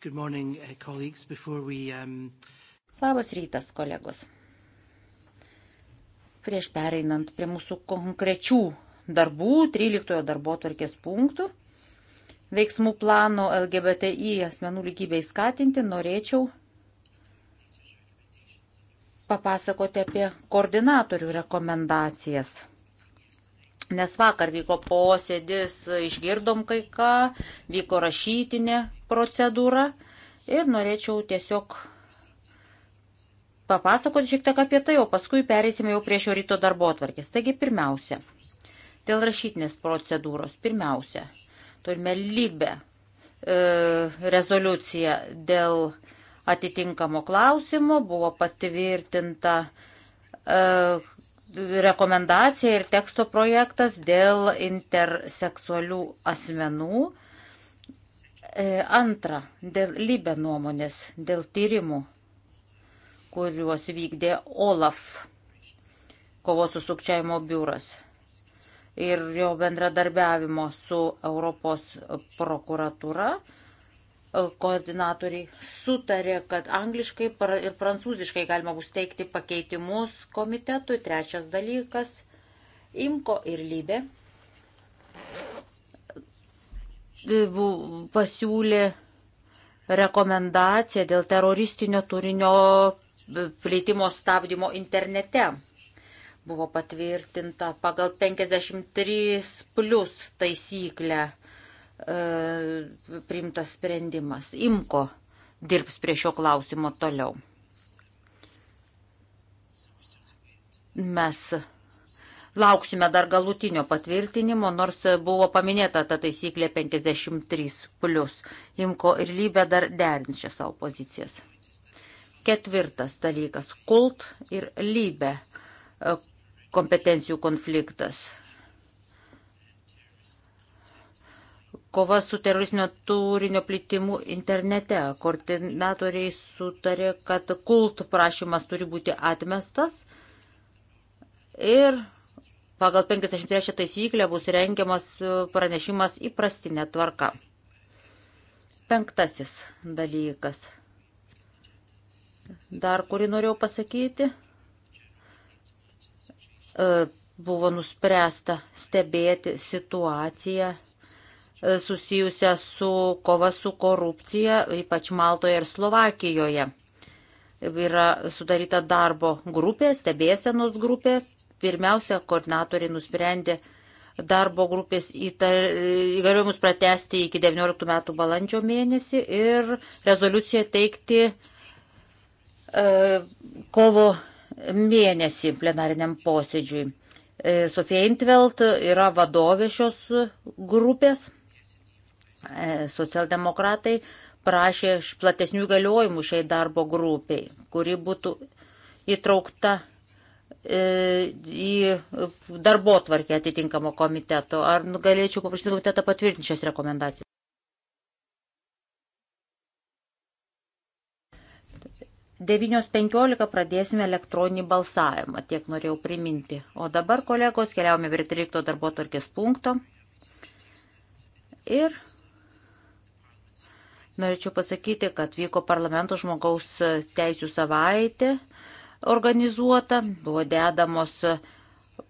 Good morning, uh, colleagues. Before we, um... Labas rytas, kolegos. Prieš pereinant prie mūsų konkrečių darbų, 13 darbo tvarkės punktų, veiksmų plano LGBTI asmenų lygybei skatinti, norėčiau papasakoti apie koordinatorių rekomendacijas Nes vakar vyko posėdis, išgirdom kai ką, vyko rašytinė procedūra ir norėčiau tiesiog papasakoti šiek tiek apie tai, o paskui pereisime jau prie šio ryto darbo atvarkės. Taigi pirmiausia, dėl rašytinės procedūros, pirmiausia, turime lybę e, rezoliuciją dėl atitinkamo klausimo, buvo patvirtinta e, rekomendacija ir teksto projektas dėl interseksualių asmenų. E, antra, dėl Libe nuomonės, dėl tyrimų, kuriuos vykdė Olaf, kovos su sukčiavimo biuras ir jo bendradarbiavimo su Europos prokuratūra koordinatoriai sutarė, kad angliškai ir prancūziškai galima bus teikti pakeitimus komitetui. Trečias dalykas - Imko ir Lybė pasiūlė rekomendaciją dėl teroristinio turinio plėtimo stabdymo internete. Buvo patvirtinta pagal 53 plus taisyklę E, priimtas sprendimas. Imko dirbs prie šio klausimo toliau. Mes lauksime dar galutinio patvirtinimo, nors buvo paminėta ta taisyklė 53 plus. Imko ir lybė dar derins čia savo pozicijas. Ketvirtas dalykas - kult ir lybė e, kompetencijų konfliktas. kova su teroristinio turinio plitimu internete. Koordinatoriai sutarė, kad kult prašymas turi būti atmestas ir pagal 53 taisyklę bus rengiamas pranešimas įprastinė tvarka. Penktasis dalykas. Dar kurį norėjau pasakyti. E, buvo nuspręsta stebėti situaciją E, susijusią su kova su korupcija, ypač Maltoje ir Slovakijoje. Yra sudaryta darbo grupė, stebėsenos grupė. Pirmiausia, koordinatoriai nusprendė darbo grupės įgaliojimus pratesti iki 19 metų balandžio mėnesį ir rezoliuciją teikti e, kovo mėnesį plenariniam posėdžiui. E, Sofija Intvelt yra vadovė šios grupės. E, socialdemokratai prašė platesnių įgaliojimų šiai darbo grupiai, kuri būtų įtraukta e, į darbo tvarkę atitinkamo komiteto. Ar nu, galėčiau paprašyti komitetą patvirtinti šias rekomendacijas? Devinios penkiolika pradėsime elektroninį balsavimą, tiek norėjau priminti. O dabar, kolegos, keliaujame prie 13 darbo tvarkės punkto. Ir Norėčiau pasakyti, kad vyko parlamento žmogaus teisų savaitė organizuota, buvo dedamos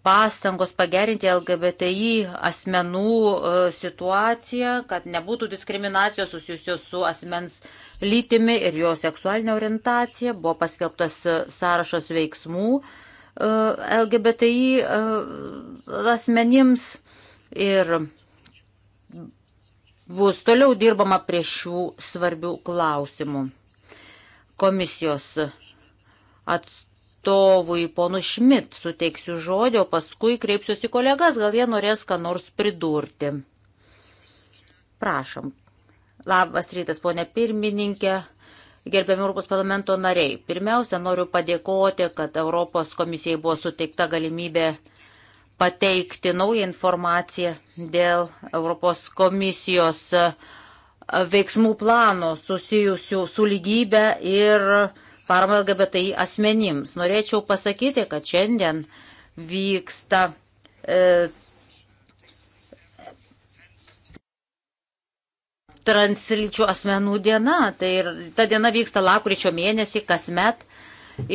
pastangos pagerinti LGBTI asmenų e, situaciją, kad nebūtų diskriminacijos susijusios su asmens lytimi ir jo seksualinė orientacija, buvo paskelbtas e, sąrašas veiksmų e, LGBTI asmenims ir bus toliau dirbama prie šių svarbių klausimų. Komisijos atstovui ponu Šmit suteiksiu žodį, o paskui kreipsiuosi kolegas, gal jie norės ką nors pridurti. Prašom. Labas rytas, ponė pirmininkė. Gerbiami Europos parlamento nariai, pirmiausia, noriu padėkoti, kad Europos komisijai buvo suteikta galimybė pateikti naują informaciją dėl Europos komisijos e, veiksmų plano susijusių su lygybė ir parama LGBTI asmenims. Norėčiau pasakyti, kad šiandien vyksta e, translyčių asmenų diena. Tai ir ta diena vyksta lakryčio mėnesį kasmet.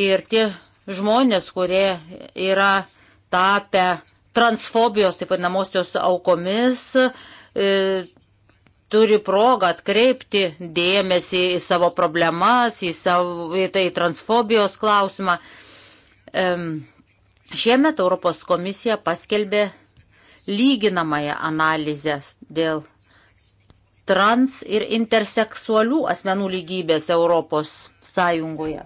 Ir tie žmonės, kurie yra tapę transfobijos, taip vadinamosios aukomis, e, turi progą atkreipti dėmesį į savo problemas, į, savo, į tai transfobijos klausimą. E, šiemet Europos komisija paskelbė lyginamąją analizę dėl trans ir interseksualių asmenų lygybės Europos Sąjungoje.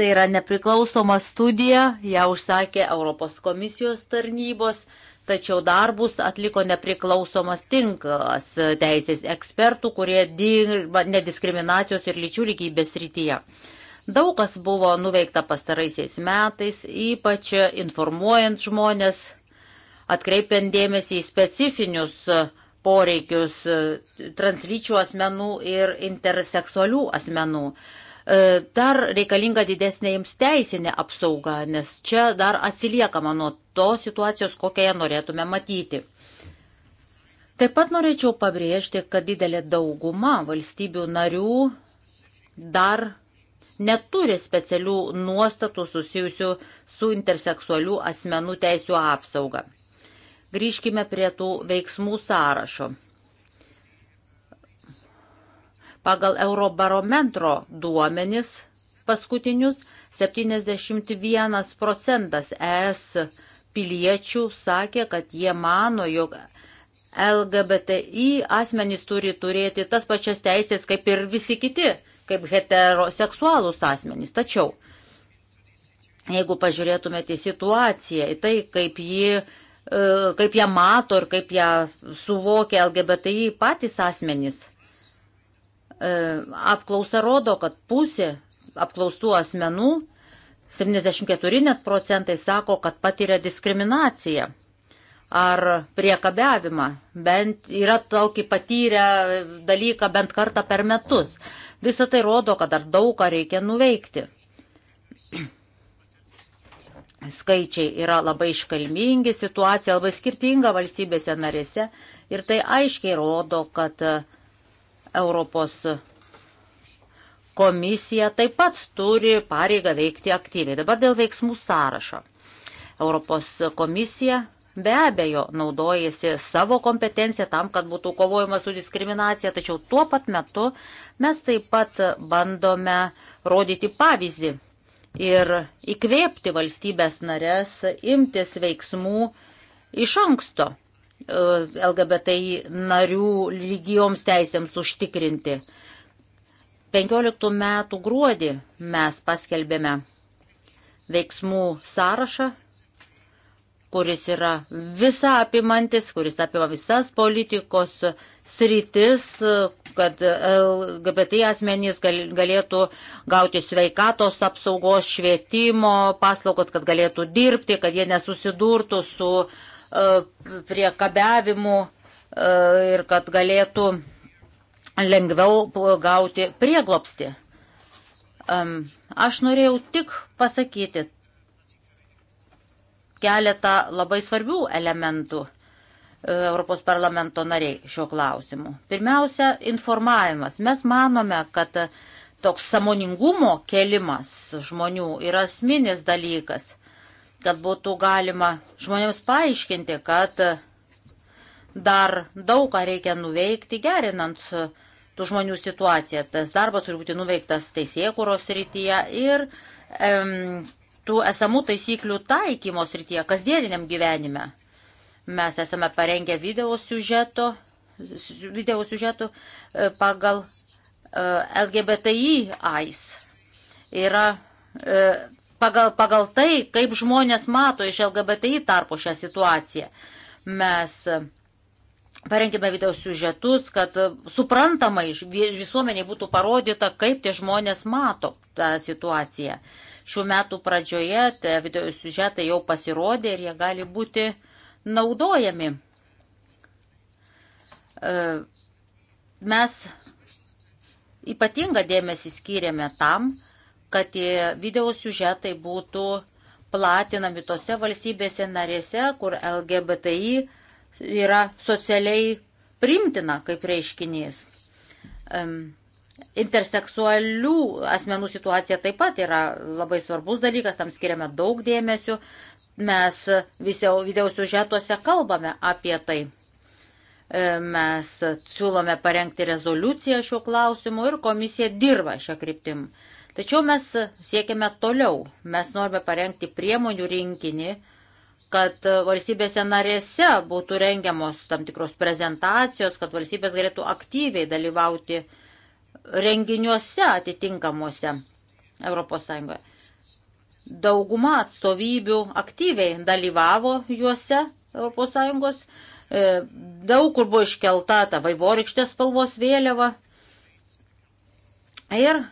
Tai yra nepriklausoma studija, ją užsakė Europos komisijos tarnybos, tačiau darbus atliko nepriklausomas tinklas teisės ekspertų, kurie dirba nediskriminacijos ir lyčių lygybės rytyje. Daug kas buvo nuveikta pastaraisiais metais, ypač informuojant žmonės, atkreipiant dėmesį į specifinius poreikius translyčių asmenų ir interseksualių asmenų. E, dar reikalinga didesnė jiems teisinė apsauga, nes čia dar atsiliekama nuo tos situacijos, kokią ją norėtume matyti. Taip pat norėčiau pabrėžti, kad didelė dauguma valstybių narių dar neturi specialių nuostatų susijusių su interseksualių asmenų teisų apsauga. Grįžkime prie tų veiksmų sąrašo. Pagal Eurobarometro duomenis paskutinius 71 procentas ES piliečių sakė, kad jie mano, jog LGBTI asmenys turi turėti tas pačias teisės kaip ir visi kiti, kaip heteroseksualūs asmenys. Tačiau, jeigu pažiūrėtumėte į situaciją, į tai, kaip ji e, kaip ją mato ir kaip ją suvokia LGBTI patys asmenys, E, apklausa rodo, kad pusė apklaustų asmenų, 74 net procentai sako, kad patiria diskriminaciją ar priekabiavimą, bent yra tokį patyrę dalyką bent kartą per metus. Visą tai rodo, kad dar daug ką reikia nuveikti. Skaičiai yra labai iškalmingi, situacija labai skirtinga valstybėse narėse ir tai aiškiai rodo, kad uh, Europos komisija taip pat turi pareigą veikti aktyviai. Dabar dėl veiksmų sąrašo. Europos komisija be abejo naudojasi savo kompetenciją tam, kad būtų kovojama su diskriminacija, tačiau tuo pat metu mes taip pat bandome rodyti pavyzdį ir įkvėpti valstybės narės imtis veiksmų iš anksto. E, LGBTI narių lygijoms teisėms užtikrinti. 15 metų gruodį mes paskelbėme veiksmų sąrašą, kuris yra visa apimantis, kuris apima visas politikos sritis, kad LGBT asmenys galėtų gauti sveikatos apsaugos, švietimo paslaugos, kad galėtų dirbti, kad jie nesusidurtų su uh, E, prie kabiavimų e, ir kad galėtų lengviau gauti prieglopsti. Aš norėjau tik pasakyti keletą labai svarbių elementų e, Europos parlamento nariai šiuo klausimu. Pirmiausia, informavimas. Mes manome, kad toks samoningumo kelimas žmonių yra asminis dalykas kad būtų galima žmonėms paaiškinti, kad dar daug ką reikia nuveikti gerinant tų žmonių situaciją. Tas darbas turi būti nuveiktas teisėkuros rytyje ir em, tų esamų taisyklių taikymo srityje, kasdieniniam gyvenime. Mes esame parengę video siužeto, video siužetų e, pagal e, LGBTI AIS. Yra e, pagal, pagal tai, kaip žmonės mato iš LGBTI tarpo šią situaciją. Mes e, parengėme video siužetus, kad e, suprantamai visuomeniai būtų parodyta, kaip tie žmonės mato tą situaciją. Šių metų pradžioje tie video siužetai jau pasirodė ir jie gali būti naudojami. E, mes ypatingą dėmesį skiriame tam, kad tie video siužetai būtų platinami tose valstybėse narėse, kur LGBTI yra socialiai primtina kaip reiškinys. Interseksualių asmenų situacija taip pat yra labai svarbus dalykas, tam skiriame daug dėmesio, mes visio video siužetuose kalbame apie tai. Mes siūlome parengti rezoliuciją šiuo klausimu ir komisija dirba šią kryptimą. Tačiau mes siekiame toliau. Mes norime parengti priemonių rinkinį, kad valstybėse narėse būtų rengiamos tam tikros prezentacijos, kad valstybės galėtų aktyviai dalyvauti renginiuose atitinkamuose ES. Dauguma atstovybių aktyviai dalyvavo juose ES. E, daug kur buvo iškelta ta vaivorykštės spalvos vėliava. Ir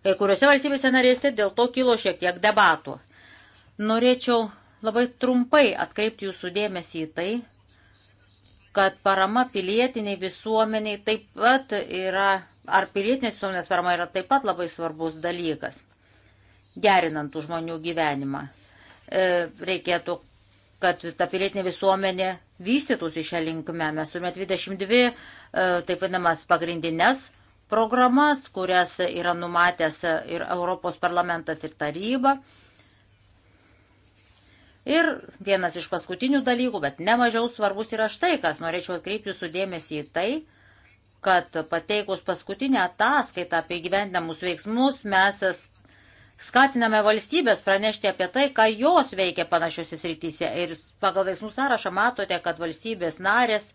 Kai e, kuriuose valstybėse narėse dėl to kilo šiek tiek debatų. Norėčiau labai trumpai atkreipti jūsų dėmesį į tai, kad parama pilietiniai visuomeniai taip pat yra, ar pilietinės visuomenės parama yra taip pat labai svarbus dalykas, gerinant tų žmonių gyvenimą. E, reikėtų, kad ta pilietinė visuomenė vystytųsi šią linkmę. Mes turime 22 e, taip vadinamas pagrindinės programas, kurias yra numatęs ir Europos parlamentas ir taryba. Ir vienas iš paskutinių dalykų, bet nemažiau svarbus yra štai, kas norėčiau atkreipti jūsų dėmesį į tai, kad pateikus paskutinę ataskaitą apie gyvendamus veiksmus mes skatiname valstybės pranešti apie tai, ką jos veikia panašiose srityse. Ir pagal veiksmų sąrašą matote, kad valstybės narės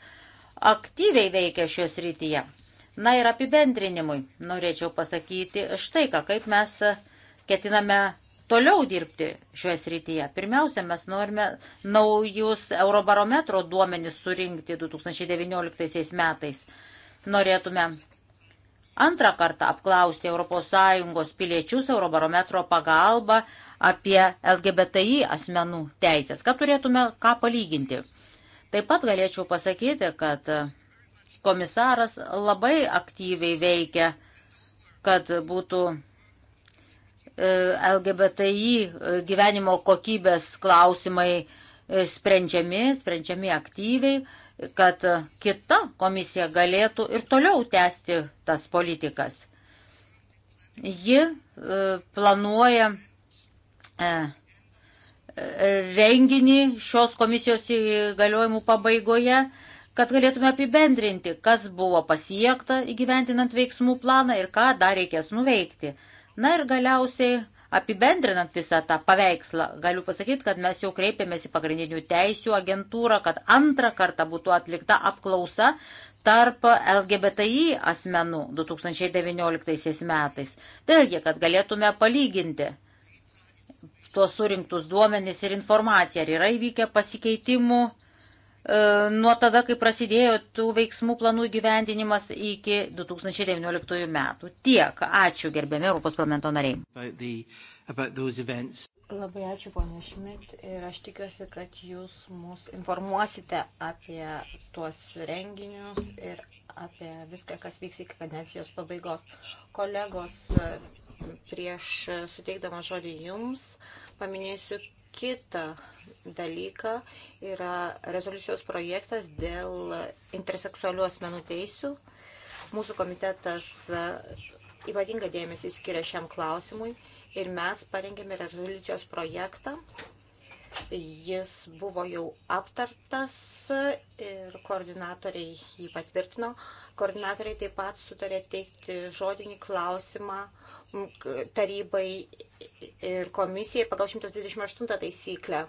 aktyviai veikia šioje srityje. Na ir apibendrinimui norėčiau pasakyti štai ką, kaip mes ketiname toliau dirbti šioje srityje. Pirmiausia, mes norime naujus Eurobarometro duomenis surinkti 2019 metais. Norėtume Antrą kartą apklausti ES piliečius Eurobarometro pagalba apie LGBTI asmenų teisės, kad turėtume ką palyginti. Taip pat galėčiau pasakyti, kad komisaras labai aktyviai veikia, kad būtų e, LGBTI e, gyvenimo kokybės klausimai e, sprendžiami, sprendžiami aktyviai, kad kita komisija galėtų ir toliau tęsti tas politikas. Ji planuoja renginį šios komisijos įgaliojimų pabaigoje kad galėtume apibendrinti, kas buvo pasiekta įgyvendinant veiksmų planą ir ką dar reikės nuveikti. Na ir galiausiai apibendrinant visą tą paveikslą, galiu pasakyti, kad mes jau kreipėmės į pagrindinių teisių agentūrą, kad antrą kartą būtų atlikta apklausa tarp LGBTI asmenų 2019 metais. Vėlgi, kad galėtume palyginti tuos surinktus duomenis ir informaciją, ar yra įvykę pasikeitimų E, nuo tada, kai prasidėjo tų veiksmų planų gyvendinimas iki 2019 metų. Tiek. Ačiū, gerbėmi Europos parlamento nariai. About the, about Labai ačiū, ponė Šmit, ir aš tikiuosi, kad jūs mus informuosite apie tuos renginius ir apie viską, kas vyks iki kadencijos pabaigos. Kolegos, prieš suteikdama žodį jums, paminėsiu kitą dalyką yra rezoliucijos projektas dėl interseksualių asmenų teisių. Mūsų komitetas e, ypatingą dėmesį skiria šiam klausimui ir mes parengėme rezoliucijos projektą. Jis buvo jau aptartas ir koordinatoriai jį patvirtino. Koordinatoriai taip pat sutarė teikti žodinį klausimą tarybai ir komisijai pagal 128 taisyklę.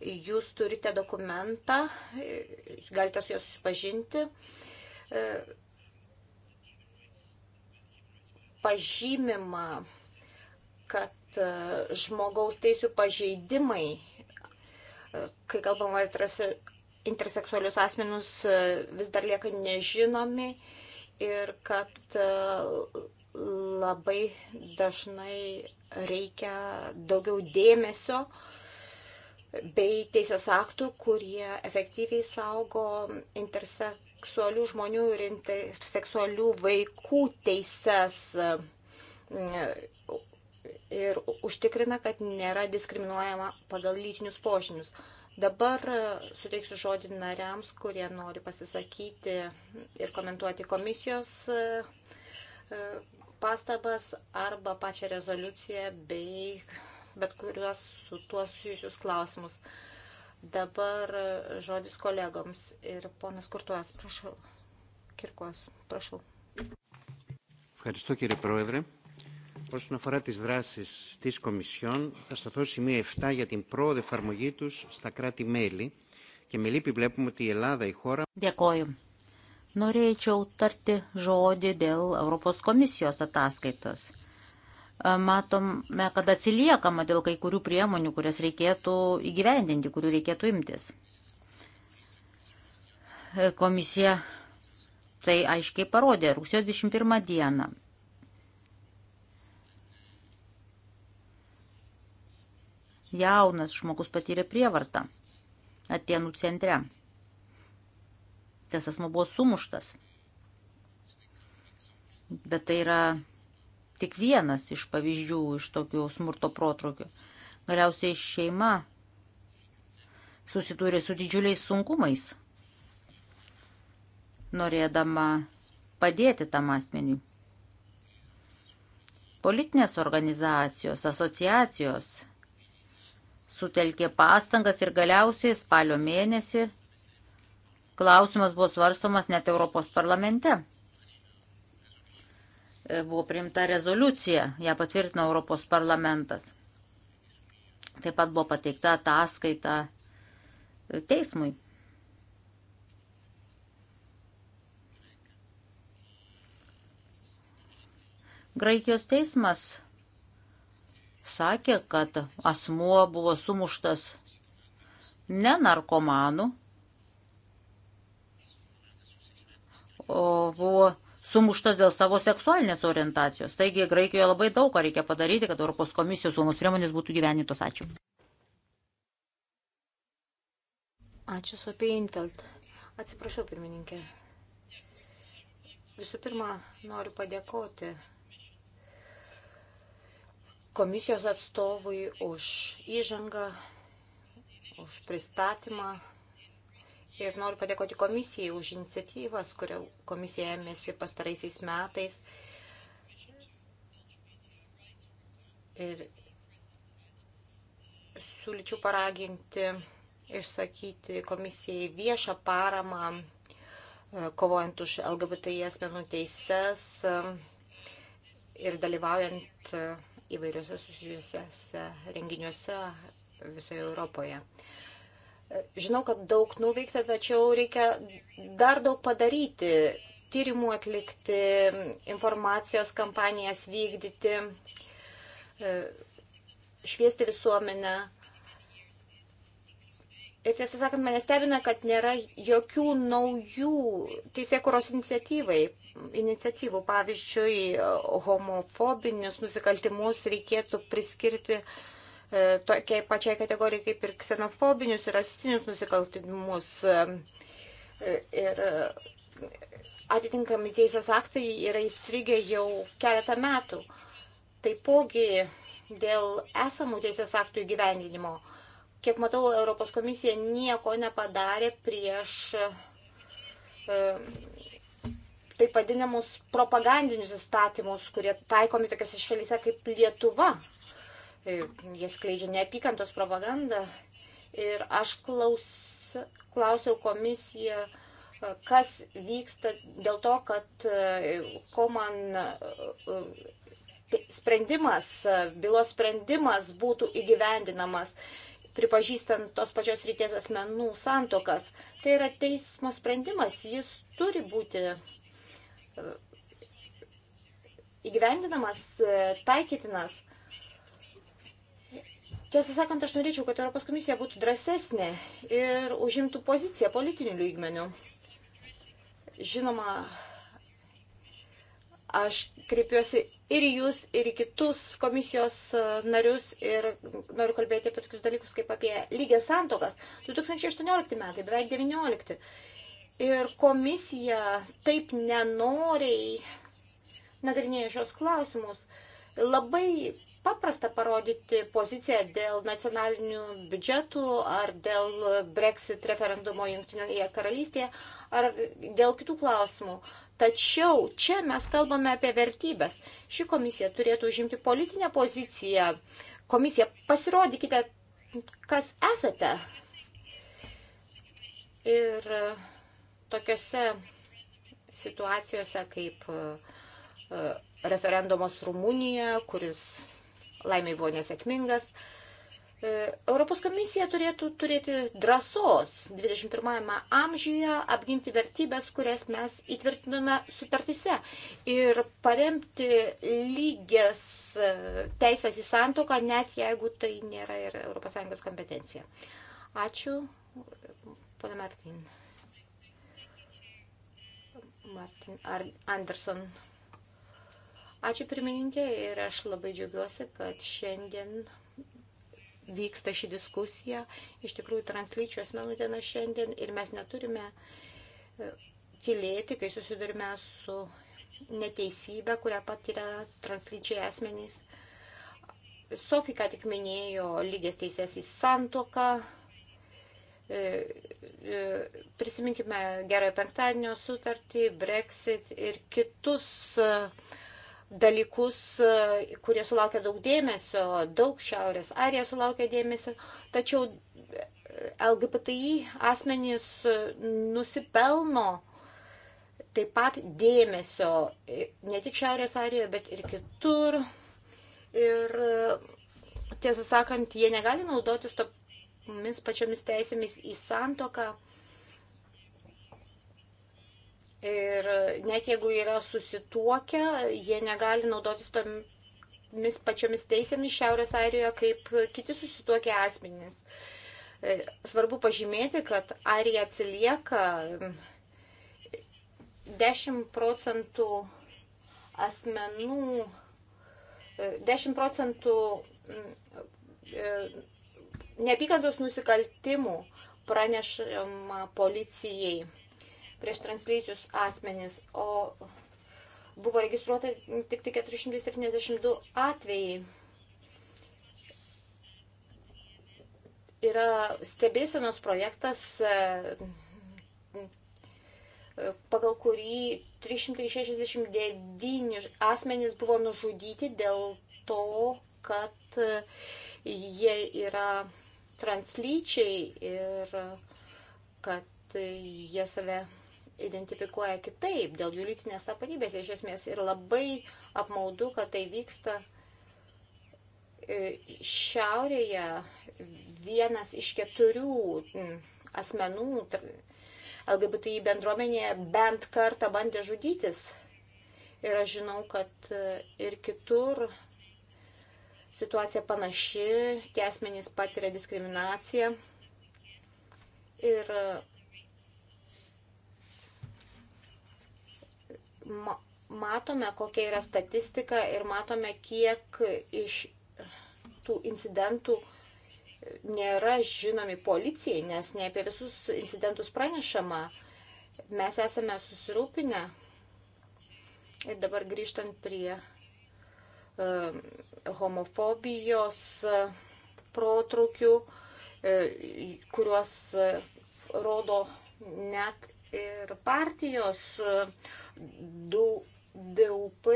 Jūs turite dokumentą, galite su juos susipažinti. E, pažymima, kad e, žmogaus teisų pažeidimai, e, kai kalbama apie interseksualius asmenus, vis dar lieka nežinomi ir kad labai dažnai reikia daugiau dėmesio uh, bei teisės aktų, kurie efektyviai saugo interseksualių žmonių ir interseksualių vaikų teises ir užtikrina, kad nėra diskriminuojama pagal lytinius požymius. Dabar suteiksiu žodį nariams, kurie nori pasisakyti ir komentuoti komisijos e, pastabas arba pačią rezoliuciją bei bet kuriuos su tuo susijusius klausimus. Dabar žodis kolegoms ir ponas Kurtuos, prašau. Kirkos, prašau. Ευχαριστώ κύριε Πρόεδρε. Όσον αφορά τις δράσεις της Κομισιόν, θα σταθώ σημείο 7 για την πρόοδο εφαρμογή τους στα κράτη-μέλη και με λύπη βλέπουμε ότι η Ελλάδα, η χώρα... Διακόju. Norėčiau tarti žodį dėl Europos komisijos ataskaitos. E, matome, kad atsiliekama dėl kai kurių priemonių, kurias reikėtų įgyvendinti, kurių reikėtų imtis. E, komisija tai aiškiai parodė rugsėjo 21 dieną. Jaunas žmogus patyrė prievartą Atenų centre. Tas asmo buvo sumuštas. Bet tai yra tik vienas iš pavyzdžių iš tokių smurto protrukių. Galiausiai šeima susidūrė su didžiuliais sunkumais, norėdama padėti tam asmeniui. Politinės organizacijos, asociacijos sutelkė pastangas ir galiausiai spalio mėnesį klausimas buvo svarstomas net Europos parlamente. E, buvo priimta rezoliucija, ją patvirtino Europos parlamentas. Taip pat buvo pateikta ataskaita e, teismui. Graikijos teismas sakė, kad asmuo buvo sumuštas ne narkomanų, o buvo sumuštas dėl savo seksualinės orientacijos. Taigi Graikijoje labai daug ką reikia padaryti, kad Europos komisijos saugos priemonės būtų gyvenintos. Ačiū. Ačiū, Sofija Intelt. Atsiprašau, pirmininkė. Visų pirma, noriu padėkoti komisijos atstovui už įžangą, už pristatymą ir noriu padėkoti komisijai už iniciatyvas, kurio komisija ėmėsi pastaraisiais metais. Ir siūlyčiau paraginti išsakyti komisijai viešą paramą e, kovojant už LGBTI asmenų teises e, ir dalyvaujant e, įvairiuose susijusiuose renginiuose visoje Europoje. Uh, Žinau, kad daug nuveikta, tačiau reikia dar daug padaryti, tyrimų atlikti, informacijos kampanijas vykdyti, e, šviesti visuomenę. Ir tiesą sakant, mane stebina, kad nėra jokių naujų teisėkuros iniciatyvų. Pavyzdžiui, homofobinius nusikaltimus reikėtų priskirti uh, E, tokiai pačiai kategorijai kaip ir ksenofobinius ir rasistinius nusikaltimus. E, ir atitinkami teisės aktai yra įstrigę jau keletą metų. Taipogi dėl esamų teisės aktų įgyvendinimo, kiek matau, Europos komisija nieko nepadarė prieš e, taip vadinamus propagandinius įstatymus, kurie taikomi tokiose šalyse kaip Lietuva jie skleidžia neapykantos propagandą. Ir aš klaus, klausiau komisiją, kas vyksta dėl to, kad ko man sprendimas, bylos sprendimas būtų įgyvendinamas pripažįstant tos pačios ryties asmenų santokas. Tai yra teismo sprendimas, jis turi būti e, įgyvendinamas, e, taikytinas. Tiesą sakant, aš norėčiau, kad Europos komisija būtų drąsesnė ir užimtų poziciją politinių lygmenių. Žinoma, aš kreipiuosi ir į jūs, ir į kitus komisijos e, narius ir noriu kalbėti apie tokius dalykus kaip apie lygias santokas. 2018 metai, beveik 19. Ir komisija taip nenoriai nagrinėjo šios klausimus. Labai paprasta parodyti poziciją dėl nacionalinių biudžetų ar dėl Brexit referendumo Junktinėje karalystėje ar dėl kitų klausimų. Tačiau čia mes kalbame apie vertybės. Ši komisija turėtų užimti politinę poziciją. Komisija, pasirodykite, kas esate. Ir tokiuose situacijose kaip e, referendumas Rumunijoje, kuris laimiai buvo nesėkmingas. E, Europos komisija turėtų turėti drąsos 21-ame amžiuje apginti vertybės, kurias mes įtvirtinome sutartise ir paremti lygias e, teisės į santoką, net jeigu tai nėra ir ES kompetencija. Ačiū, pana Martin. Martin Anderson. Ačiū pirmininkė ir aš labai džiaugiuosi, kad šiandien vyksta ši diskusija. Iš tikrųjų, translyčių asmenų diena šiandien ir mes neturime e, tylėti, kai susidurime su neteisybė, kurią patiria translyčiai asmenys. Sofika tik minėjo lygės teisės į santoką. E, e, prisiminkime gerąją penktadienio sutartį, Brexit ir kitus uh, dalykus, e, kurie sulaukia daug dėmesio, daug Šiaurės Airija sulaukia dėmesio, tačiau e, LGBTI asmenys e, nusipelno taip pat dėmesio ne tik Šiaurės Airijoje, bet ir kitur. Ir tiesą sakant, jie negali naudotis tomis pačiomis teisėmis į santoką. Ir net jeigu yra susituokę, jie negali naudotis tomis pačiomis teisėmis Šiaurės Airijoje kaip kiti susituokę asmenys. E, svarbu pažymėti, kad Airija atsilieka 10 procentų asmenų, 10 e, procentų mm, e, neapykantos nusikaltimų pranešama policijai prieš translyčius asmenis, o buvo registruota tik tai 472 atvejai. Yra stebėsenos projektas, pagal kurį 369 asmenys buvo nužudyti dėl to, kad jie yra translyčiai ir kad jie save identifikuoja kitaip dėl jų lytinės tapatybės iš esmės ir labai apmaudu, kad tai vyksta e, šiaurėje vienas iš keturių asmenų LGBTI bendruomenėje bent kartą bandė žudytis. Ir aš žinau, kad e, ir kitur situacija panaši, tie asmenys patiria diskriminaciją. Ir ma matome, kokia yra statistika ir matome, kiek iš tų incidentų nėra žinomi policijai, nes ne apie visus incidentus pranešama. Mes esame susirūpinę. Ir dabar grįžtant prie uh, homofobijos uh, protrukių, uh, kuriuos uh, rodo net ir partijos. Uh, DUP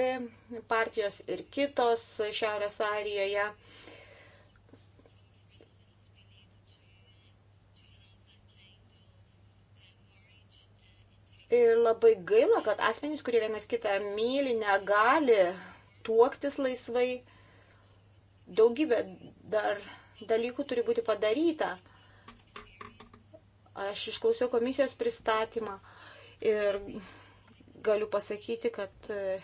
partijos ir kitos Šiaurės Airijoje. Ir labai gaila, kad asmenys, kurie vienas kitą myli, negali tuoktis laisvai. Daugybė dar dalykų turi būti padaryta. Aš išklausiau komisijos pristatymą ir galiu pasakyti, kad e,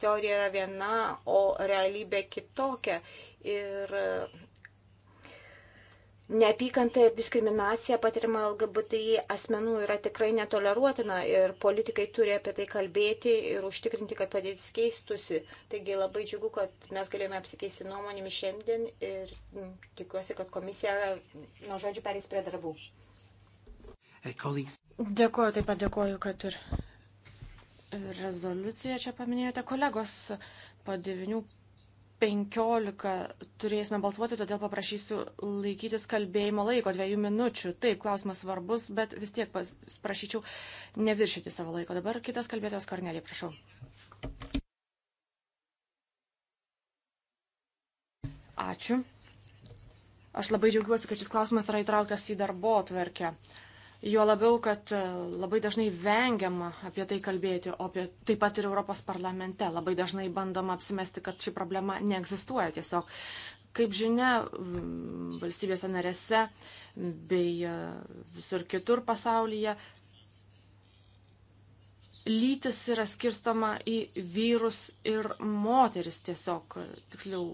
teorija yra viena, o realybė kitokia. Ir e, Neapykanta ir diskriminacija patirima LGBTI asmenų yra tikrai netoleruotina ir politikai turi apie tai kalbėti ir užtikrinti, kad padėtis keistusi. Taigi labai džiugu, kad mes galėjome apsikeisti nuomonėmis šiandien ir tikiuosi, kad komisija nuo žodžių perės prie darbų. Dėkuoju, taip pat dėkuoju, kad ir rezoliuciją čia paminėjote. Kolegos, po 9.15 turėsime balsuoti, todėl paprašysiu laikytis kalbėjimo laiko dviejų minučių. Taip, klausimas svarbus, bet vis tiek prašyčiau neviršyti savo laiko. Dabar kitas kalbėtojas Kornelė, prašau. Ačiū. Aš labai džiaugiuosi, kad šis klausimas yra įtrauktas į darbo tvarkę. Uh, Juo labiau, kad e, labai dažnai vengiama apie tai kalbėti, o apie, taip pat ir Europos parlamente labai dažnai bandoma apsimesti, kad ši problema neegzistuoja tiesiog. Kaip žinia, valstybėse narėse bei e, visur kitur pasaulyje lytis yra skirstama į vyrus ir moteris tiesiog, tiksliau,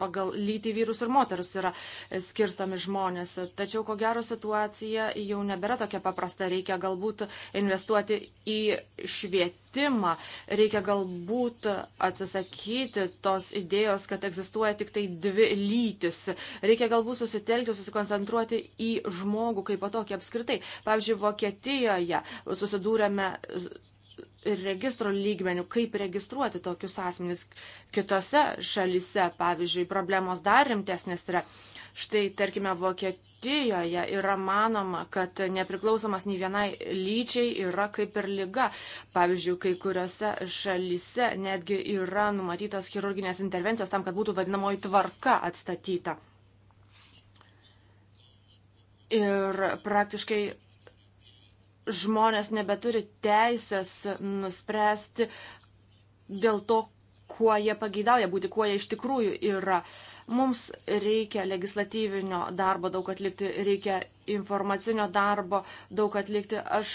pagal lytį vyrus ir moterus yra e, skirstomi žmonės. Tačiau, ko gero, situacija jau nebėra tokia paprasta. Reikia galbūt investuoti į švietimą, reikia galbūt atsisakyti tos idėjos, kad egzistuoja tik tai dvi lytis. Reikia galbūt susitelkti, susikoncentruoti į žmogų kaip patokį apskritai. Pavyzdžiui, Vokietijoje susidūrėme ir registro lygmenių, kaip registruoti tokius asmenys kitose šalise. Pavyzdžiui, problemos dar rimtesnės yra. Štai, tarkime, Vokietijoje yra manoma, kad nepriklausomas nei vienai lyčiai yra kaip ir lyga. Pavyzdžiui, kai kuriuose šalise netgi yra numatytos chirurginės intervencijos tam, kad būtų vadinamoji tvarka atstatyta. Ir praktiškai žmonės nebeturi teisės nuspręsti dėl to, kuo jie pageidauja būti, kuo jie iš tikrųjų yra. Mums reikia legislatyvinio darbo daug atlikti, reikia informacinio darbo daug atlikti. Aš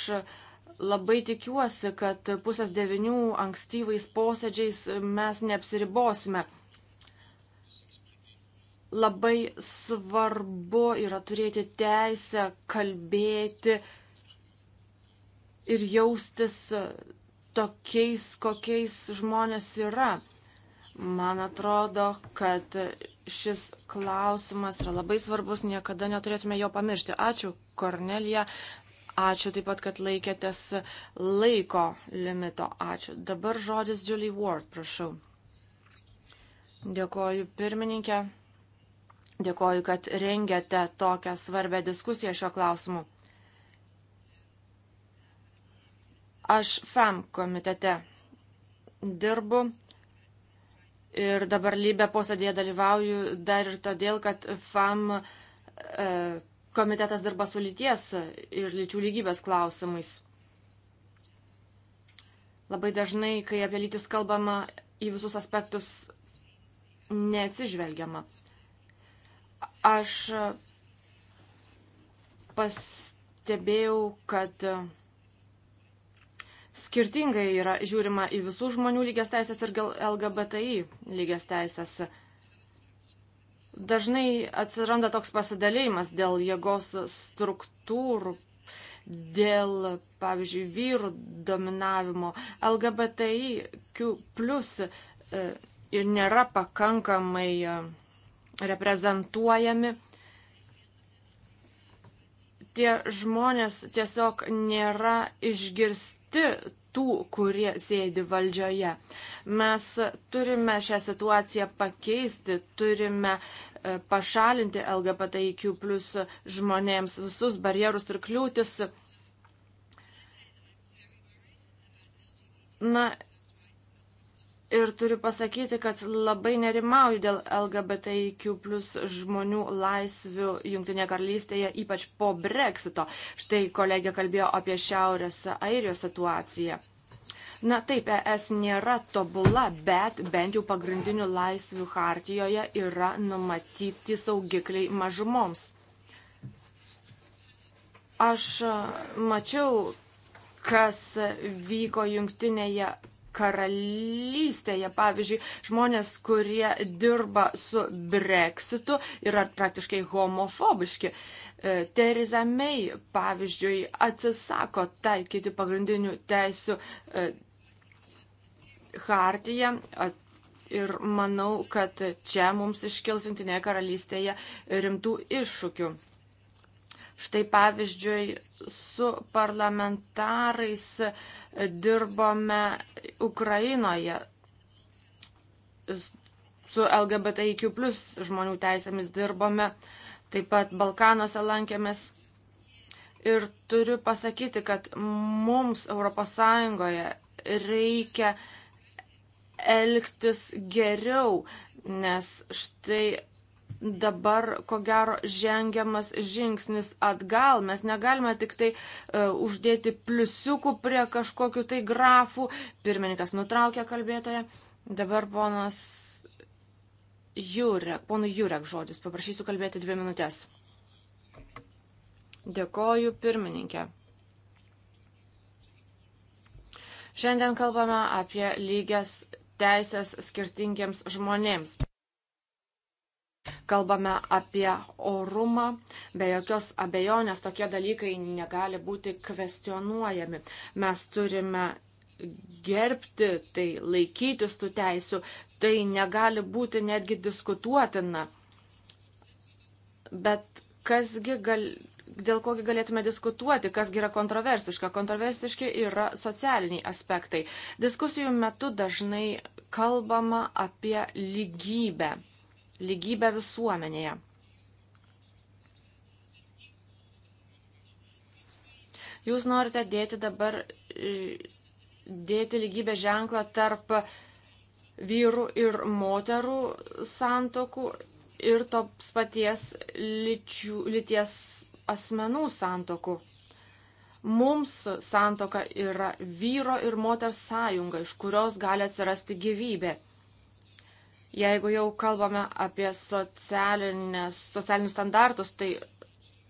labai tikiuosi, kad pusės devinių ankstyvais posėdžiais mes neapsiribosime. Labai svarbu yra turėti teisę kalbėti, uh, ir jaustis e, tokiais, kokiais žmonės yra. Man atrodo, kad šis klausimas yra labai svarbus, niekada neturėtume jo pamiršti. Ačiū, Kornelija. Ačiū taip pat, kad laikėtės laiko limito. Ačiū. Dabar žodis Julie Ward, prašau. Dėkoju, pirmininkė. Dėkoju, kad rengiate tokią svarbę diskusiją šiuo klausimu. Aš FAM komitete dirbu ir dabar lybę posėdėje dalyvauju dar ir todėl, kad FAM e, komitetas dirba su lyties ir lyčių lygybės klausimais. Labai dažnai, kai apie lytis kalbama, į visus aspektus neatsižvelgiama. Aš pastebėjau, kad skirtingai yra žiūrima į visų žmonių lygias teisės ir LGBTI lygias teisės. Dažnai atsiranda toks pasidalėjimas dėl jėgos struktūrų, dėl, pavyzdžiui, vyrų dominavimo. LGBTIQ plus e, ir nėra pakankamai e, reprezentuojami. Tie žmonės tiesiog nėra išgirsti arti tų, kurie sėdi valdžioje. Mes turime šią situaciją pakeisti, turime e, pašalinti LGBTIQ plus žmonėms visus barjerus ir kliūtis. Na ir turiu pasakyti, kad labai nerimauju dėl LGBTIQ plus žmonių laisvių Junktinėje karalystėje, ypač po Brexito. Štai kolegė kalbėjo apie Šiaurės Airijos situaciją. Na taip, ES nėra tobula, bet bent jau pagrindinių laisvių hartijoje yra numatyti saugikliai mažumoms. Aš mačiau, kas vyko jungtinėje karalystėje, pavyzdžiui, žmonės, kurie dirba su breksitu, yra praktiškai homofobiški. E, Theresa May, pavyzdžiui, atsisako taikyti pagrindinių teisių e, hartiją. Ir manau, kad čia mums iškils Junktinėje karalystėje rimtų iššūkių. Štai pavyzdžiui, su parlamentarais dirbome Ukrainoje su LGBTIQ plus žmonių teisėmis dirbome, taip pat Balkanuose lankėmės. Ir turiu pasakyti, kad mums ES reikia elgtis geriau, nes štai dabar, ko gero, žengiamas žingsnis atgal. Mes negalime tik tai uh, uždėti pliusiukų prie kažkokių tai grafų. Pirmininkas nutraukė kalbėtoją. Dabar ponas Jurek, ponų Jurek žodis, paprašysiu kalbėti dvi minutės. Dėkoju, pirmininkė. Šiandien kalbame apie lygias teisės skirtingiems žmonėms kalbame apie orumą, be jokios abejonės tokie dalykai negali būti kvestionuojami. Mes turime gerbti, tai laikytis tų teisių, tai negali būti netgi diskutuotina. Bet kasgi gal, dėl kogi galėtume diskutuoti, kasgi yra kontroversiška. Kontroversiški yra socialiniai aspektai. Diskusijų metu dažnai kalbama apie lygybę lygybę visuomenėje. Jūs norite dėti dabar, e, dėti lygybę ženklą tarp vyrų ir moterų santokų ir tos paties lyčių, lyties asmenų santokų. Mums santoka yra vyro ir moters sąjunga, iš kurios gali atsirasti gyvybė. Jeigu jau kalbame apie socialinius standartus, tai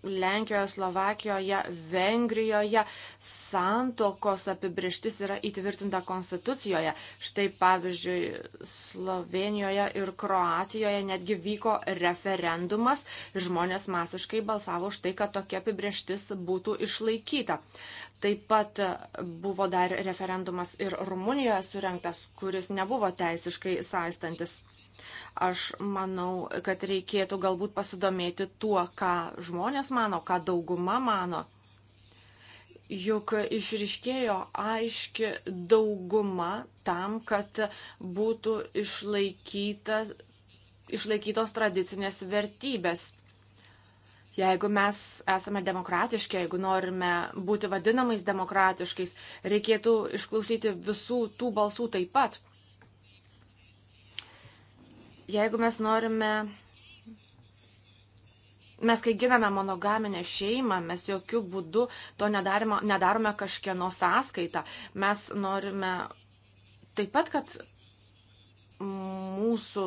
Lenkijoje, Slovakijoje, Vengrijoje santokos apibrieštis yra įtvirtinta konstitucijoje. Štai pavyzdžiui, Slovenijoje ir Kroatijoje netgi vyko referendumas ir žmonės masiškai balsavo už tai, kad tokia apibrieštis būtų išlaikyta. Taip pat buvo dar referendumas ir Rumunijoje surinktas, kuris nebuvo teisiškai saistantis. Aš manau, kad reikėtų galbūt pasidomėti tuo, ką žmonės mano, ką dauguma mano. Juk išriškėjo aiški dauguma tam, kad būtų išlaikytos tradicinės vertybės. Jeigu mes esame demokratiški, jeigu norime būti vadinamais demokratiškais, reikėtų išklausyti visų tų balsų taip pat. Jeigu mes norime mes kai giname monogaminę šeimą, mes jokių būdų to nedarimo, nedarome kažkieno sąskaitą. Mes norime taip pat, kad mūsų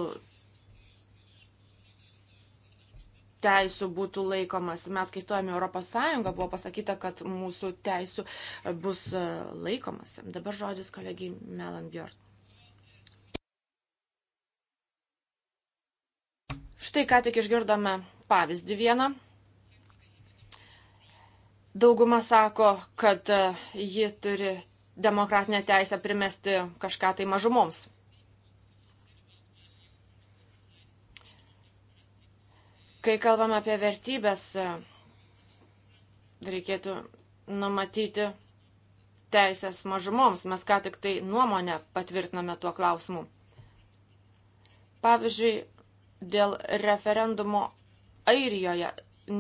teisų būtų laikomas. Mes, kai stojame Europos Sąjungą, buvo pasakyta, kad mūsų teisų bus laikomasi. Dabar žodis kolegijai Melan Björk. Štai ką tik išgirdome pavyzdį vieną. Dauguma sako, kad e, ji turi demokratinę teisę primesti kažką tai mažumoms. Kai kalbame apie vertybės, e, reikėtų numatyti teisės mažumoms. Mes ką tik tai nuomonę patvirtiname tuo klausimu. Pavyzdžiui, dėl referendumo Airijoje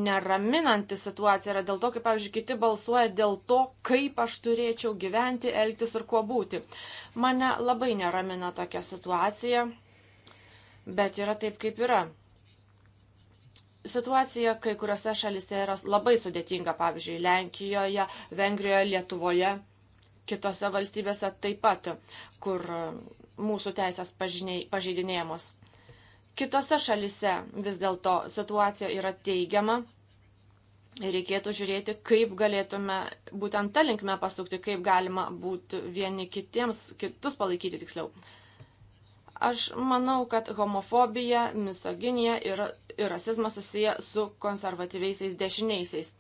neraminanti situacija yra dėl to, kaip, pavyzdžiui, kiti balsuoja dėl to, kaip aš turėčiau gyventi, elgtis ir kuo būti. Mane labai neramina tokia situacija, bet yra taip, kaip yra. Situacija kai kuriuose šalise yra labai sudėtinga, pavyzdžiui, Lenkijoje, Vengrijoje, Lietuvoje, kitose valstybėse taip pat, kur mūsų teisės pažeidinėjamos. Kitose šalise vis dėlto situacija yra teigiama. Reikėtų žiūrėti, kaip galėtume būtent tą linkmę pasukti, kaip galima būti vieni kitiems, kitus palaikyti tiksliau. Aš manau, kad homofobija, misoginija ir, ir rasizmas susiję su konservatyviaisiais dešiniaisiais.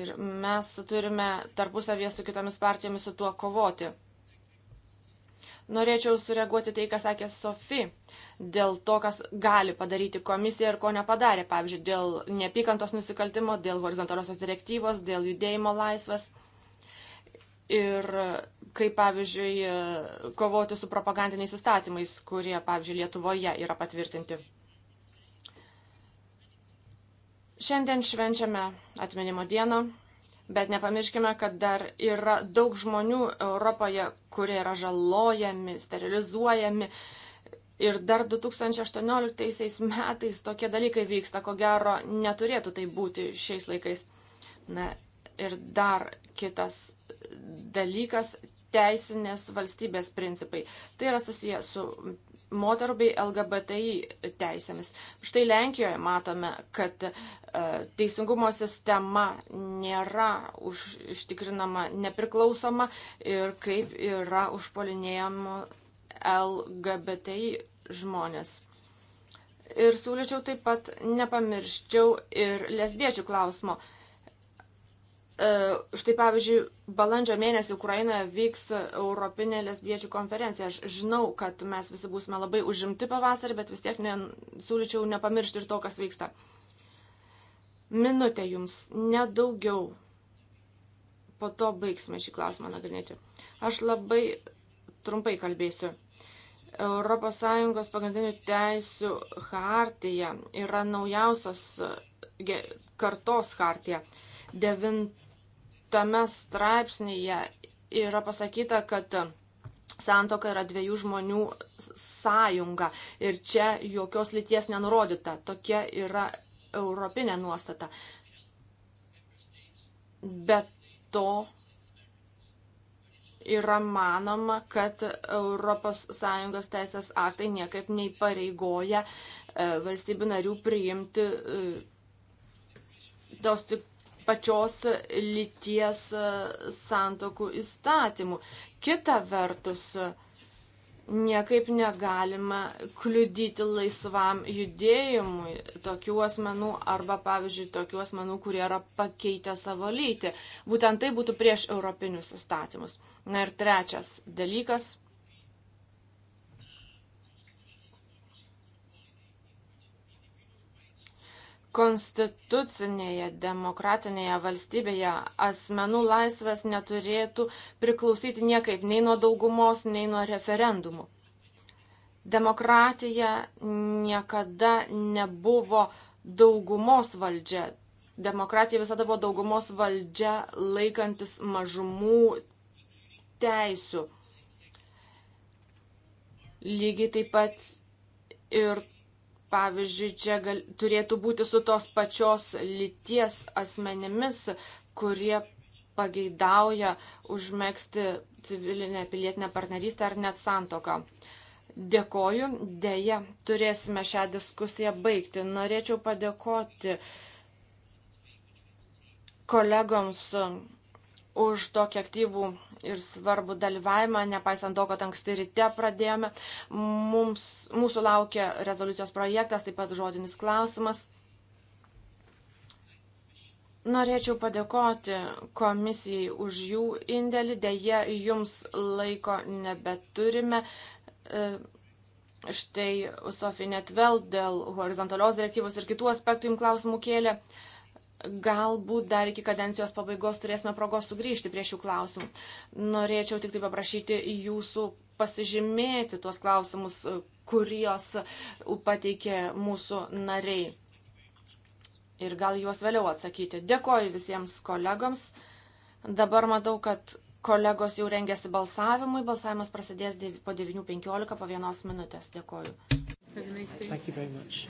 Ir mes turime tarpusavėje su kitomis partijomis su tuo kovoti. Norėčiau sureaguoti tai, ką sakė Sofi, dėl to, kas gali padaryti komisija ir ko nepadarė, pavyzdžiui, dėl neapykantos nusikaltimo, dėl horizontaliosios direktyvos, dėl judėjimo laisvės. Ir kaip, pavyzdžiui, kovoti su propagandiniais įstatymais, kurie, pavyzdžiui, Lietuvoje yra patvirtinti. Šiandien švenčiame atminimo dieną. Bet nepamirškime, kad dar yra daug žmonių Europoje, kurie yra žalojami, sterilizuojami. Ir dar 2018 metais tokie dalykai vyksta, ko gero neturėtų tai būti šiais laikais. Na ir dar kitas dalykas - teisinės valstybės principai. Tai yra susiję su moterų bei LGBTI teisėmis. Štai Lenkijoje matome, kad e, teisingumo sistema nėra už, ištikrinama nepriklausoma ir kaip yra užpolinėjama LGBTI žmonės. Ir siūlyčiau taip pat nepamirščiau ir lesbiečių klausimo. E, E, štai pavyzdžiui, balandžio mėnesį Ukrainoje vyks Europinė lesbiečių konferencija. Aš žinau, kad mes visi būsime labai užimti pavasarį, bet vis tiek ne, siūlyčiau nepamiršti ir to, kas vyksta. Minutė jums, nedaugiau. Po to baigsime šį klausimą nagrinėti. Aš labai trumpai kalbėsiu. ES pagrindinių teisių hartija yra naujausios kartos hartija. Devint tame straipsnėje yra pasakyta, kad santoka yra dviejų žmonių sąjunga ir čia jokios lyties nenurodyta. Tokia yra europinė nuostata. Bet to yra manoma, kad ES teisės aktai niekaip neįpareigoja e, valstybių narių priimti e, tos tik pačios lyties e, santokų įstatymų. Kita vertus, niekaip negalima kliudyti laisvam judėjimui tokių asmenų arba, pavyzdžiui, tokių asmenų, kurie yra pakeitę savo lytį. Būtent tai būtų prieš europinius įstatymus. Na ir trečias dalykas konstitucinėje demokratinėje valstybėje asmenų laisvės neturėtų priklausyti niekaip nei nuo daugumos, nei nuo referendumų. Demokratija niekada nebuvo daugumos valdžia. Demokratija visada buvo daugumos valdžia laikantis mažumų teisių. Lygiai taip pat ir pavyzdžiui, čia gal, turėtų būti su tos pačios lyties asmenimis, kurie pageidauja užmėgsti civilinę pilietinę partnerystę ar net santoką. Dėkoju, dėja, turėsime šią diskusiją baigti. Norėčiau padėkoti kolegoms už tokį aktyvų ir svarbų dalyvavimą, nepaisant to, kad anksti ryte pradėjome. Mums, mūsų laukia rezoliucijos projektas, taip pat žodinis klausimas. Norėčiau padėkoti komisijai už jų indėlį, dėje jums laiko nebeturime. E, štai Sofija Netveld dėl horizontalios direktyvos ir kitų aspektų jums klausimų kėlė. Uh, galbūt dar iki kadencijos pabaigos turėsime progos sugrįžti prie šių klausimų. Norėčiau tik tai paprašyti jūsų pasižymėti tuos klausimus, kuriuos pateikė mūsų nariai. Ir gal juos vėliau atsakyti. Dėkoju visiems kolegoms. Dabar matau, kad kolegos jau rengiasi balsavimui. Balsavimas prasidės po 9.15 po vienos minutės. Dėkoju. Thank you very much.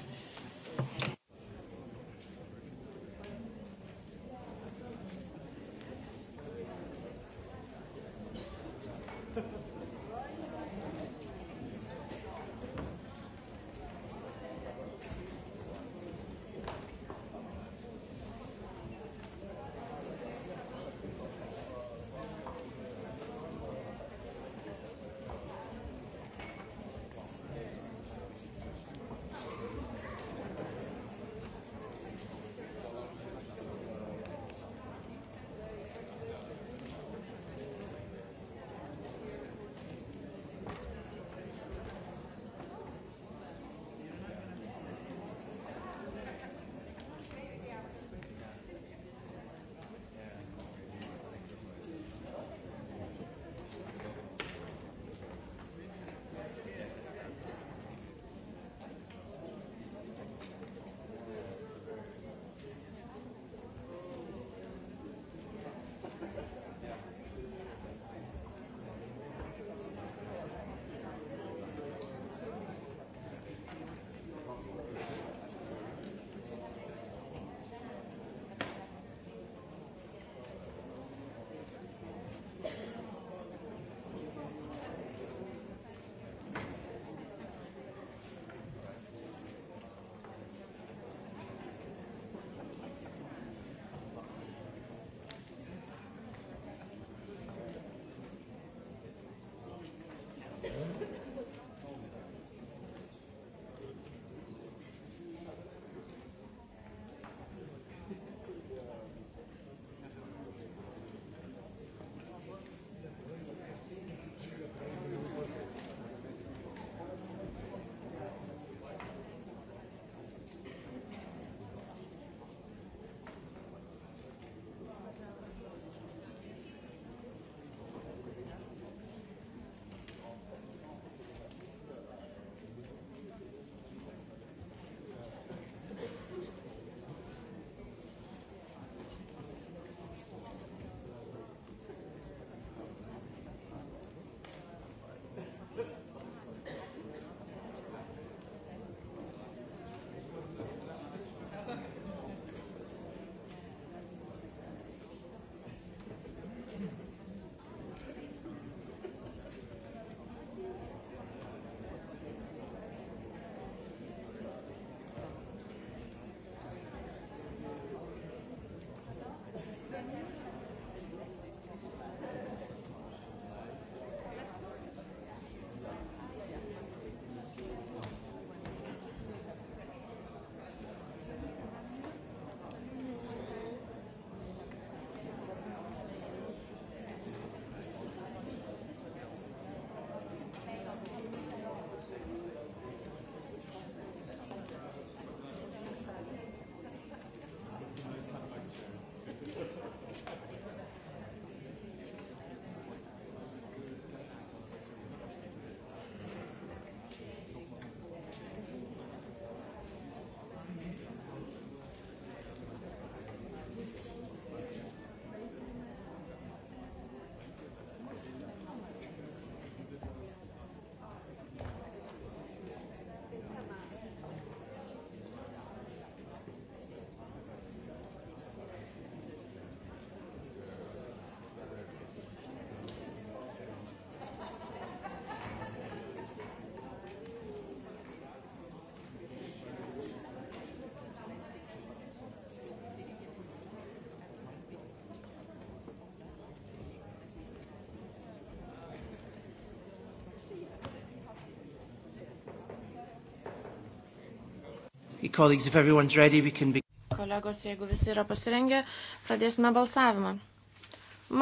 Kolegos, jeigu visi yra pasirengę, pradėsime balsavimą.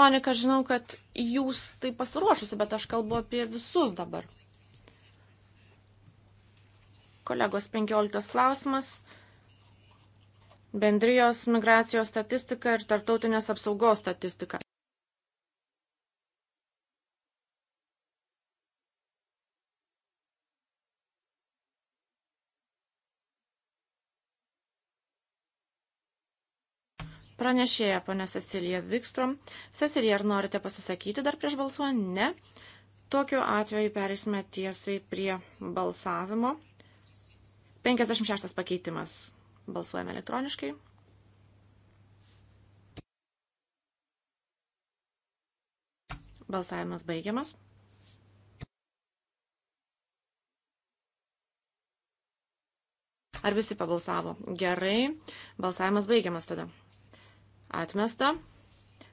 Monika, žinau, kad jūs tai pasiruošusi, bet aš kalbu apie visus dabar. Kolegos, 15 klausimas. Bendrijos migracijos statistika ir tarptautinės apsaugos statistika. pranešėja, ponė Cecilija Vikstrom. Cecilija, ar norite pasisakyti dar prieš balsuojant? Ne. Tokiu atveju perėsime tiesiai prie balsavimo. 56 pakeitimas. Balsuojame elektroniškai. Balsavimas baigiamas. Ar visi pabalsavo? Gerai. Balsavimas baigiamas tada. Atmesta.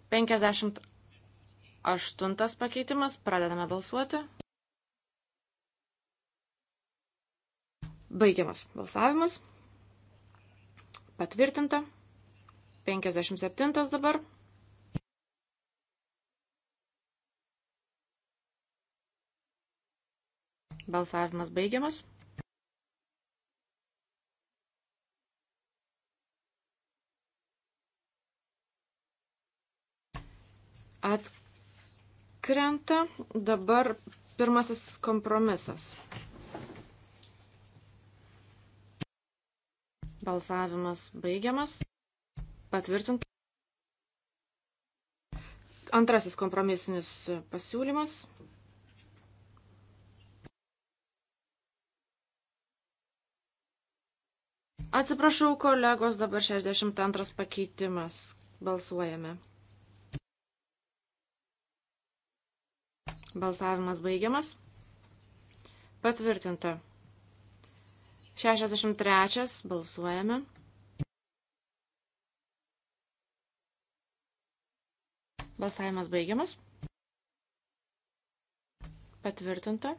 58 pakeitimas. Pradedame balsuoti. Baigiamas balsavimas. Patvirtinta. 57 dabar. Balsavimas baigiamas. atkrenta. Dabar pirmasis kompromisas. Balsavimas baigiamas. Patvirtinta. Antrasis kompromisinis pasiūlymas. Atsiprašau, kolegos, dabar 62 pakeitimas. Balsuojame. Balsavimas baigiamas. Patvirtinta. 63. Balsuojame. Balsavimas baigiamas. Patvirtinta.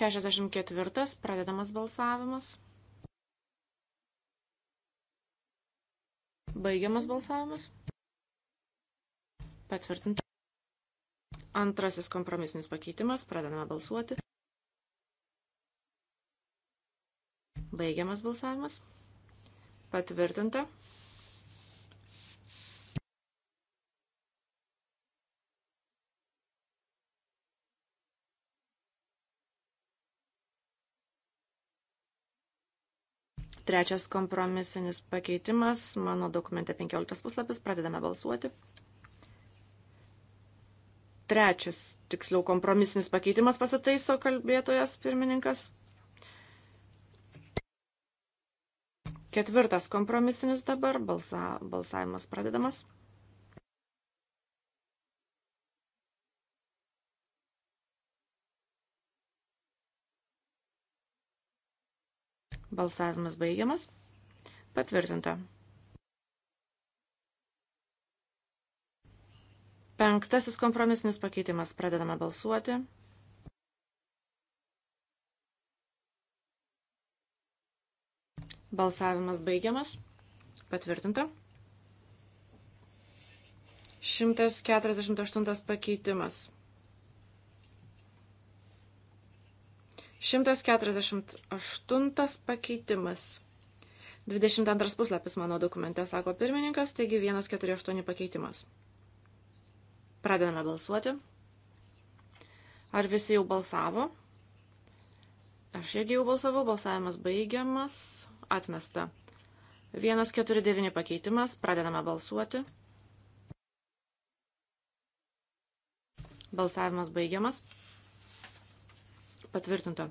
64. Pradedamas balsavimas. Baigiamas balsavimas. Patvirtinta. Antrasis kompromisinis pakeitimas. Pradedame balsuoti. Baigiamas balsavimas. Patvirtinta. Trečias kompromisinis pakeitimas. Mano dokumente 15 puslapis. Pradedame balsuoti. Trečias, tiksliau, kompromisinis pakeitimas pasitaiso kalbėtojas pirmininkas. Ketvirtas kompromisinis dabar, balsa, balsavimas pradedamas. Balsavimas baigiamas. Patvirtinta. Penktasis kompromisinis pakeitimas. Pradedame balsuoti. Balsavimas baigiamas. Patvirtinta. 148 pakeitimas. 148 pakeitimas. 22 puslapis mano dokumente, sako pirmininkas, taigi 148 pakeitimas. Pradedame balsuoti. Ar visi jau balsavo? Aš irgi jau balsavau, balsavimas baigiamas, atmesta. 149 pakeitimas, pradedame balsuoti. Balsavimas baigiamas. Patvirtinta.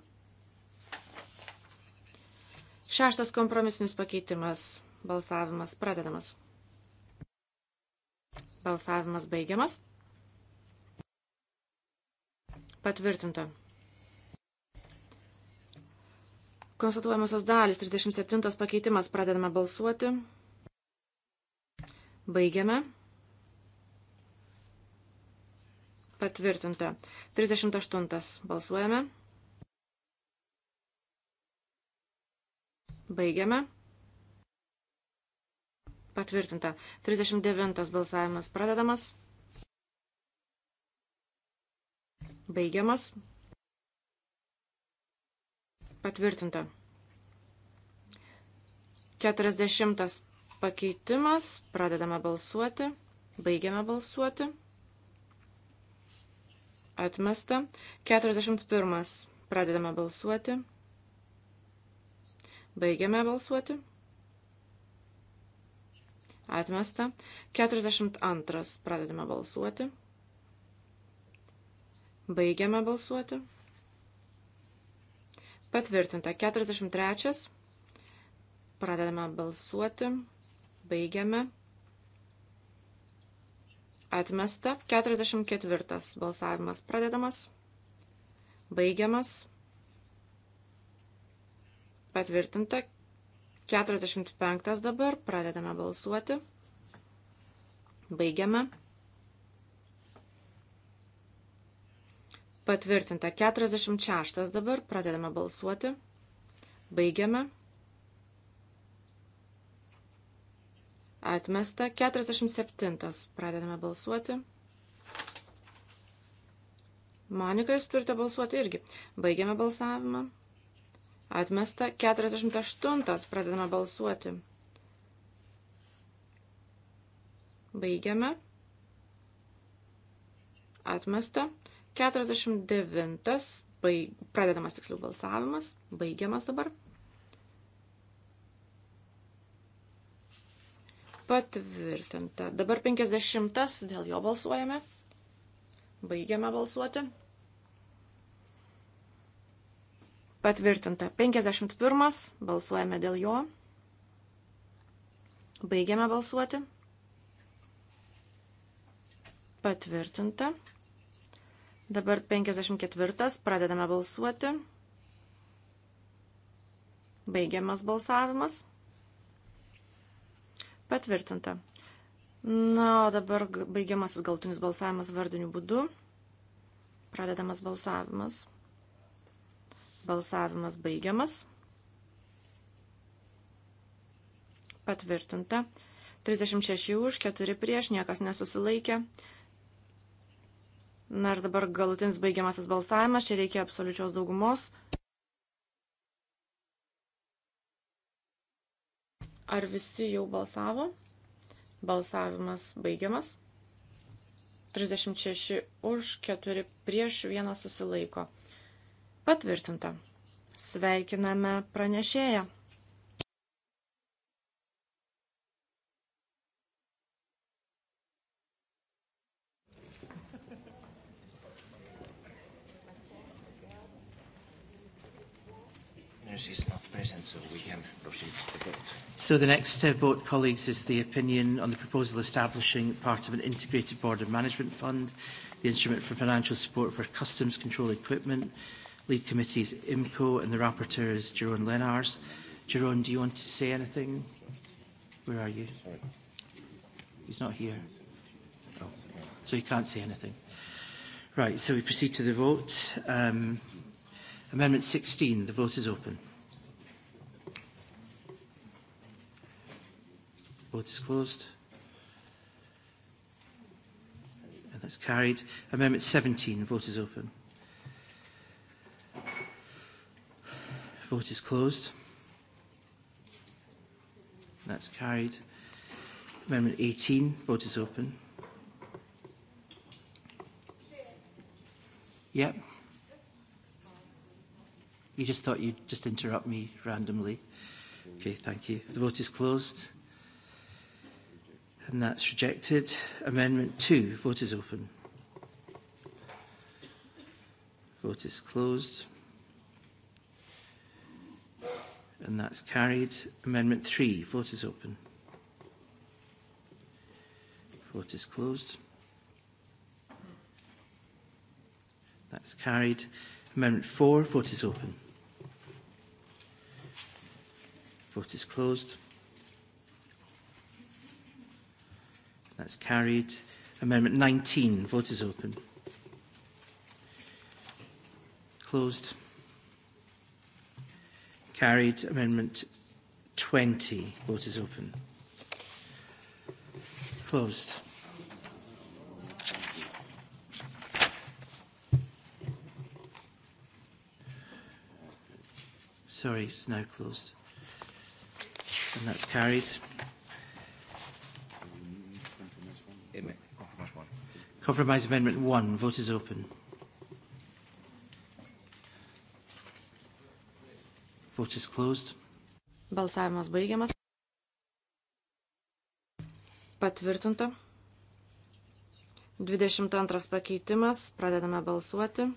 Šeštas kompromisinis pakeitimas. Balsavimas pradedamas. Balsavimas baigiamas. Patvirtinta. Konstatuojamosios dalys 37 pakeitimas. Pradedame balsuoti. Baigiame. Patvirtinta. 38 balsuojame. Baigiame. Patvirtinta. 39 balsavimas pradedamas. Baigiamas. Patvirtinta. 40 pakeitimas. Pradedame balsuoti. Baigiame balsuoti. Atmesta. 41. Pradedame balsuoti. Baigiame balsuoti. Atmesta. 42. Pradedame balsuoti. Baigiame balsuoti. Patvirtinta. 43. Pradedame balsuoti. Baigiame. Atmesta. 44. Balsavimas pradedamas. Baigiamas. Patvirtinta. 45 dabar. Pradedame balsuoti. Baigiame. Patvirtinta 46 dabar, pradedame balsuoti, baigiame. Atmesta 47, pradedame balsuoti. Monika, jūs turite balsuoti irgi. Baigiame balsavimą. Atmesta 48, pradedame balsuoti. Baigiame. Atmesta 48. 49. Baig... Pradedamas tiksliau balsavimas. Baigiamas dabar. Patvirtinta. Dabar 50. Dėl jo balsuojame. Baigiame balsuoti. Patvirtinta. 51. Balsuojame dėl jo. Baigiame balsuoti. Patvirtinta. Dabar 54. Pradedame balsuoti. Baigiamas balsavimas. Patvirtinta. Na, o dabar baigiamasis galtinis balsavimas vardiniu būdu. Pradedamas balsavimas. Balsavimas baigiamas. Patvirtinta. 36 už, 4 prieš, niekas nesusilaikė. Na ir dabar galutinis baigiamasis balsavimas, čia reikia absoliučios daugumos. Ar visi jau balsavo? Balsavimas baigiamas. 36 už, 4 prieš, 1 susilaiko. Patvirtinta. Sveikiname pranešėją. is not present, so we can proceed to the vote. So the next uh, vote, colleagues, is the opinion on the proposal establishing part of an integrated border management fund, the instrument for financial support for customs control equipment. Lead committee is IMCO, and the rapporteur is Jerome Lenars. Jerome, do you want to say anything? Where are you? Sorry. He's not here. Oh. So he can't say anything. Right, so we proceed to the vote. Um, Amendment 16, the vote is open. Vote is closed. And that's carried. Amendment 17. Vote is open. Vote is closed. That's carried. Amendment 18. Vote is open. Yep. You just thought you'd just interrupt me randomly. Okay, thank you. The vote is closed and that's rejected. Amendment 2, vote is open. Vote is closed. And that's carried. Amendment 3, vote is open. Vote is closed. That's carried. Amendment 4, vote is open. Vote is closed. That's carried. Amendment 19. Vote is open. Closed. Carried. Amendment 20. Vote is open. Closed. Sorry, it's now closed. And that's carried. Compromise 1. Compromise Amendment 1. Vote is open. Vote is closed. Balsavimas baigiamas. Patvirtinta. 22 pakeitimas. Pradedame balsuoti.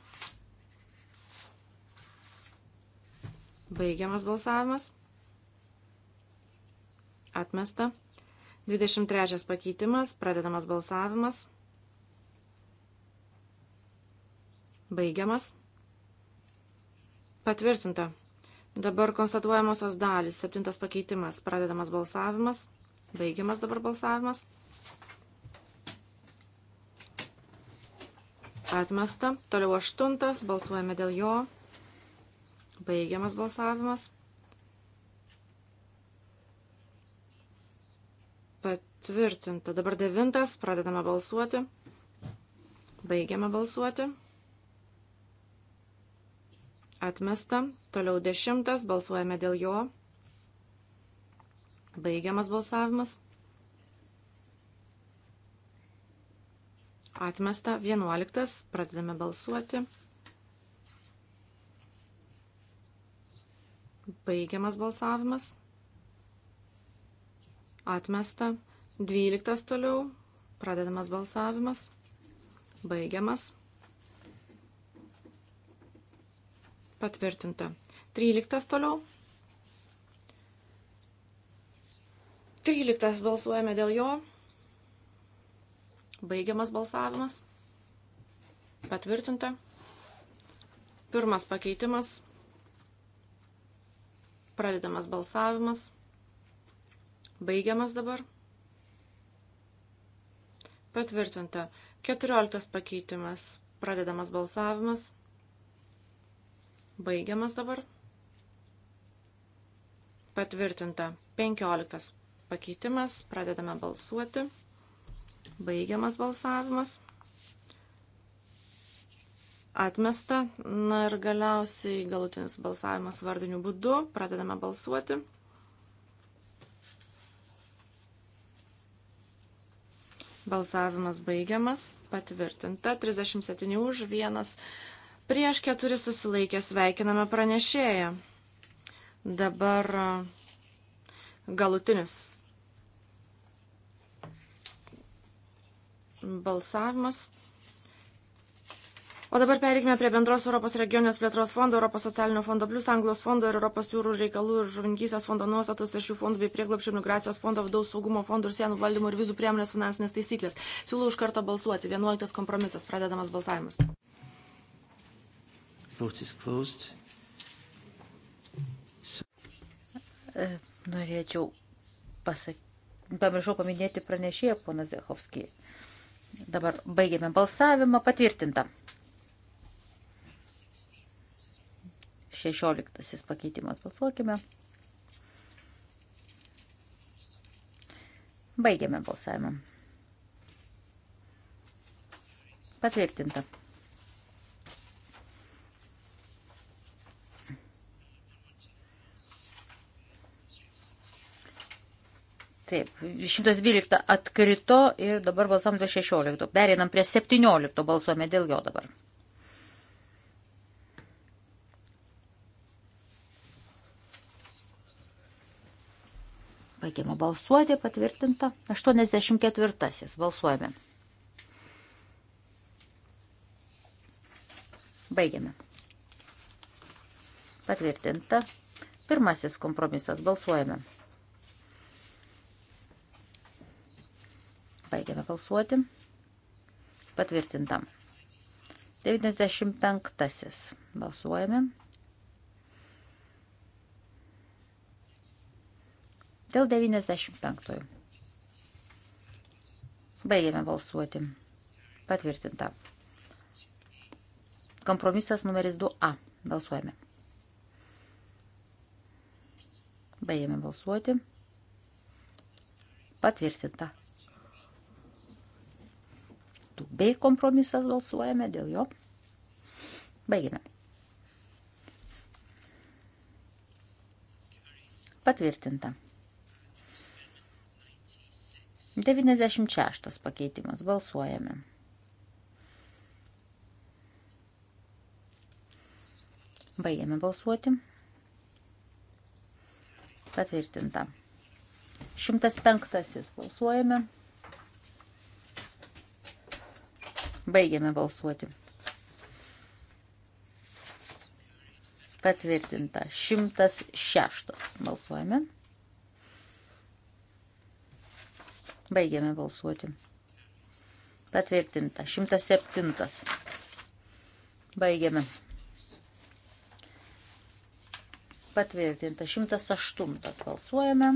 Baigiamas balsavimas. Atmesta. 23 pakeitimas, pradedamas balsavimas. Baigiamas. Patvirtinta. Dabar konstatuojamosios dalys. Septintas pakeitimas. Pradedamas balsavimas. Baigiamas dabar balsavimas. Atmesta. Toliau aštuntas. Balsuojame dėl jo. Baigiamas balsavimas. patvirtinta. Dabar devintas, pradedame balsuoti. Baigiame balsuoti. Atmesta. Toliau dešimtas, balsuojame dėl jo. Baigiamas balsavimas. Atmesta. Vienuoliktas, pradedame balsuoti. Baigiamas balsavimas. Atmesta. 12 toliau. Pradedamas balsavimas. Baigiamas. Patvirtinta. 13 toliau. 13 balsuojame dėl jo. Baigiamas balsavimas. Patvirtinta. Pirmas pakeitimas. Pradedamas balsavimas. Baigiamas dabar. Patvirtinta. 14 pakeitimas. Pradedamas balsavimas. Baigiamas dabar. Patvirtinta. 15 pakeitimas. Pradedame balsuoti. Baigiamas balsavimas. Atmesta. Na ir galiausiai galutinis balsavimas vardiniu būdu. Pradedame balsuoti. Balsavimas baigiamas. Patvirtinta. 37 už, 1 prieš, 4 susilaikė. Sveikiname pranešėją. Dabar galutinis balsavimas. O dabar pereikime prie bendros Europos regioninės plėtros fondo, Europos socialinio fondo plus Anglos fondo ir Europos jūrų reikalų ir žuvininkysės fondo nuostatos ir šių fondų bei prieglapšio migracijos fondo vidaus saugumo fondo ir sienų valdymo ir vizų priemonės finansinės taisyklės. Siūlau iš karto balsuoti. 11 kompromisas. Pradedamas balsavimas. Vote is closed. So... E, norėčiau pasakyti pamiršau paminėti pranešėją, ponas Zehovskį. Dabar baigėme balsavimą, patvirtinta. 16 pakeitimas. Balsuokime. Baigiame balsavimą. Patvirtinta. Taip, 112 atkrito ir dabar balsuom dėl 16. Pereinam prie 17, balsuojame dėl jo dabar. Baigiame balsuoti, patvirtinta. 84. Balsuojame. Baigiame. Patvirtinta. Pirmasis kompromisas. Balsuojame. Baigiame balsuoti. Patvirtinta. 95. Balsuojame. Dėl 95. Baigėme balsuoti. Patvirtinta. Kompromisas numeris 2A. Balsuojame. Baigėme balsuoti. Patvirtinta. 2B kompromisas balsuojame dėl jo. Baigėme. Patvirtinta. 96 pakeitimas. Balsuojame. Baigiame balsuoti. Patvirtinta. 105 balsuojame. Baigiame balsuoti. Patvirtinta. 106 balsuojame. Baigiame balsuoti. Patvirtinta. 107. Baigiame. Patvirtinta. 108. Balsuojame.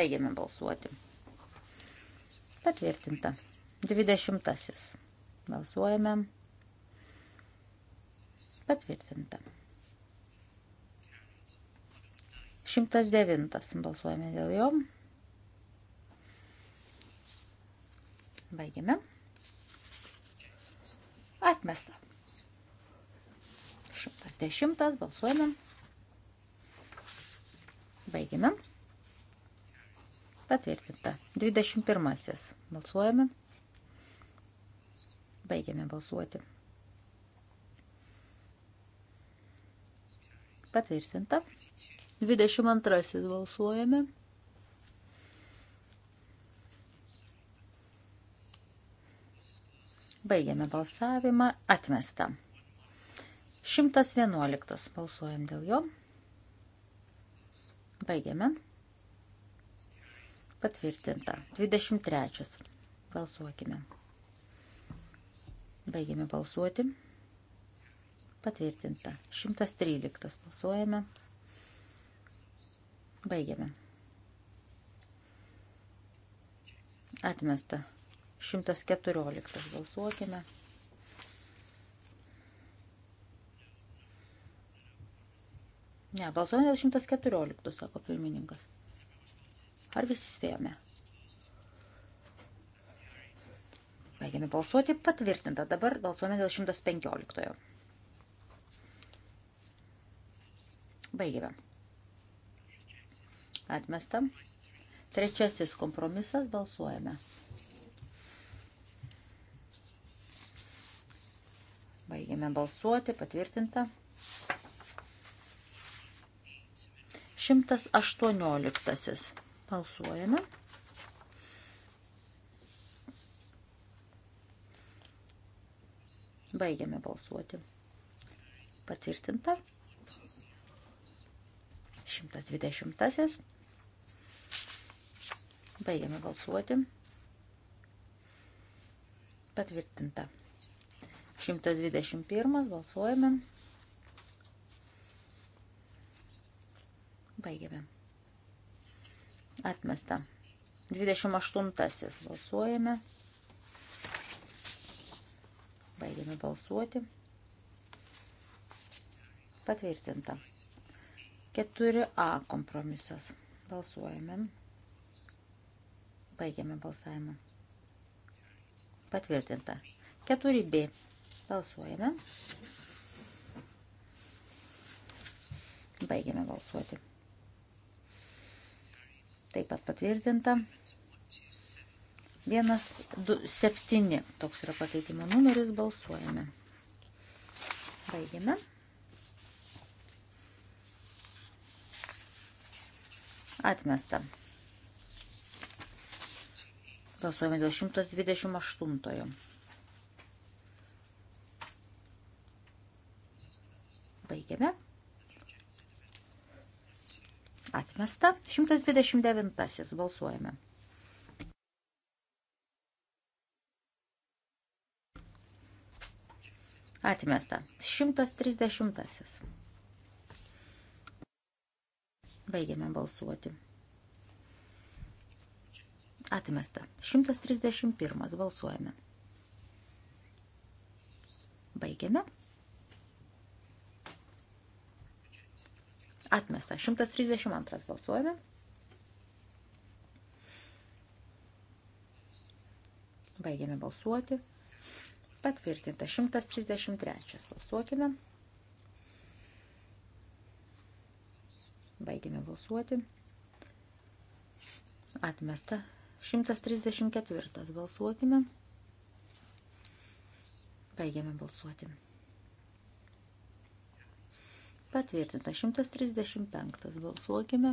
Baigiame balsuoti. Patvirtinta. 20. Balsuojame. Patvirtinta. 109. Balsuojame dėl jo. Baigiame. Atmesta. 110. Balsuojame. Baigiame. Patvirtinta. 21. Balsuojame. Baigiame balsuoti. Patvirtinta. 22 balsuojame. Baigiame balsavimą. Atmesta. 111 balsuojam dėl jo. Baigiame. Patvirtinta. 23. Balsuokime. Baigiame balsuoti. Patvirtinta. 113 balsuojame. Baigiame. Atmesta. 114 balsuokime. Ne, balsuojame dėl 114, sako pirmininkas. Ar visi svėjome? Baigiame balsuoti patvirtinta. Dabar balsuojame dėl 115. Baigiame. Atmesta. Trečiasis kompromisas. Balsuojame. Baigiame balsuoti. Patvirtinta. 118. Balsuojame. Baigiame balsuoti. Patvirtinta. 120. Baigiame balsuoti. Patvirtinta. 121 balsuojame. Baigiame. Atmesta. 28 balsuojame. Baigiame balsuoti. Patvirtinta. 4A kompromisas. Balsuojame. Baigiame balsavimą. Patvirtinta. 4B. Balsuojame. Baigiame balsuoti. Taip pat patvirtinta. 1, 2, 7. Toks yra pakeitimo numeris. Balsuojame. Baigiame. Atmesta. Atmesta. Balsuojame dėl 128. Baigiame. Atmesta. 129. Balsuojame. Atmesta. 130. Baigiame balsuoti. Atmesta. 131. Balsuojame. Baigiame. Atmesta. 132. Balsuojame. Baigiame balsuoti. Patvirtinta. 133. Balsuokime. Baigiame balsuoti. Atmesta. 134. Balsuokime. Baigiame balsuoti. Patvirtinta. 135. Balsuokime.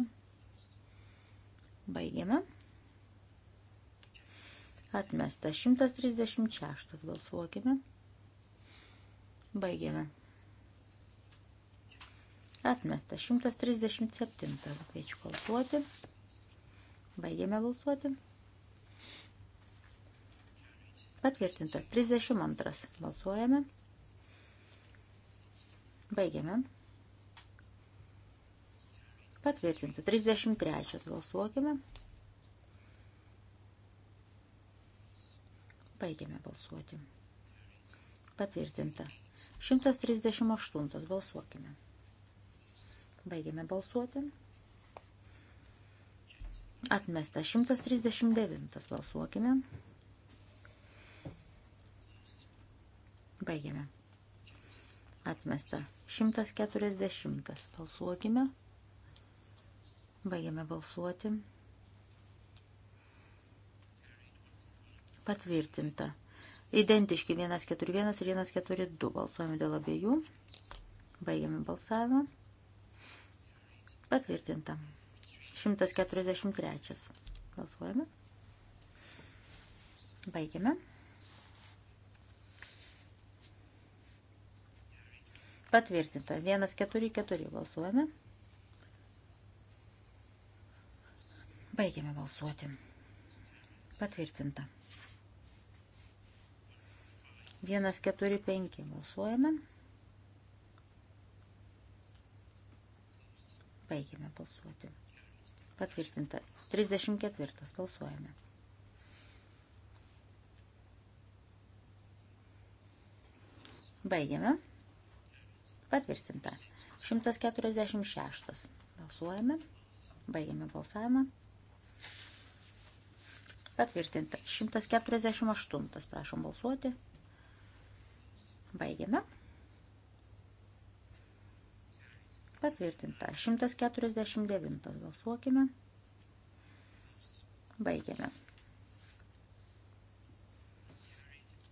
Baigiame. Atmesta. 136. Balsuokime. Baigiame. Atmesta. 137. Kviečiu balsuoti. Baigiame balsuoti. Patvirtinta. 32. Balsuojame. Baigiame. Patvirtinta. 33. Balsuokime. Baigiame balsuoti. Patvirtinta. 138. Balsuokime. Baigiame balsuoti. Atmesta 139. Balsuokime. Baigiame. Atmesta 140. Balsuokime. Baigiame balsuoti. Patvirtinta. Identiški 141 ir 142. Balsuojame dėl abiejų. Baigiame balsavimą. Patvirtinta. 143. Balsuojame. Baigiame. Patvirtinta. 144 balsuojame. Baigiame balsuoti. Patvirtinta. 145 balsuojame. Baigiame balsuoti. Patvirtinta. 34. Balsuojame. Baigiame. Patvirtinta. 146. Balsuojame. Baigiame balsavimą. Patvirtinta. 148. Prašom balsuoti. Baigiame. Patvirtinta. 149 balsuokime. Baigiame.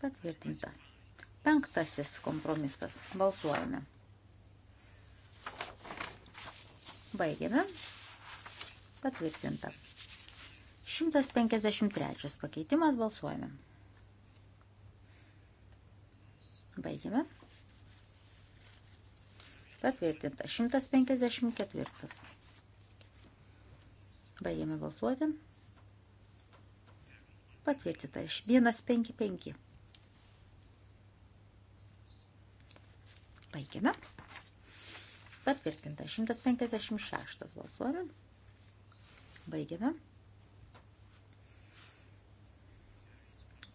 Patvirtinta. Penktasis kompromisas. Balsuojame. Baigiame. Patvirtinta. 153 pakeitimas. Balsuojame. Baigiame. Patvirtinta. 154. Baigėme balsuoti. Patvirtinta. 155. Baigėme. Patvirtinta. 156 balsuojame. Baigėme.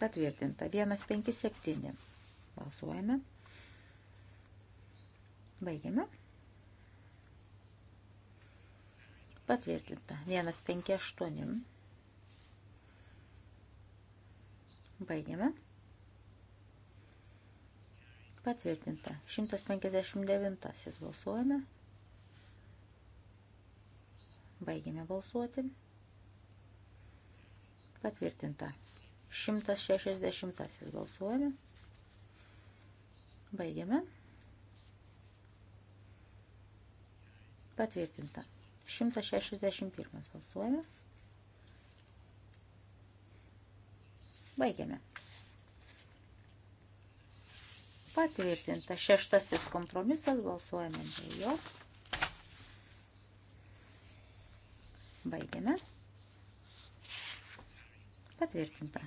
Patvirtinta. 157 balsuojame. Baigėme. Baigiame. Patvirtinta. 158. Baigiame. Patvirtinta. 159. Balsuojame. Baigiame balsuoti. Patvirtinta. 160. Balsuojame. Baigiame. Patvirtinta. 161 balsuojame. Baigiame. Patvirtinta. Šeštasis kompromisas. Balsuojame dėl jo. Baigiame. Patvirtinta.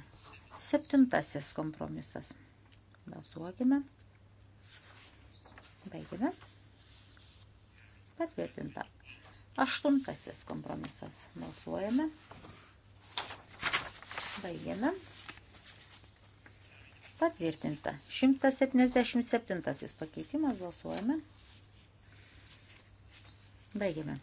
Septintasis kompromisas. Balsuokime. Baigiame. Patvirtinta. Aštuntasis kompromisas. Balsuojame. Baigiame. Patvirtinta. 177 pakeitimas. Balsuojame. Baigiame.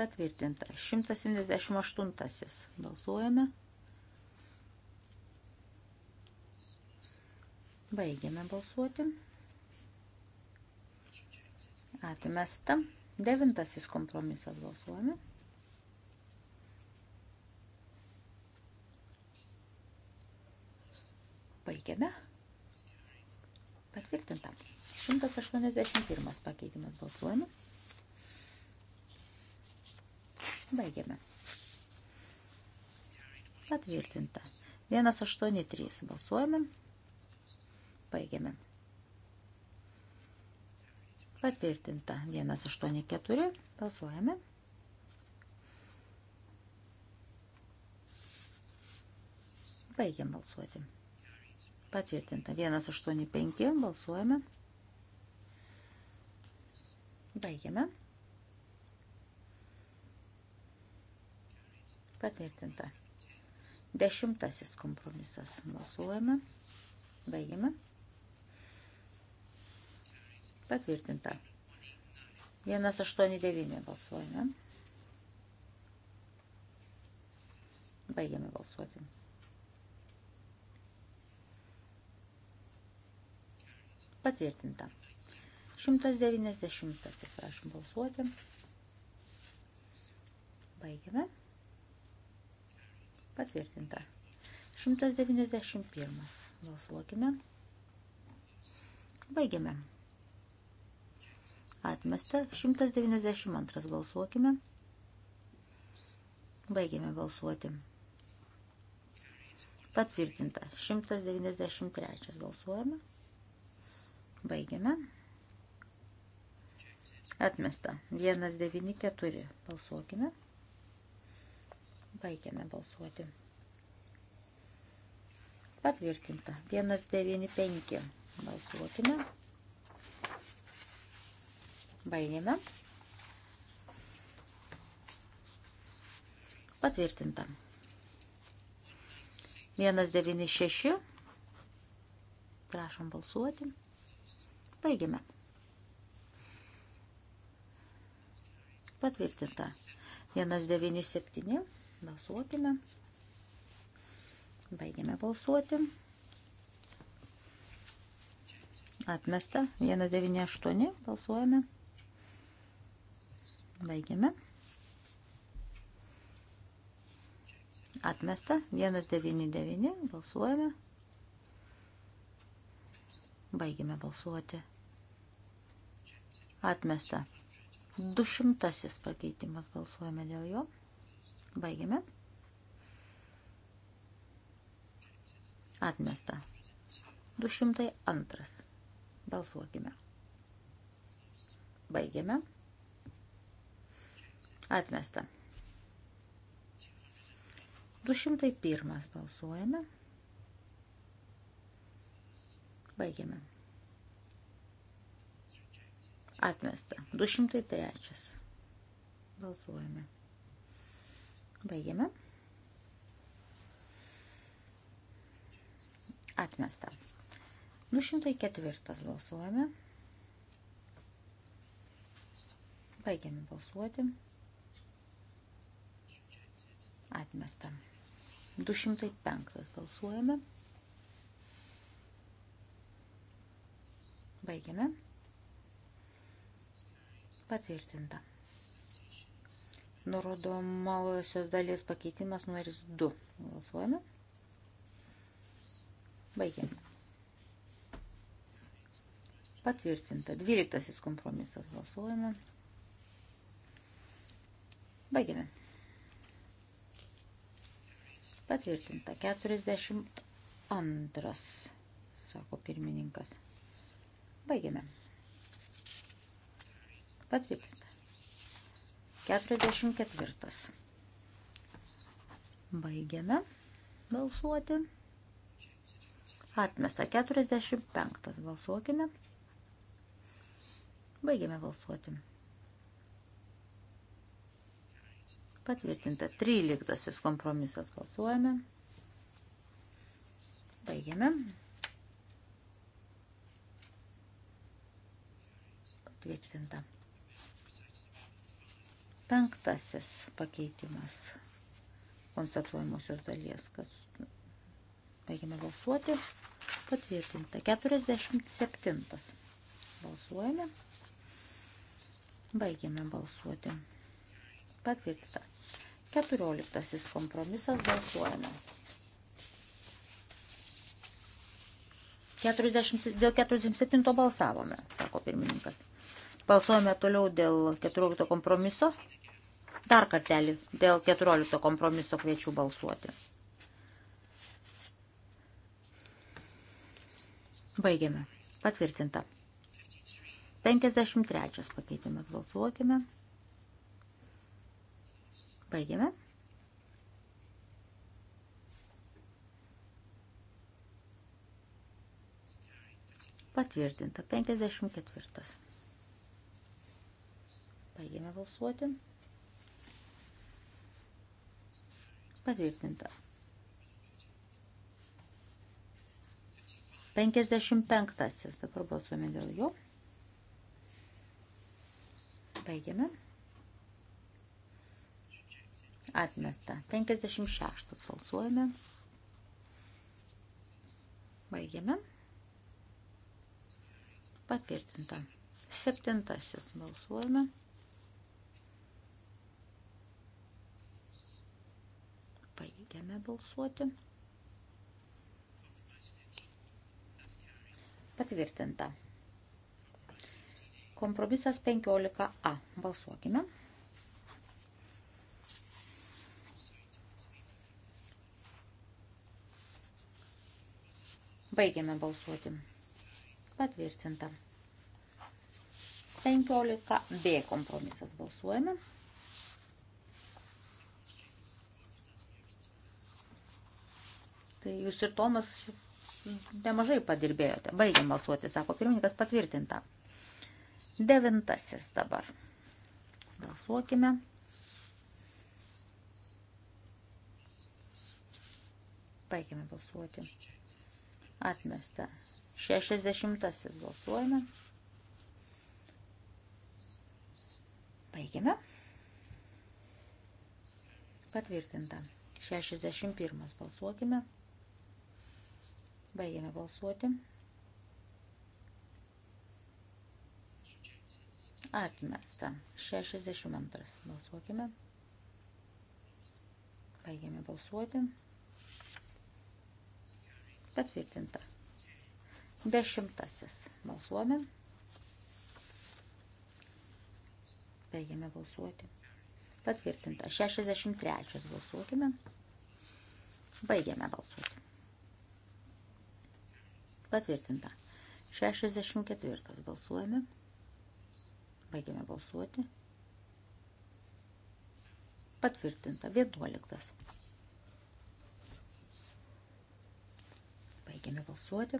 Patvirtinta. 178. Balsuojame. Baigiame balsuoti. Atmesta. Devintasis kompromisas balsuojame. Baigiame. Patvirtinta. 181 pakeitimas balsuojame. Baigiame. Patvirtinta. 183 balsuojame. Baigiame. Patvirtinta. 184. Balsuojame. Baigiam balsuoti. Patvirtinta. 185. Balsuojame. Baigiame. Patvirtinta. Dešimtasis kompromisas. Balsuojame. Baigiame. Patvirtinta. 189 balsuojame. Baigiame balsuoti. Patvirtinta. 190. Prašom balsuoti. Baigiame. Patvirtinta. 191. Balsuokime. Baigiame. Atmesta. 192 balsuokime. Baigėme balsuoti. Patvirtinta. 193 balsuojame. Baigėme. Atmesta. 194 balsuokime. Baigėme balsuoti. Patvirtinta. 195 balsuokime. Baigėme. Baigėme. Patvirtinta. 196. Prašom balsuoti. Baigėme. Patvirtinta. 197. Balsuokime. Baigėme balsuoti. Atmesta. 198. Balsuojame. Baigiame. Atmesta. 199. Balsuojame. Baigiame balsuoti. Atmesta. 200 pakeitimas. Balsuojame dėl jo. Baigiame. Atmesta. 202. Balsuokime. Baigiame. Atmesta. 201 balsuojame. Baigiame. Atmesta. 203. Balsuojame. Baigiame. Atmesta. 204 balsuojame. Baigiame balsuoti. Atmesta. 205 balsuojame. Baigiame. Patvirtinta. Nurodomosios dalies pakeitimas numeris 2. Balsuojame. Baigiame. Patvirtinta. Dvyliktasis kompromisas balsuojame. Baigiame. Patvirtinta. 42, sako pirmininkas. Baigiame. Patvirtinta. 44. Baigiame balsuoti. Atmesta 45. Balsuokime. Baigiame balsuoti. Patvirtinta. 13 kompromisas balsuojame. Baigiame. Patvirtinta. Penktasis pakeitimas konstatuojamosios dalies, kas baigiame balsuoti. Patvirtinta. 47. Balsuojame. Baigiame balsuoti. Patvirtinta. Keturioliktasis kompromisas balsuojame. 40, dėl 47 balsavome, sako pirmininkas. Balsuojame toliau dėl 14 kompromiso. Dar kartelį dėl 14 kompromiso kviečiu balsuoti. Baigiame. Patvirtinta. 53 pakeitimas balsuokime. 53. Baigiame. Patvirtinta. 54. Baigiame balsuoti. Patvirtinta. 55. Dabar balsuojame dėl jo. Baigiame. Atmesta. 56 balsuojame. Baigiame. Patvirtinta. Septintasis balsuojame. Baigiame balsuoti. Patvirtinta. Kompromisas 15a. Balsuokime. Balsuokime. Baigiame balsuoti. Patvirtinta. 15b kompromisas balsuojame. Tai jūs ir Tomas nemažai padirbėjote. Baigiam balsuoti, sako pirmininkas patvirtinta. Devintasis dabar. Balsuokime. Baigiame balsuoti Atmesta. 60 balsuojame. Baigiame. Patvirtinta. 61 balsuokime. Baigiame balsuoti. Atmesta. 62 balsuokime. Baigiame balsuoti. Patvirtinta. Dešimtasis. Balsuojame. Baigiame balsuoti. Patvirtinta. 63. Balsuokime. Baigiame balsuoti. Patvirtinta. 64. Balsuojame. Baigiame balsuoti. Patvirtinta. 11. Baigėme balsuoti.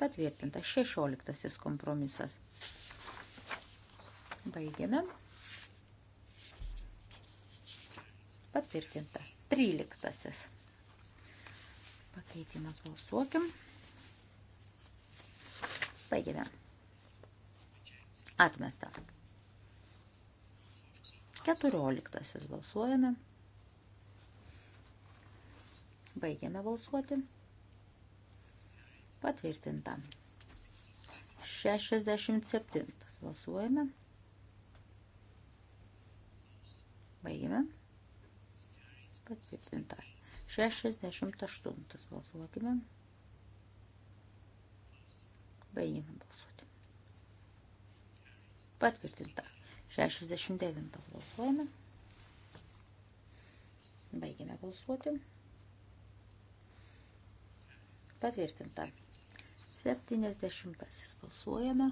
Patvirtintas 16 kompromisas. Baigėme. Patvirtinta 13. Pakeitimas balsuokim. Baigėme. Atmesta. 14 balsuojame. Atmesta. Baigiame balsuoti. Patvirtinta. 67. Balsuojame. Baigiame. Patvirtinta. 68. Balsuokime. Baigiame balsuoti. Patvirtinta. 69. Balsuojame. Baigiame balsuoti. Patvirtinta. 70. Balsuojame.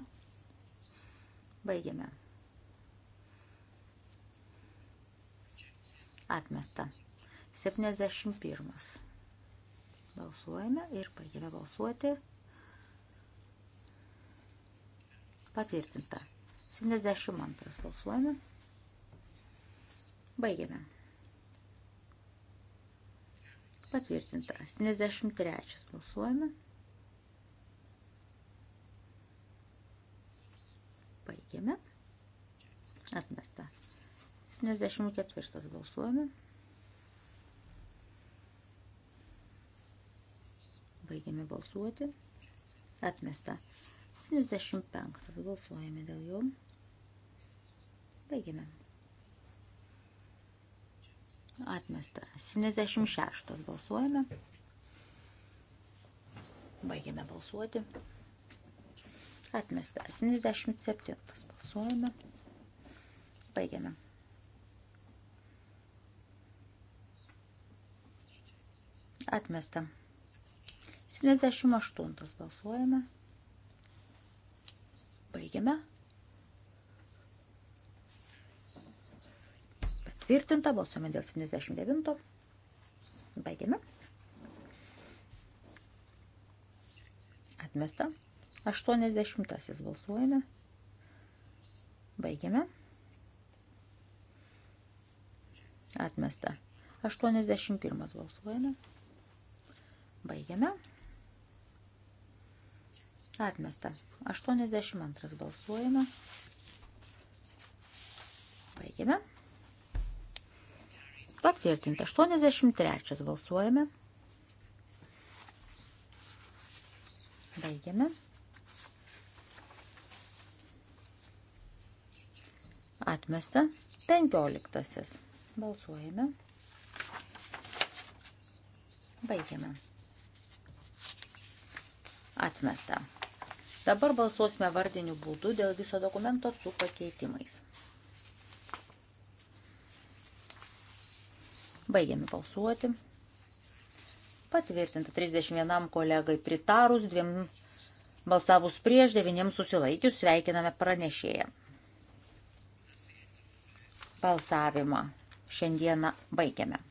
Baigiame. Atmesta. 71. Balsuojame ir baigiame balsuoti. Patvirtinta. 72. Balsuojame. Baigiame. Patvirtinta. 73 balsuojame. Baigiame. Atmesta. 74 balsuojame. Baigiame balsuoti. Atmesta. 75 balsuojame dėl jo. Baigiame. Atmesta. 76 balsuojame. Baigiame balsuoti. Atmesta. 77 balsuojame. Baigiame. Atmesta. 78 balsuojame. Baigiame. patvirtinta, balsuome dėl 79. Baigėme. Atmesta. 80 balsuojame. Baigėme. Atmesta. 81 balsuojame. Baigėme. Atmesta. 82 balsuojame. Baigėme. Patvirtinta. 83 balsuojame. Baigiame. Atmesta. 15. Balsuojame. Baigiame. Atmesta. Dabar balsuosime vardiniu būdu dėl viso dokumento su pakeitimais. Baigiame balsuoti. Patvirtinta 31 kolegai pritarus, dviem balsavus prieš, devyniems susilaikius, sveikiname pranešėją. Balsavimą šiandieną baigiame.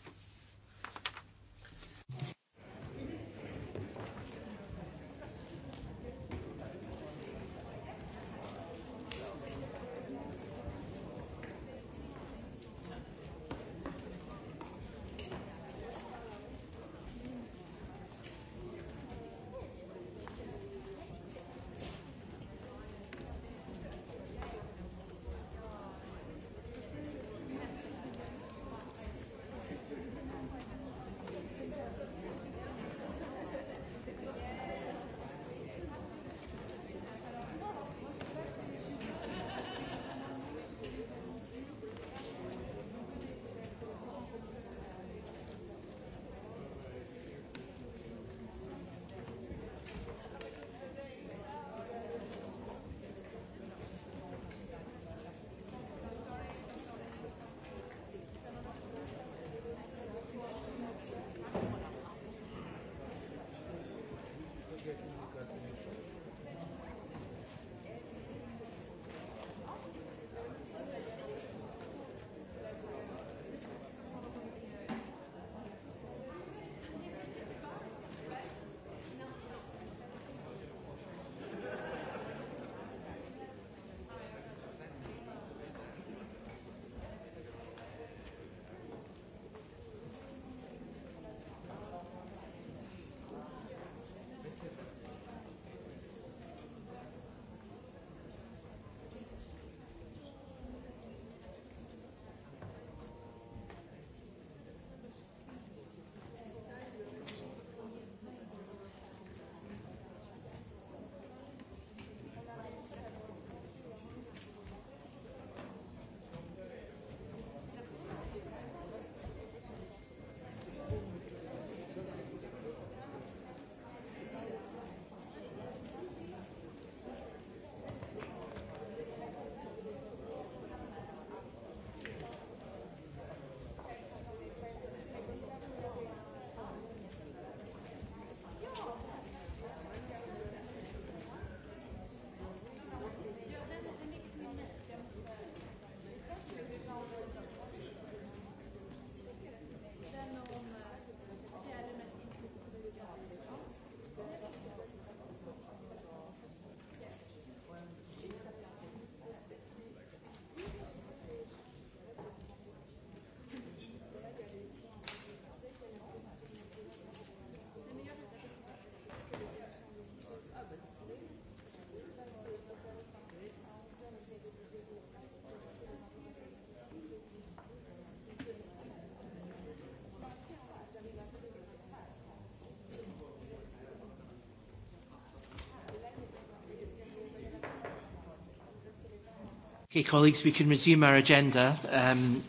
Okay, colleagues, we can resume our agenda. Um...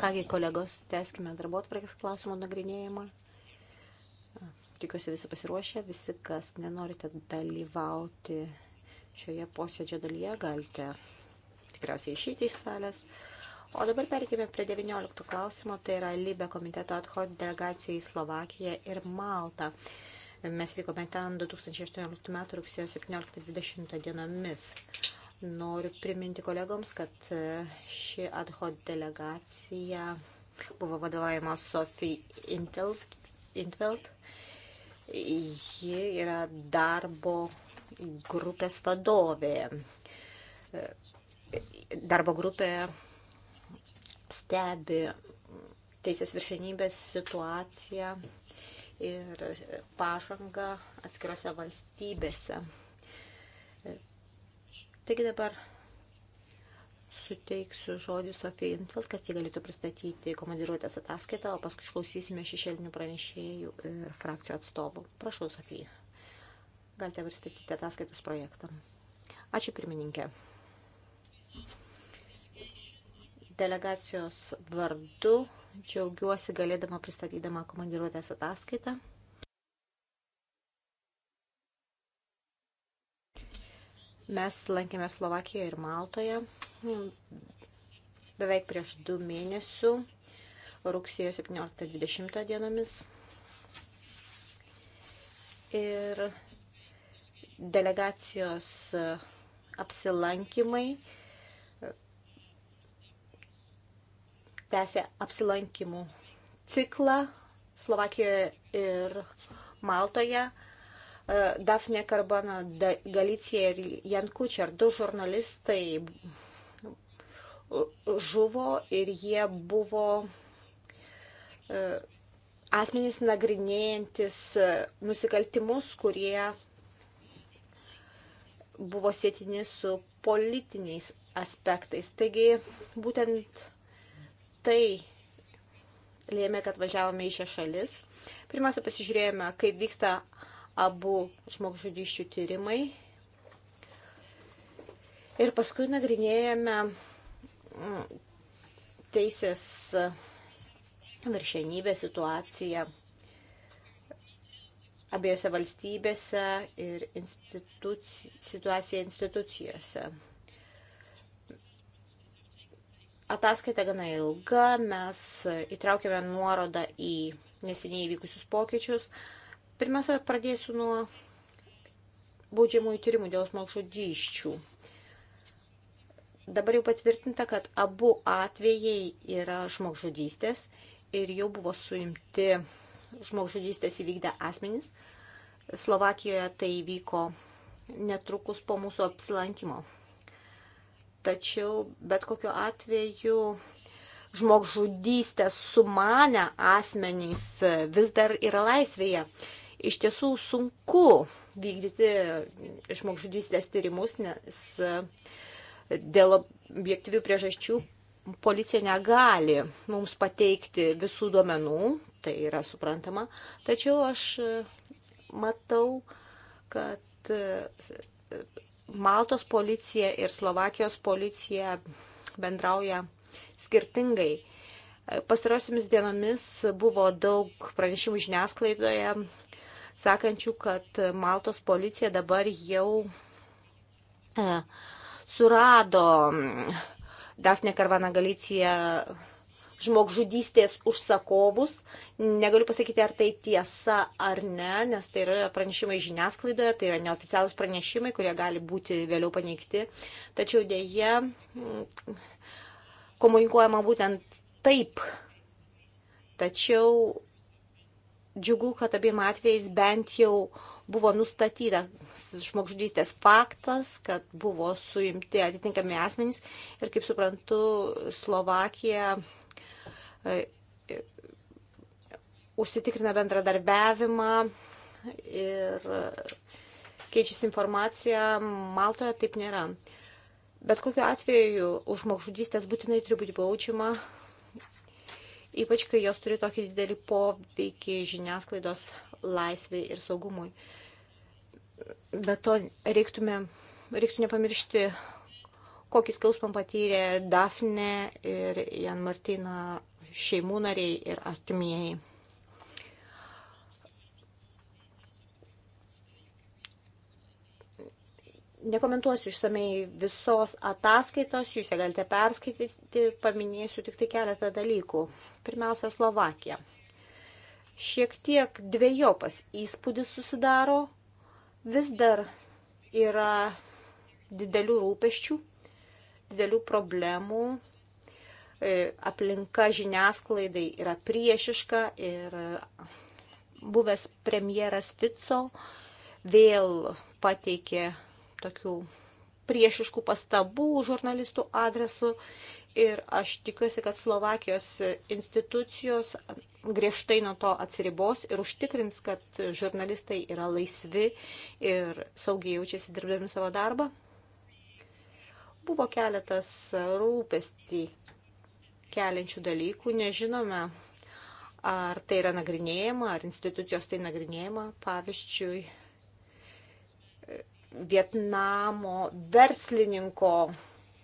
Kągi kolegos, teskime darbo atvarkės klausimų nagrinėjimą. Tikiuosi visi pasiruošę, visi, kas nenorite dalyvauti šioje posėdžio dalyje, galite tikriausiai išeiti iš salės. O dabar perkime prie 19 klausimo, tai yra Libė komiteto atchod delegacija į Slovakiją ir Maltą. Mes vykome ten 2018 m. rugsėjo 17-20 dienomis. Noriu priminti kolegoms, kad e, ši ad hoc delegacija buvo vadovaujama Sofie Intveld. Ji yra darbo grupės vadovė. E, darbo grupė stebi teisės viršenybės situaciją ir pažangą atskirose valstybėse. Taigi dabar suteiksiu žodį Sofijai Intveld, kad jie galėtų pristatyti komandiruotės ataskaitą, o paskui išklausysime šešėlinių pranešėjų ir frakcijų atstovų. Prašau, Sofija. Galite pristatyti ataskaitos projektą. Ačiū pirmininkė. Delegacijos vardu džiaugiuosi galėdama pristatydama komandiruotės ataskaitą. Mes lankėme Slovakijoje ir Maltoje beveik prieš du mėnesių, rugsėjo 17-20 dienomis. Ir delegacijos apsilankimai tęsė apsilankimų ciklą Slovakijoje ir Maltoje. Dafne Karbana Galicija ir Jan Kučer, du žurnalistai žuvo ir jie buvo e, asmenys nagrinėjantis e, nusikaltimus, kurie buvo sėtini su politiniais aspektais. Taigi būtent tai lėmė, kad važiavome į šią šalis. Pirmiausia, pasižiūrėjome, kaip vyksta abu žmogžudyščių tyrimai. Ir paskui nagrinėjame mm, teisės viršenybę situaciją abiejose valstybėse ir instituci situaciją institucijose. Ataskaita gana ilga, mes įtraukėme nuorodą į neseniai įvykusius pokyčius, Pirmiausia, pradėsiu nuo baudžiamųjų tyrimų dėl žmogžudyščių. Dabar jau patvirtinta, kad abu atvejai yra žmogžudystės ir jau buvo suimti žmogžudystės įvykdę asmenys. Slovakijoje tai įvyko netrukus po mūsų apsilankimo. Tačiau bet kokiu atveju žmogžudystės sumanę asmenys vis dar yra laisvėje iš tiesų sunku vykdyti žmogžudystės tyrimus, nes e, dėl objektyvių priežasčių policija negali mums pateikti visų duomenų, tai yra suprantama, tačiau aš e, matau, kad e, Maltos policija ir Slovakijos policija bendrauja skirtingai. Pastarosiomis dienomis buvo daug pranešimų žiniasklaidoje sakančių, kad Maltos policija dabar jau e, surado Dafne Karvana Galicija žmogžudystės užsakovus. Negaliu pasakyti, ar tai tiesa ar ne, nes tai yra pranešimai žiniasklaidoje, tai yra neoficialūs pranešimai, kurie gali būti vėliau paneigti. Tačiau dėje komunikuojama būtent taip. Tačiau džiugu, kad abiem atvejais bent jau buvo nustatytas žmogžudystės faktas, kad buvo suimti atitinkami asmenys ir, kaip suprantu, Slovakija e, e, užsitikrina bendradarbiavimą ir keičiasi informacija, Maltoje taip nėra. Bet kokiu atveju už žmogžudystės būtinai turi būti baudžiama, ypač kai jos turi tokį didelį poveikį žiniasklaidos laisvai ir saugumui. Bet to reiktume, reiktų nepamiršti, kokį skausmą patyrė Dafne ir Jan Martina šeimų nariai ir artimieji. Nekomentuosiu išsamei visos ataskaitos, jūs ją galite perskaityti, paminėsiu tik tai keletą dalykų. Pirmiausia, Slovakija. Šiek tiek dviejopas įspūdis susidaro, vis dar yra didelių rūpeščių, didelių problemų, e, aplinka žiniasklaidai yra priešiška ir buvęs premjeras Fico vėl pateikė tokių priešiškų pastabų žurnalistų adresu ir aš tikiuosi, kad Slovakijos institucijos griežtai nuo to atsiribos ir užtikrins, kad žurnalistai yra laisvi ir saugiai jaučiasi dirbdami savo darbą. Buvo keletas rūpestį keliančių dalykų, nežinome, ar tai yra nagrinėjama, ar institucijos tai nagrinėjama. Pavyzdžiui, Vietnamo verslininko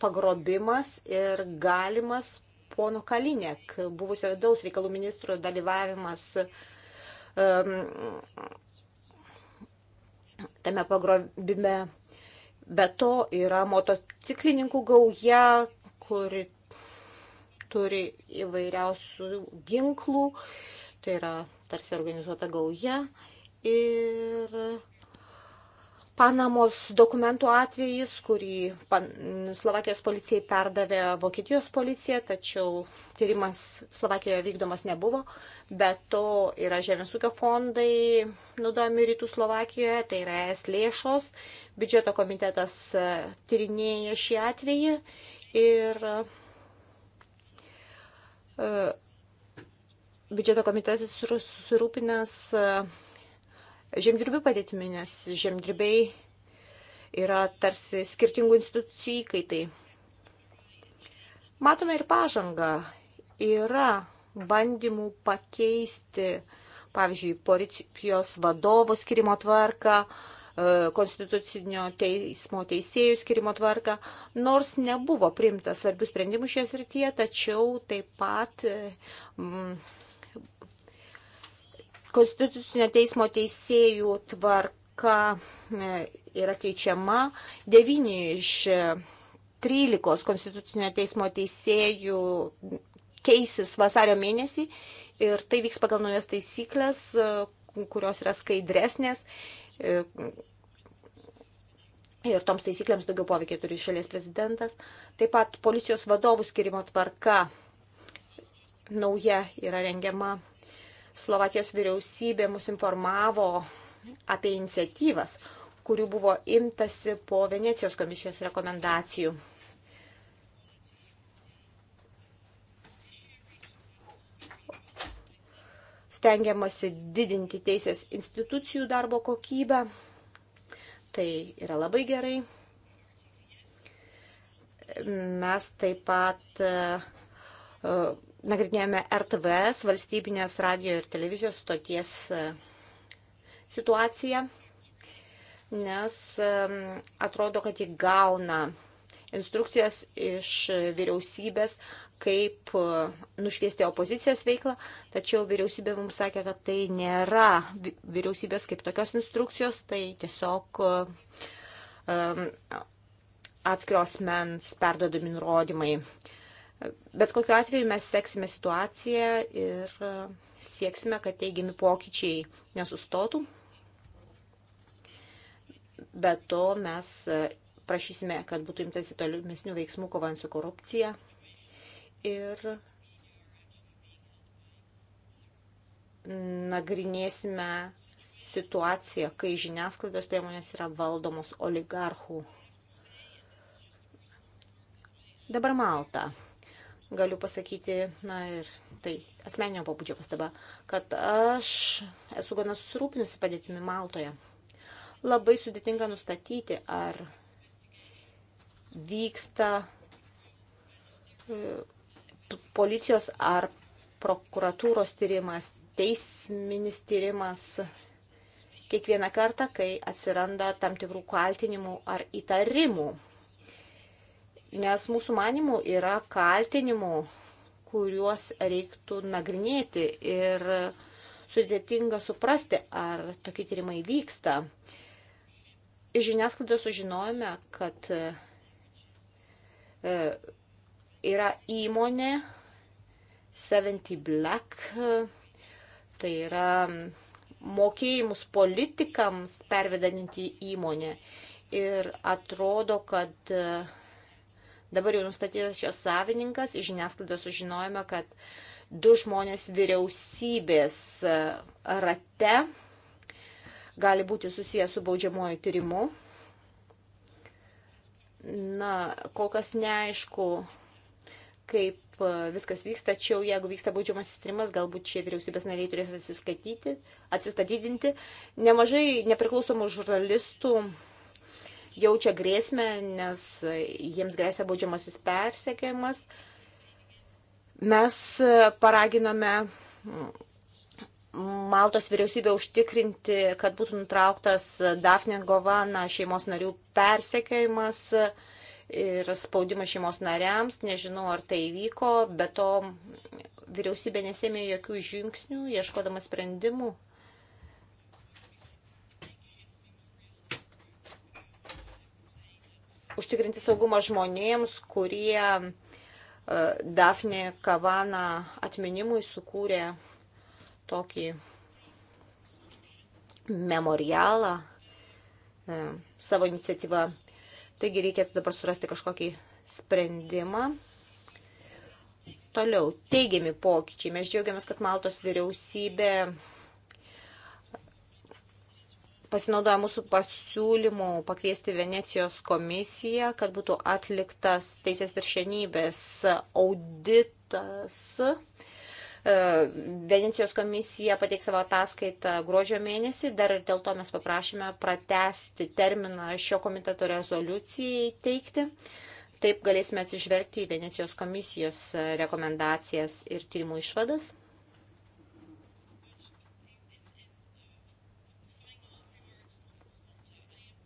pagrobimas ir galimas pono Kalinėk, buvusio vidaus reikalų ministro dalyvavimas um, tame pagrobime. Be to yra motociklininkų gauja, kuri turi įvairiausių ginklų, tai yra tarsi organizuota gauja. Ir Panamos dokumentų atvejis, kurį pan, Slovakijos policijai perdavė Vokietijos policija, tačiau tyrimas Slovakijoje vykdomas nebuvo, bet to yra žemės ūkio fondai naudojami rytų Slovakijoje, tai yra es lėšos, biudžeto komitetas e, tyrinėja šį atvejį ir e, biudžeto komitetas susirūpinęs e, žemdirbių padėtimi, nes žemdirbiai yra tarsi skirtingų institucijų įkaitai. Matome ir pažangą. Yra bandymų pakeisti, pavyzdžiui, policijos vadovo skirimo tvarką, e, konstitucinio teismo teisėjų skirimo tvarką. Nors nebuvo priimta svarbių sprendimų šioje srityje, tačiau taip pat mm, Konstitucinio teismo teisėjų tvarka e, yra keičiama. Devyni iš 13 e, Konstitucinio teismo teisėjų keisis vasario mėnesį ir tai vyks pagal naujas taisyklės, e, kurios yra skaidresnės. Ir toms taisyklėms daugiau poveikiai turi šalies prezidentas. Taip pat policijos vadovų skirimo tvarka nauja yra rengiama Slovakijos vyriausybė mus informavo apie iniciatyvas, kurių buvo imtasi po Venecijos komisijos rekomendacijų. Stengiamasi didinti teisės institucijų darbo kokybę. Tai yra labai gerai. Mes taip pat uh, nagrinėjame RTVS, valstybinės radio ir televizijos stoties e, situaciją, nes e, atrodo, kad ji gauna instrukcijas iš vyriausybės, kaip e, nušviesti opozicijos veiklą, tačiau vyriausybė mums sakė, kad tai nėra vyriausybės kaip tokios instrukcijos, tai tiesiog um, atskiros mens perdodami nurodymai. Uh, Bet kokiu atveju mes seksime situaciją ir e, sieksime, kad teigiami pokyčiai nesustotų. Be to mes e, prašysime, kad būtų imtasi tolimesnių veiksmų kovant su korupcija. Ir nagrinėsime situaciją, kai žiniasklaidos priemonės yra valdomos oligarchų. Dabar Malta galiu pasakyti, na ir tai asmeninio pabudžio pastaba, kad aš esu gana susirūpinusi padėtimi Maltoje. Labai sudėtinga nustatyti, ar vyksta e, policijos ar prokuratūros tyrimas, teisminis tyrimas kiekvieną kartą, kai atsiranda tam tikrų kaltinimų ar įtarimų nes mūsų manimų yra kaltinimų, kuriuos reiktų nagrinėti ir sudėtinga suprasti, ar tokie tyrimai vyksta. Iš žiniasklaidos sužinojome, kad e, yra įmonė 70 Black, tai yra mokėjimus politikams pervedanti įmonė. Ir atrodo, kad uh, Dabar jau nustatytas jos savininkas, iš žiniasklaidos sužinojome, kad du žmonės vyriausybės e, rate gali būti susijęs su baudžiamuoju tyrimu. Na, kol kas neaišku, kaip e, viskas vyks, tačiau jeigu vyksta baudžiamasis tyrimas, galbūt šie vyriausybės nariai turės atsistatydinti. Nemažai nepriklausomų žurnalistų jaučia grėsmę, nes jiems grėsia baudžiamasis persekiojimas. Mes paraginome Maltos vyriausybė užtikrinti, kad būtų nutrauktas Dafne Govana šeimos narių persekiojimas ir spaudimas šeimos nariams. Nežinau, ar tai įvyko, bet to vyriausybė nesėmė jokių žingsnių, ieškodama sprendimų užtikrinti saugumą žmonėms, kurie e, Dafne Kavana atminimui sukūrė tokį memorialą e, savo iniciatyvą. Taigi reikėtų dabar surasti kažkokį sprendimą. Toliau, teigiami pokyčiai. Mes džiaugiamės, kad Maltos vyriausybė pasinaudoja mūsų pasiūlymų pakviesti Venecijos komisiją, kad būtų atliktas teisės viršenybės auditas. E, Venecijos komisija pateiks savo ataskaitą gruodžio mėnesį, dar ir dėl to mes paprašėme pratesti terminą šio komiteto rezoliucijai teikti. Taip galėsime atsižvelgti į Venecijos komisijos rekomendacijas ir tyrimų išvadas.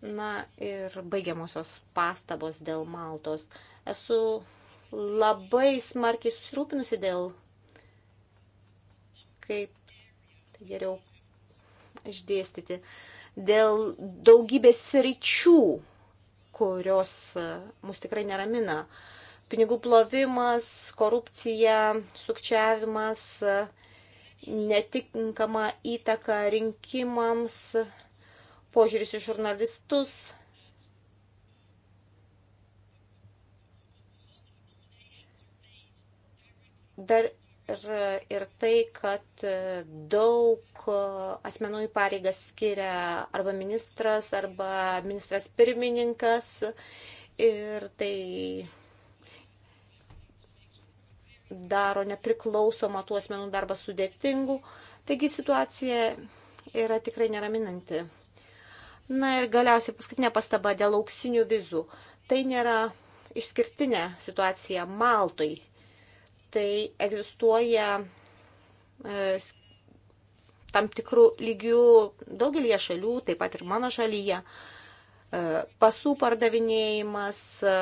Na ir baigiamosios pastabos dėl Maltos. Esu labai smarkiai susirūpinusi dėl, kaip tai geriau išdėstyti, dėl daugybės ryčių, kurios e, mus tikrai neramina. Pinigų plovimas, korupcija, sukčiavimas, e, netinkama įtaka rinkimams, požiūris į žurnalistus. Dar ir, ir tai, kad daug asmenų į pareigas skiria arba ministras, arba ministras pirmininkas. Ir tai daro nepriklausomą tų asmenų darbą sudėtingų. Taigi situacija yra tikrai neraminanti. Na ir galiausiai paskutinė pastaba dėl auksinių vizų. Tai nėra išskirtinė situacija Maltoj. Tai egzistuoja e, tam tikrų lygių daugelie šalių, taip pat ir mano šalyje. E, pasų pardavinėjimas, e,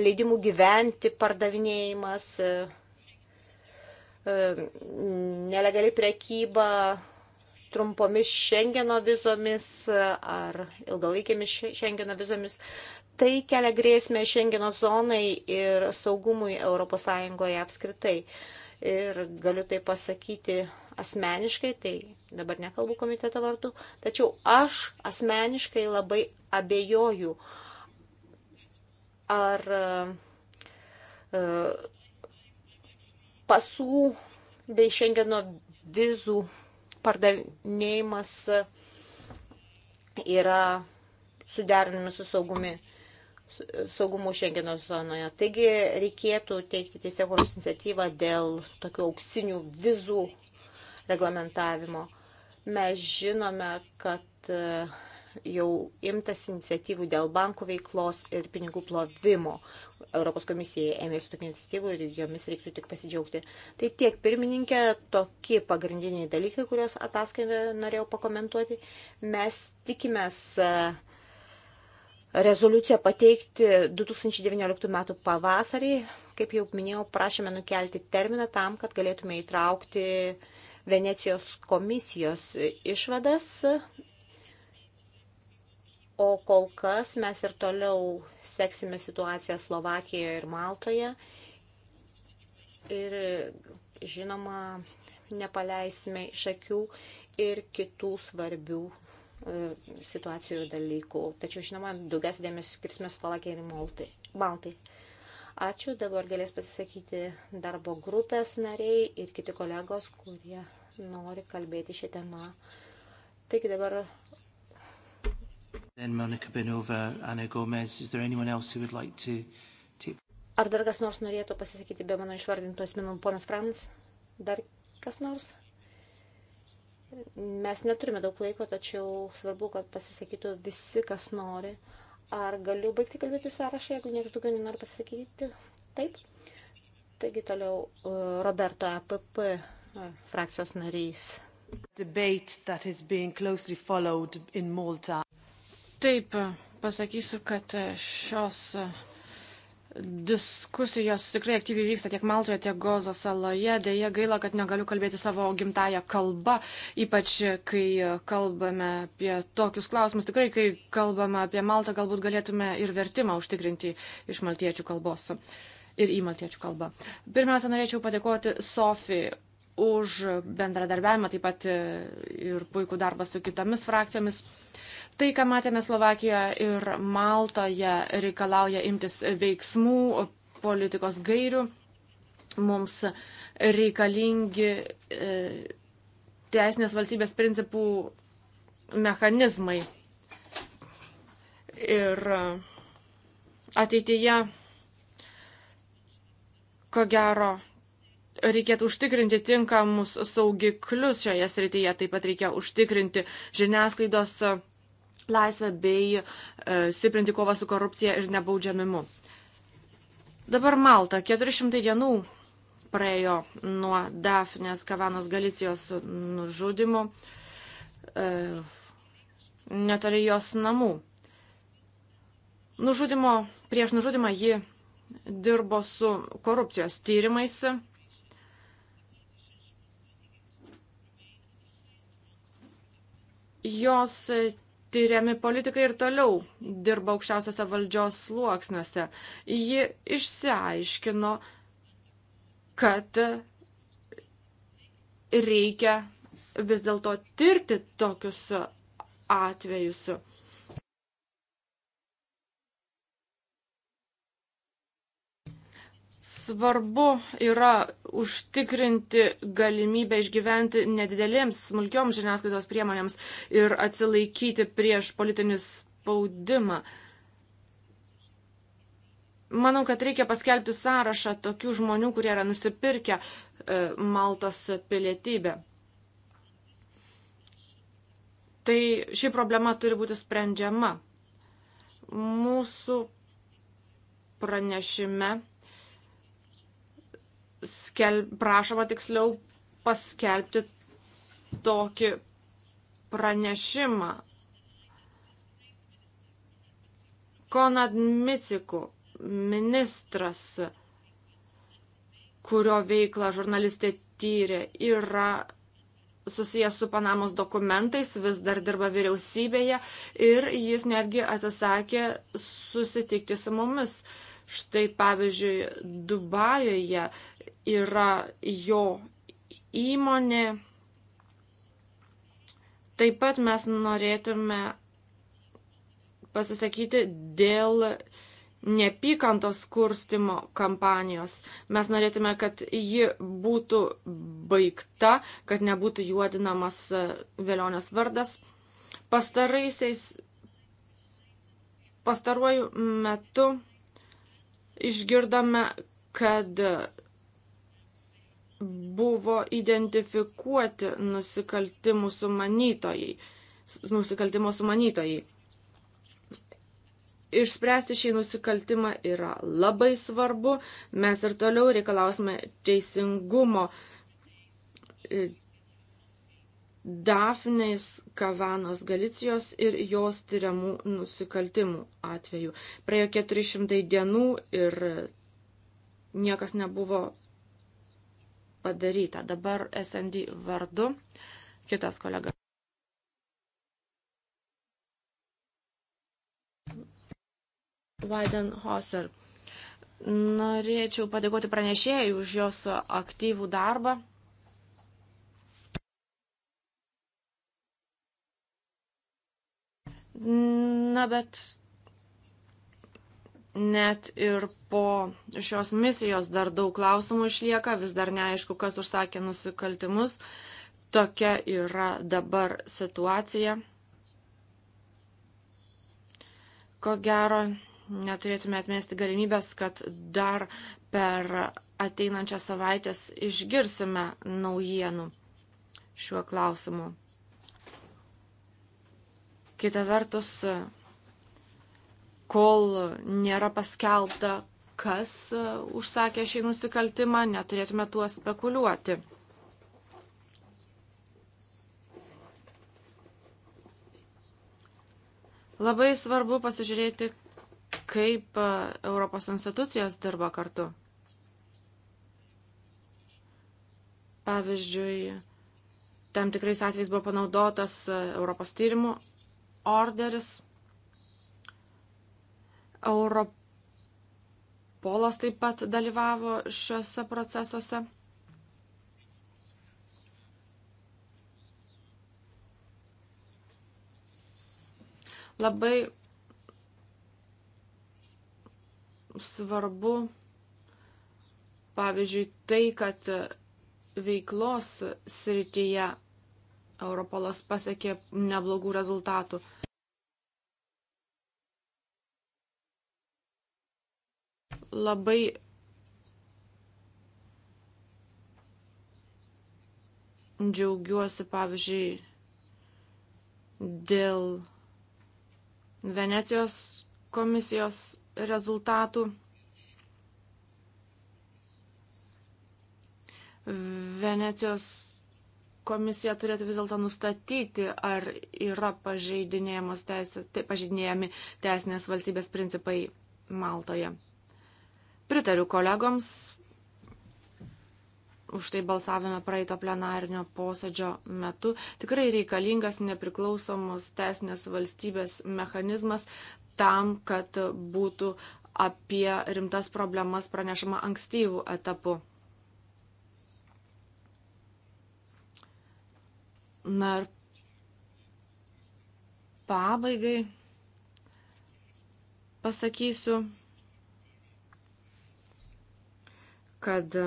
leidimų gyventi pardavinėjimas, e, e, nelegali prekyba trumpomis Schengeno vizomis e, ar ilgalaikėmis Schengeno vizomis. Tai kelia grėsmę Schengeno zonai ir saugumui ES apskritai. Ir galiu tai pasakyti asmeniškai, tai dabar nekalbu komiteto vardu, tačiau aš asmeniškai labai abejoju, ar uh, pasų bei Schengeno vizų pardavinėjimas yra suderinami su saugumi saugumu Šengeno zonoje. Taigi reikėtų teikti teisėkuros iniciatyvą dėl tokių auksinių vizų reglamentavimo. Mes žinome, kad e, jau imtas iniciatyvų dėl bankų veiklos ir pinigų plovimo, Europos komisija ėmėsi tokių iniciatyvų ir jomis reiktų tik pasidžiaugti. Tai tiek, pirmininkė, tokie pagrindiniai dalykai, kuriuos ataskaitoje norėjau pakomentuoti. Mes tikimės e, rezoliuciją pateikti 2019 m. pavasarį. Kaip jau minėjau, prašėme nukelti terminą tam, kad galėtume įtraukti Venecijos komisijos išvadas O kol kas mes ir toliau seksime situaciją Slovakijoje ir Maltoje. Ir žinoma, nepaleisime iš akių ir kitų svarbių e, situacijų dalykų. Tačiau, žinoma, daugiausia dėmesio skirsime Slovakijai ir Maltai. Ačiū, dabar galės pasisakyti darbo grupės nariai ir kiti kolegos, kurie nori kalbėti šią temą. Taigi dabar Then Monica Benova, Ana Gomez, is there anyone else who would like to take... Ar dar kas nors norėtų pasisakyti be mano išvardintų asmenų? Ponas Frans, dar kas nors? Mes neturime daug laiko, tačiau svarbu, kad pasisakytų visi, kas nori. Ar galiu baigti kalbėti sąrašą, jeigu niekas daugiau nenori pasisakyti? Taip. Taigi toliau uh, Roberto APP uh, frakcijos narys. Debate that is being closely followed in Malta Taip, pasakysiu, kad šios diskusijos tikrai aktyviai vyksta tiek Maltoje, tiek Gozo saloje. Deja, gaila, kad negaliu kalbėti savo gimtają kalbą, ypač kai kalbame apie tokius klausimus. Tikrai, kai kalbame apie Maltą, galbūt galėtume ir vertimą užtikrinti iš maltiečių kalbos ir į maltiečių kalbą. Pirmiausia, norėčiau padėkoti Sofijai už bendradarbiavimą, taip pat ir puikų darbą su kitomis frakcijomis. Tai, ką matėme Slovakijoje ir Maltoje, reikalauja imtis veiksmų, politikos gairių. Mums reikalingi e, teisinės valstybės principų mechanizmai. Ir ateityje, ko gero, reikėtų užtikrinti tinkamus saugiklius šioje srityje, taip pat reikia užtikrinti žiniasklaidos e, laisvę bei e, stiprinti kovą su korupcija ir nebaudžiamimu. Dabar Malta. 400 dienų praėjo nuo Dafnės Kavanos Galicijos nužudimų e, netoli jos namų. Nužudimo, prieš nužudimą ji dirbo su korupcijos tyrimais jos e, tyriami politikai ir toliau dirba aukščiausiose valdžios sluoksniuose. Ji išsiaiškino, kad reikia vis dėlto tirti tokius atvejus. Svarbu yra užtikrinti galimybę išgyventi nedidelėms smulkioms žiniasklaidos priemonėms ir atsilaikyti prieš politinį spaudimą. Manau, kad reikia paskelbti sąrašą tokių žmonių, kurie yra nusipirkę e, Maltos pilietybę. Tai ši problema turi būti sprendžiama. Mūsų pranešime skel, prašoma tiksliau paskelbti tokį pranešimą. Konad Miciku, ministras, kurio veiklą žurnalistė tyrė, yra susijęs su Panamos dokumentais, vis dar dirba vyriausybėje ir jis netgi atsisakė susitikti su mumis. Štai pavyzdžiui, Dubajoje uh, yra jo įmonė. Taip pat mes norėtume pasisakyti dėl nepykantos kurstimo kampanijos. Mes norėtume, kad ji būtų baigta, kad nebūtų juodinamas e, vėlionės vardas. Pastaraisiais, pastaruoju metu išgirdome, kad buvo identifikuoti nusikaltimų sumanytojai. Nusikaltimo sumanytojai. Išspręsti šį nusikaltimą yra labai svarbu. Mes ir toliau reikalausime teisingumo e, Dafnės Kavanos Galicijos ir jos tyriamų nusikaltimų atveju. Praėjo 400 dienų ir niekas nebuvo padaryta. Dabar SND vardu kitas kolega. Weidenhoser. Norėčiau padėkoti pranešėjai už jos aktyvų darbą. Na, bet net ir po šios misijos dar daug klausimų išlieka, vis dar neaišku, kas užsakė nusikaltimus. Tokia yra dabar situacija. Ko gero, neturėtume atmesti galimybės, kad dar per ateinančią savaitę išgirsime naujienų šiuo klausimu. Kita vertus, kol nėra paskelbta, kas e, užsakė šį nusikaltimą, neturėtume tuo spekuliuoti. Labai svarbu pasižiūrėti, kaip e, Europos institucijos dirba kartu. Pavyzdžiui, tam tikrais atvejais buvo panaudotas e, Europos tyrimų orderis. Europolas taip pat dalyvavo šiuose procesuose. Labai svarbu, pavyzdžiui, tai, kad veiklos srityje Europolas pasiekė neblogų rezultatų. labai džiaugiuosi, pavyzdžiui, dėl Venecijos komisijos rezultatų. Venecijos komisija turėtų vis dėlto nustatyti, ar yra pažeidinėjamos teisės, tai pažeidinėjami teisinės valstybės principai Maltoje. Pritariu kolegoms, už tai balsavome praeito plenarnio posėdžio metu. Tikrai reikalingas nepriklausomos teisinės valstybės mechanizmas tam, kad būtų apie rimtas problemas pranešama ankstyvų etapų. Na ir pabaigai pasakysiu kad e,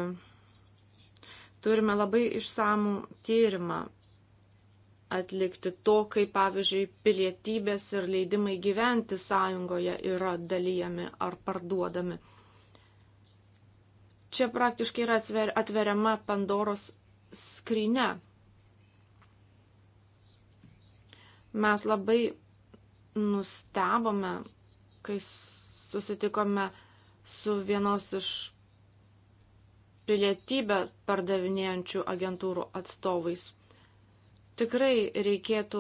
turime labai išsamų tyrimą atlikti to, kaip pavyzdžiui pilietybės ir leidimai gyventi sąjungoje yra dalyjami ar parduodami. Čia praktiškai yra atver, atveriama Pandoros skryne. Mes labai nustebome, kai susitikome su vienos iš pilietybę pardavinėjančių agentūrų atstovais. Tikrai reikėtų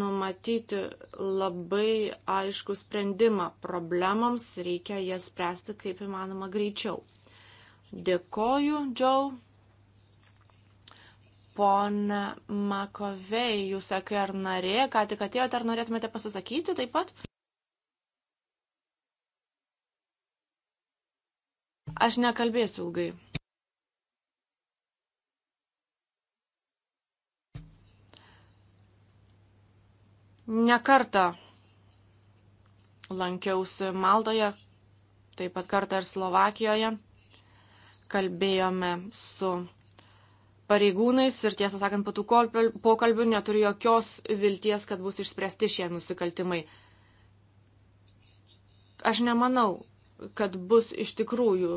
numatyti labai aišku sprendimą problemams, reikia jas spręsti kaip įmanoma greičiau. Dėkoju, Džiau. Pone Makovei, jūs sakė, ar narė, ką tik atėjote, ar norėtumėte pasisakyti taip pat? Aš nekalbėsiu ilgai. Nekartą lankiausi Maldoje, taip pat kartą ir Slovakijoje. Kalbėjome su pareigūnais ir tiesą sakant, po tų pokalbių neturiu jokios vilties, kad bus išspręsti šie nusikaltimai. Aš nemanau, kad bus iš tikrųjų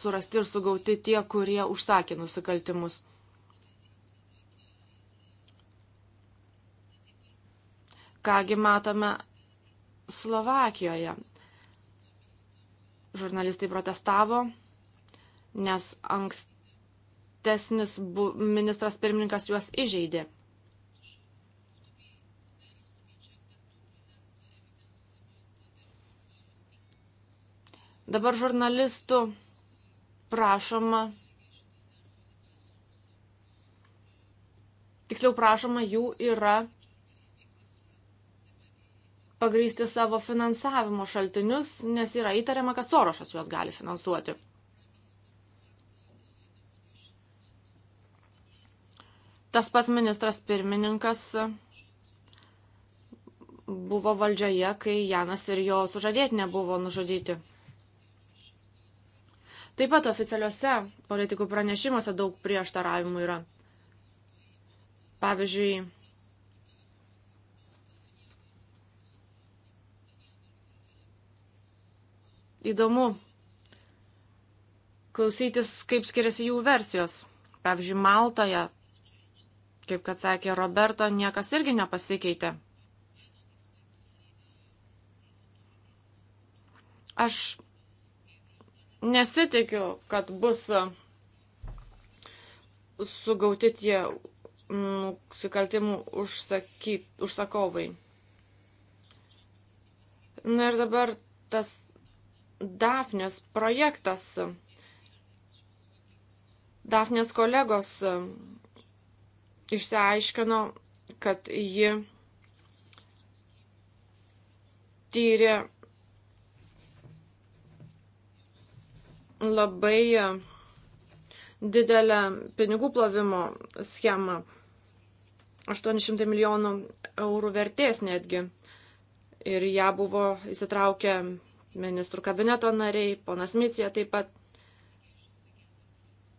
surasti ir sugauti tie, kurie užsakė nusikaltimus. kągi matome Slovakijoje. Žurnalistai protestavo, nes ankstesnis ministras pirmininkas juos įžeidė. Dabar žurnalistų prašoma, tiksliau prašoma jų yra pagrysti savo finansavimo šaltinius, nes yra įtariama, kad Sorošas juos gali finansuoti. Tas pats ministras pirmininkas buvo valdžioje, kai Janas ir jo sužadėtinė buvo nužudyti. Taip pat oficialiuose politikų pranešimuose daug prieštaravimų yra. Pavyzdžiui, įdomu klausytis, kaip skiriasi jų versijos. Pavyzdžiui, Maltoje, kaip kad sakė Roberto, niekas irgi nepasikeitė. Aš nesitikiu, kad bus sugauti tie nusikaltimų užsakovai. Na ir dabar tas Dafnios projektas. Dafnės kolegos e, išsiaiškino, kad ji tyrė labai e, didelę pinigų plovimo schemą. 800 milijonų eurų vertės netgi. Ir ją buvo įsitraukę ministrų kabineto nariai, ponas Micija taip pat.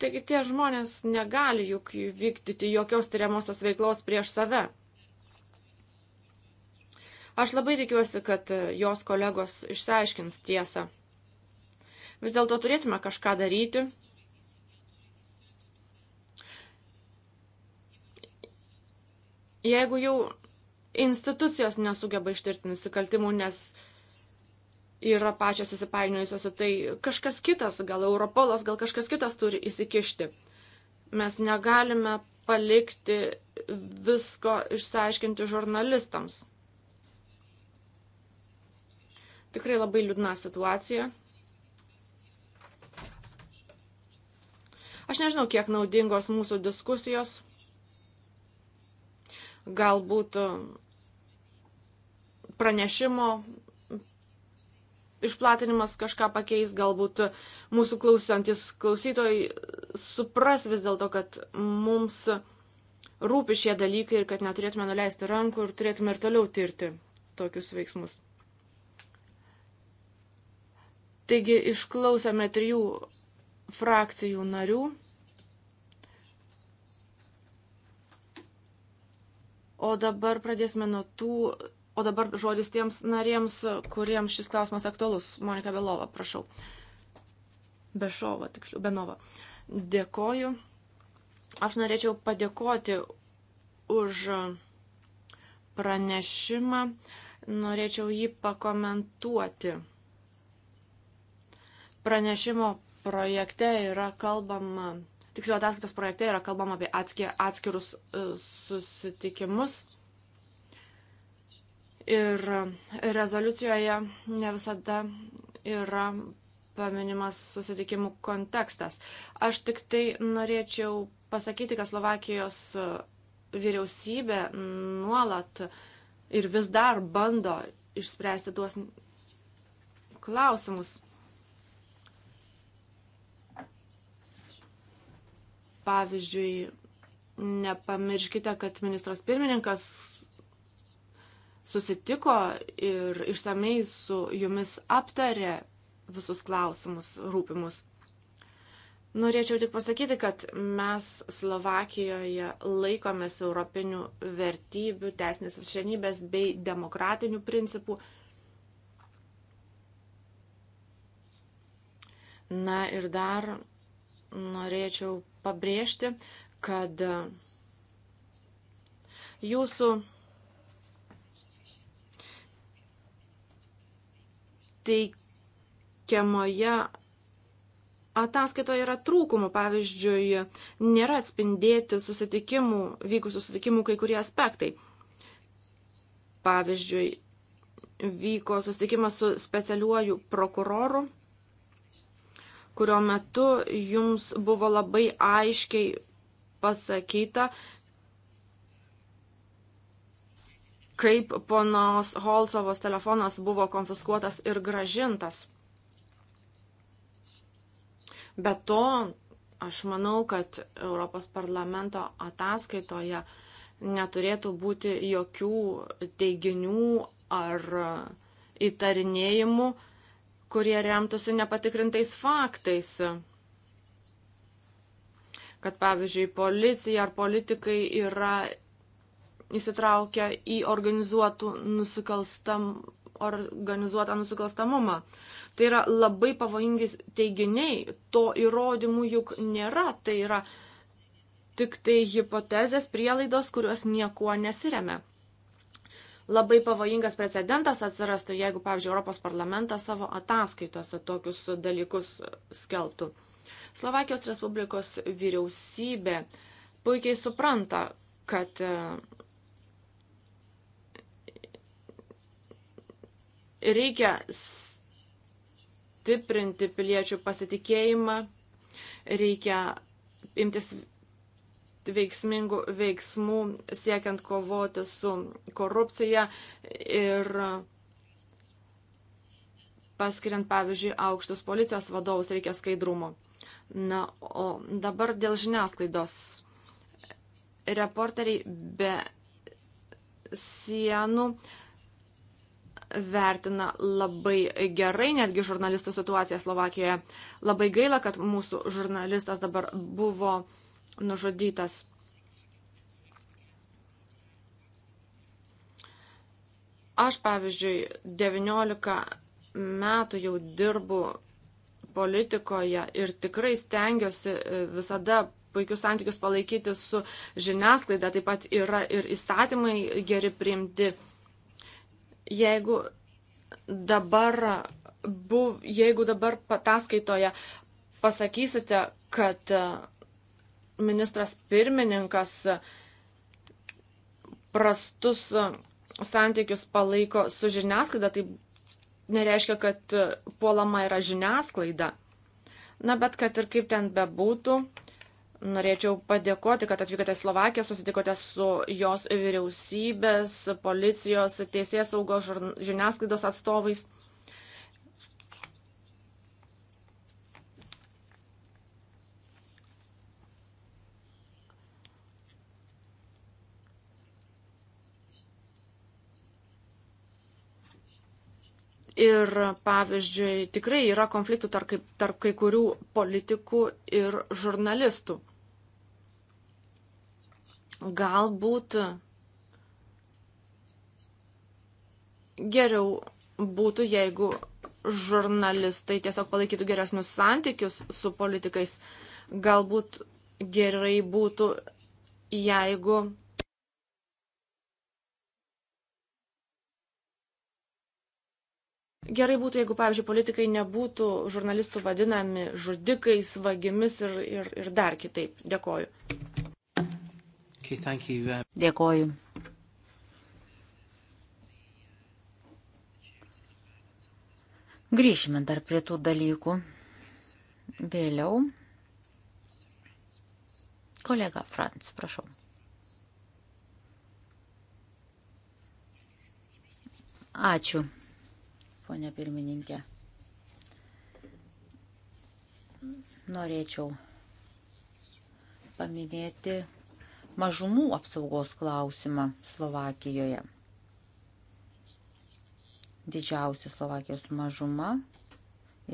Taigi tie žmonės negali juk vykdyti jokios tyriamosios veiklos prieš save. Aš labai tikiuosi, kad jos kolegos išsiaiškins tiesą. Vis dėlto turėtume kažką daryti. Jeigu jau institucijos nesugeba ištirti nusikaltimų, nes yra pačios įsipainiojusios į tai. Kažkas kitas, gal Europolas, gal kažkas kitas turi įsikišti. Mes negalime palikti visko išsiaiškinti žurnalistams. Tikrai labai liūdna situacija. Aš nežinau, kiek naudingos mūsų diskusijos. Galbūt pranešimo išplatinimas kažką pakeis, galbūt mūsų klausantis klausytojai supras vis dėlto, kad mums rūpi šie dalykai ir kad neturėtume nuleisti rankų ir turėtume ir toliau tirti tokius veiksmus. Taigi išklausėme trijų frakcijų narių. O dabar pradėsime nuo tų O dabar žodis tiems narėms, kuriems šis klausimas aktualus. Monika Belova, prašau. Bešova, tiksliau, Benova. Dėkoju. Aš norėčiau padėkoti už pranešimą. Norėčiau jį pakomentuoti. Pranešimo projekte yra kalbama, tiksliau ataskaitos projekte yra kalbama apie atskirus e, susitikimus Ir rezoliucijoje ne visada yra paminimas susitikimų kontekstas. Aš tik tai norėčiau pasakyti, kad Slovakijos vyriausybė nuolat ir vis dar bando išspręsti tuos klausimus. Pavyzdžiui, nepamirškite, kad ministras pirmininkas susitiko ir išsamei su jumis aptarė visus klausimus rūpimus. Norėčiau tik pasakyti, kad mes Slovakijoje laikomės europinių vertybių, teisinės viršienybės bei demokratinių principų. Na ir dar norėčiau pabrėžti, kad jūsų teikiamoje ataskaitoje yra trūkumų, pavyzdžiui, nėra atspindėti susitikimų, vykusių susitikimų kai kurie aspektai. Pavyzdžiui, vyko susitikimas su specialiuoju prokuroru, kurio metu jums buvo labai aiškiai pasakyta, kaip ponos Holcovos telefonas buvo konfiskuotas ir gražintas. Be to, aš manau, kad Europos parlamento ataskaitoje neturėtų būti jokių teiginių ar įtarinėjimų, kurie remtųsi nepatikrintais faktais. Kad pavyzdžiui, policija ar politikai yra įsitraukia į nusikalstam, organizuotą nusikalstamumą. Tai yra labai pavojingi teiginiai, to įrodymų juk nėra, tai yra tik tai hipotezės, prielaidos, kurios niekuo nesiremia. Labai pavojingas precedentas atsirastų, jeigu, pavyzdžiui, Europos parlamentas savo ataskaitose tokius dalykus skelbtų. Slovakijos Respublikos vyriausybė puikiai supranta, kad Reikia stiprinti piliečių pasitikėjimą, reikia imtis veiksmingų veiksmų siekiant kovoti su korupcija ir paskiriant, pavyzdžiui, aukštus policijos vadovus reikia skaidrumo. Na, o dabar dėl žiniasklaidos. Reporteriai be sienų uh, vertina labai gerai, netgi žurnalistų situaciją Slovakijoje. Labai gaila, kad mūsų žurnalistas dabar buvo nužudytas. Aš, pavyzdžiui, 19 metų jau dirbu politikoje ir tikrai stengiuosi e, visada puikius santykius palaikyti su žiniasklaida. Taip pat yra ir įstatymai geri priimti jeigu dabar, buv, jeigu dabar pataskaitoje pasakysite, kad e, ministras pirmininkas e, prastus e, santykius palaiko su žiniasklaida, tai nereiškia, kad puolama yra žiniasklaida. Na, bet kad ir kaip ten bebūtų, Norėčiau padėkoti, kad atvykote į Slovakiją, susitikote su jos vyriausybės, policijos, teisės saugos, žiniasklaidos atstovais. Ir pavyzdžiui, tikrai yra konfliktų tarp, tarp kai kurių politikų ir žurnalistų. Galbūt geriau būtų, jeigu žurnalistai tiesiog palaikytų geresnius santykius su politikais. Galbūt gerai būtų, jeigu Gerai būtų, jeigu, pavyzdžiui, politikai nebūtų žurnalistų vadinami žudikais, vagimis ir, ir, ir dar kitaip. Dėkoju. Okay, uh, Dėkoju. Grįšime dar prie tų dalykų. Vėliau. Kolega Francis, prašau. Ačiū ponė pirmininkė. Norėčiau paminėti mažumų apsaugos klausimą Slovakijoje. Didžiausia Slovakijos mažuma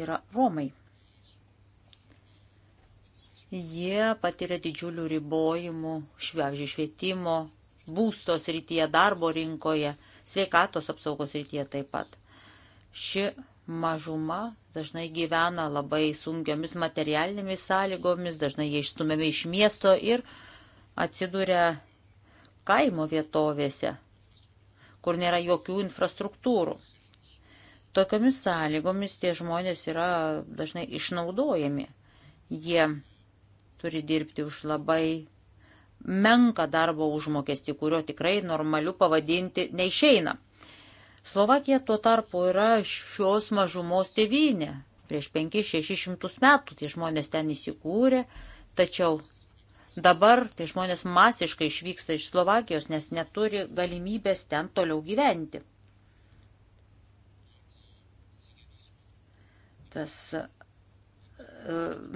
yra Romai. Jie patiria didžiulių ribojimų, švevžių švietimo, būstos rytyje, darbo rinkoje, sveikatos apsaugos rytyje taip pat. Ši mažuma dažnai gyvena labai sunkiomis materialinėmis sąlygomis, dažnai jie išstumiami iš miesto ir atsiduria kaimo vietovėse, kur nėra jokių infrastruktūrų. Tokiomis sąlygomis tie žmonės yra dažnai išnaudojami. Jie turi dirbti už labai menką darbo užmokestį, kurio tikrai normaliu pavadinti neišeina. Slovakija tuo tarpu yra šios mažumos tėvynė. Prieš 5-600 metų tie žmonės ten įsikūrė, tačiau dabar tie žmonės masiškai išvyksta iš Slovakijos, nes neturi galimybės ten toliau gyventi. Tas e,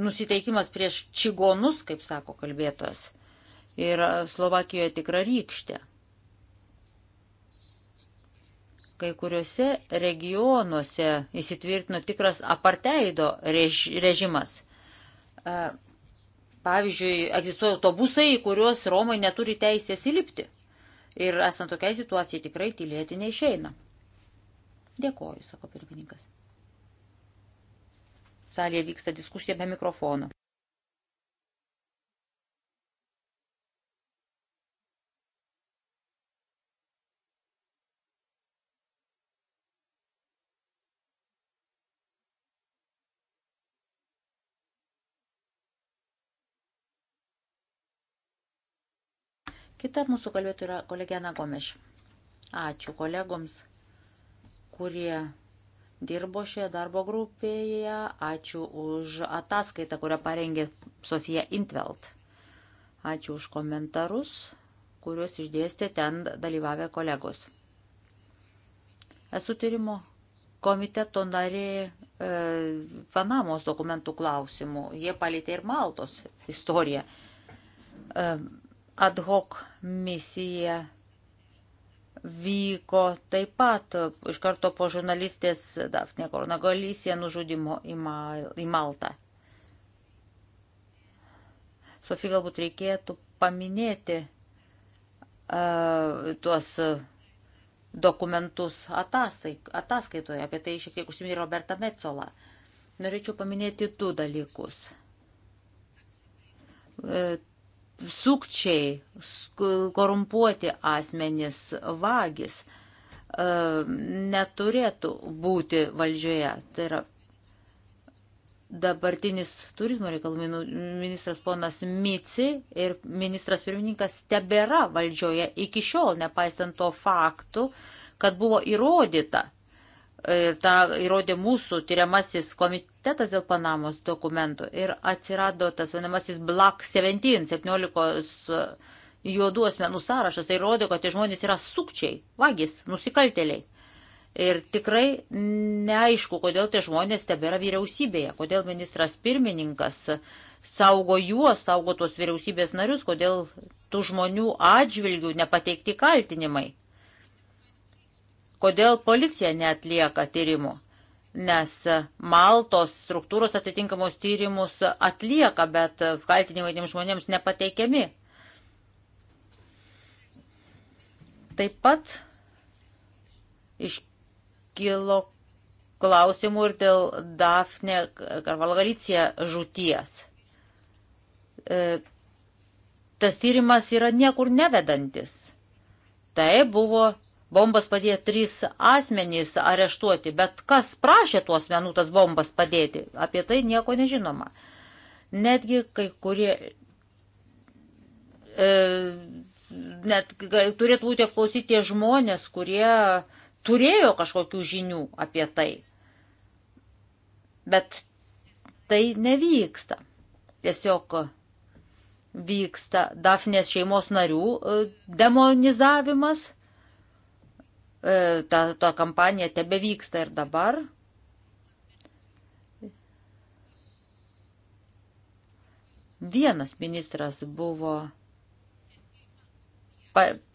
nusiteikimas prieš čigonus, kaip sako kalbėtojas, yra Slovakijoje tikra rykštė kai kuriuose regionuose įsitvirtino tikras aparteido rež, režimas. E, pavyzdžiui, egzistuoja autobusai, į kuriuos Romai neturi teisės įlipti. Ir esant tokiai situacijai tikrai tylėti neišeina. Dėkoju, sako pirmininkas. Salėje vyksta diskusija be mikrofono. Kita mūsų kalbėtų yra kolegė Nagomeš. Ačiū kolegoms, kurie dirbo šioje darbo grupėje. Ačiū už ataskaitą, kurią parengė Sofija Intveld. Ačiū už komentarus, kuriuos išdėstė ten dalyvavę kolegos. Esu tyrimo komiteto narė e, Panamos dokumentų klausimų. Jie palėtė ir Maltos istoriją. E, ad hoc misija vyko taip pat iš karto po žurnalistės Dafne Kornagalysė nužudimo į, Mal į Maltą. Sofija, galbūt reikėtų paminėti uh, tuos dokumentus ataskaitoje, apie tai šiek tiek užsiminė Roberta Metzola. Norėčiau paminėti du dalykus. Uh, sukčiai, korumpuoti asmenys, vagis e, neturėtų būti valdžioje. Tai yra dabartinis turizmo reikalų ministras ponas Mici ir ministras pirmininkas tebėra valdžioje iki šiol, nepaisant to faktų, kad buvo įrodyta. Ir tą įrodė mūsų tyriamasis komitetas komitetas dėl Panamos dokumentų ir atsirado tas vadinamasis Black 17, 17 e, juodų asmenų sąrašas. Tai rodo, kad tie žmonės yra sukčiai, vagys, nusikalteliai. Ir tikrai neaišku, kodėl tie žmonės tebėra vyriausybėje, kodėl ministras pirmininkas saugo juos, saugo tuos vyriausybės narius, kodėl tų žmonių atžvilgių nepateikti kaltinimai, kodėl policija netlieka tyrimų nes Maltos struktūros atitinkamos tyrimus atlieka, bet kaltinimai tiem žmonėms nepateikiami. Taip pat iškilo klausimų ir dėl Dafne Karvalgalicija žūties. E, tas tyrimas yra niekur nevedantis. Tai buvo bombas padėjo trys asmenys areštuoti, bet kas prašė tuos menų tas bombas padėti, apie tai nieko nežinoma. Netgi kai kurie, e, net turėtų būti apklausyti tie žmonės, kurie turėjo kažkokių žinių apie tai. Bet tai nevyksta. Tiesiog vyksta Dafnės šeimos narių e, demonizavimas E, ta, ta kampanija tebe vyksta ir dabar. Vienas ministras buvo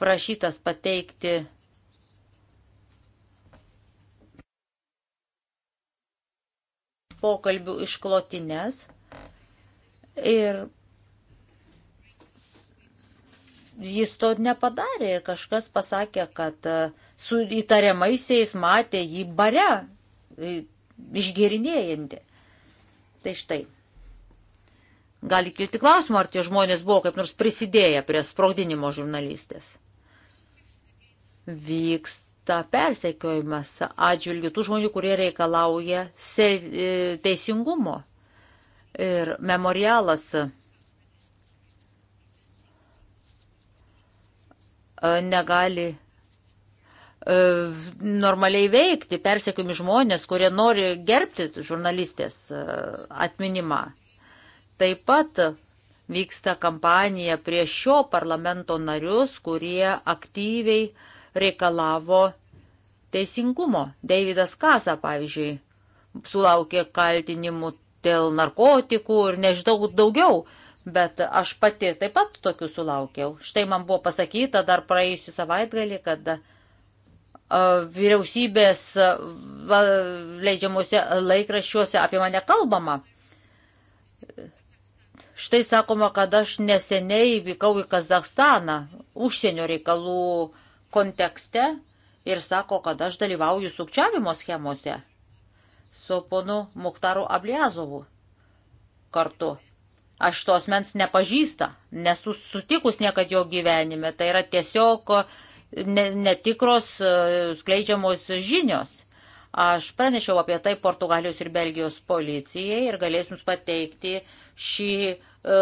prašytas pateikti pokalbių išklotines ir jis to nepadarė ir kažkas pasakė, kad e, su įtariamaisiais matė jį bare, e, išgerinėjantį. Tai štai. Gali kilti klausimą, ar tie žmonės buvo kaip nors prisidėję prie sprogdinimo žurnalistės. Vyksta persekiojimas atžvilgių tų žmonių, kurie reikalauja e, teisingumo. Ir memorialas E, negali e, normaliai veikti, persekiami žmonės, kurie nori gerbti žurnalistės e, atminimą. Taip pat vyksta kampanija prieš šio parlamento narius, kurie aktyviai reikalavo teisingumo. Davidas Kasa, pavyzdžiui, sulaukė kaltinimų dėl narkotikų ir nežinau daugiau bet aš pati taip pat tokių sulaukiau. Štai man buvo pasakyta dar praėjusią savaitgalį, kad vyriausybės leidžiamuose laikraščiuose apie mane kalbama. Štai sakoma, kad aš neseniai vykau į Kazakstaną užsienio reikalų kontekste ir sako, kad aš dalyvauju sukčiavimo schemose su ponu Muktaru Abliazovu kartu. Aš tos mens nepažįsta, nesu sutikus niekad jo gyvenime. Tai yra tiesiog e, netikros e, skleidžiamos žinios. Aš pranešiau apie tai Portugalijos ir Belgijos policijai ir galėsiu jums pateikti šį, e,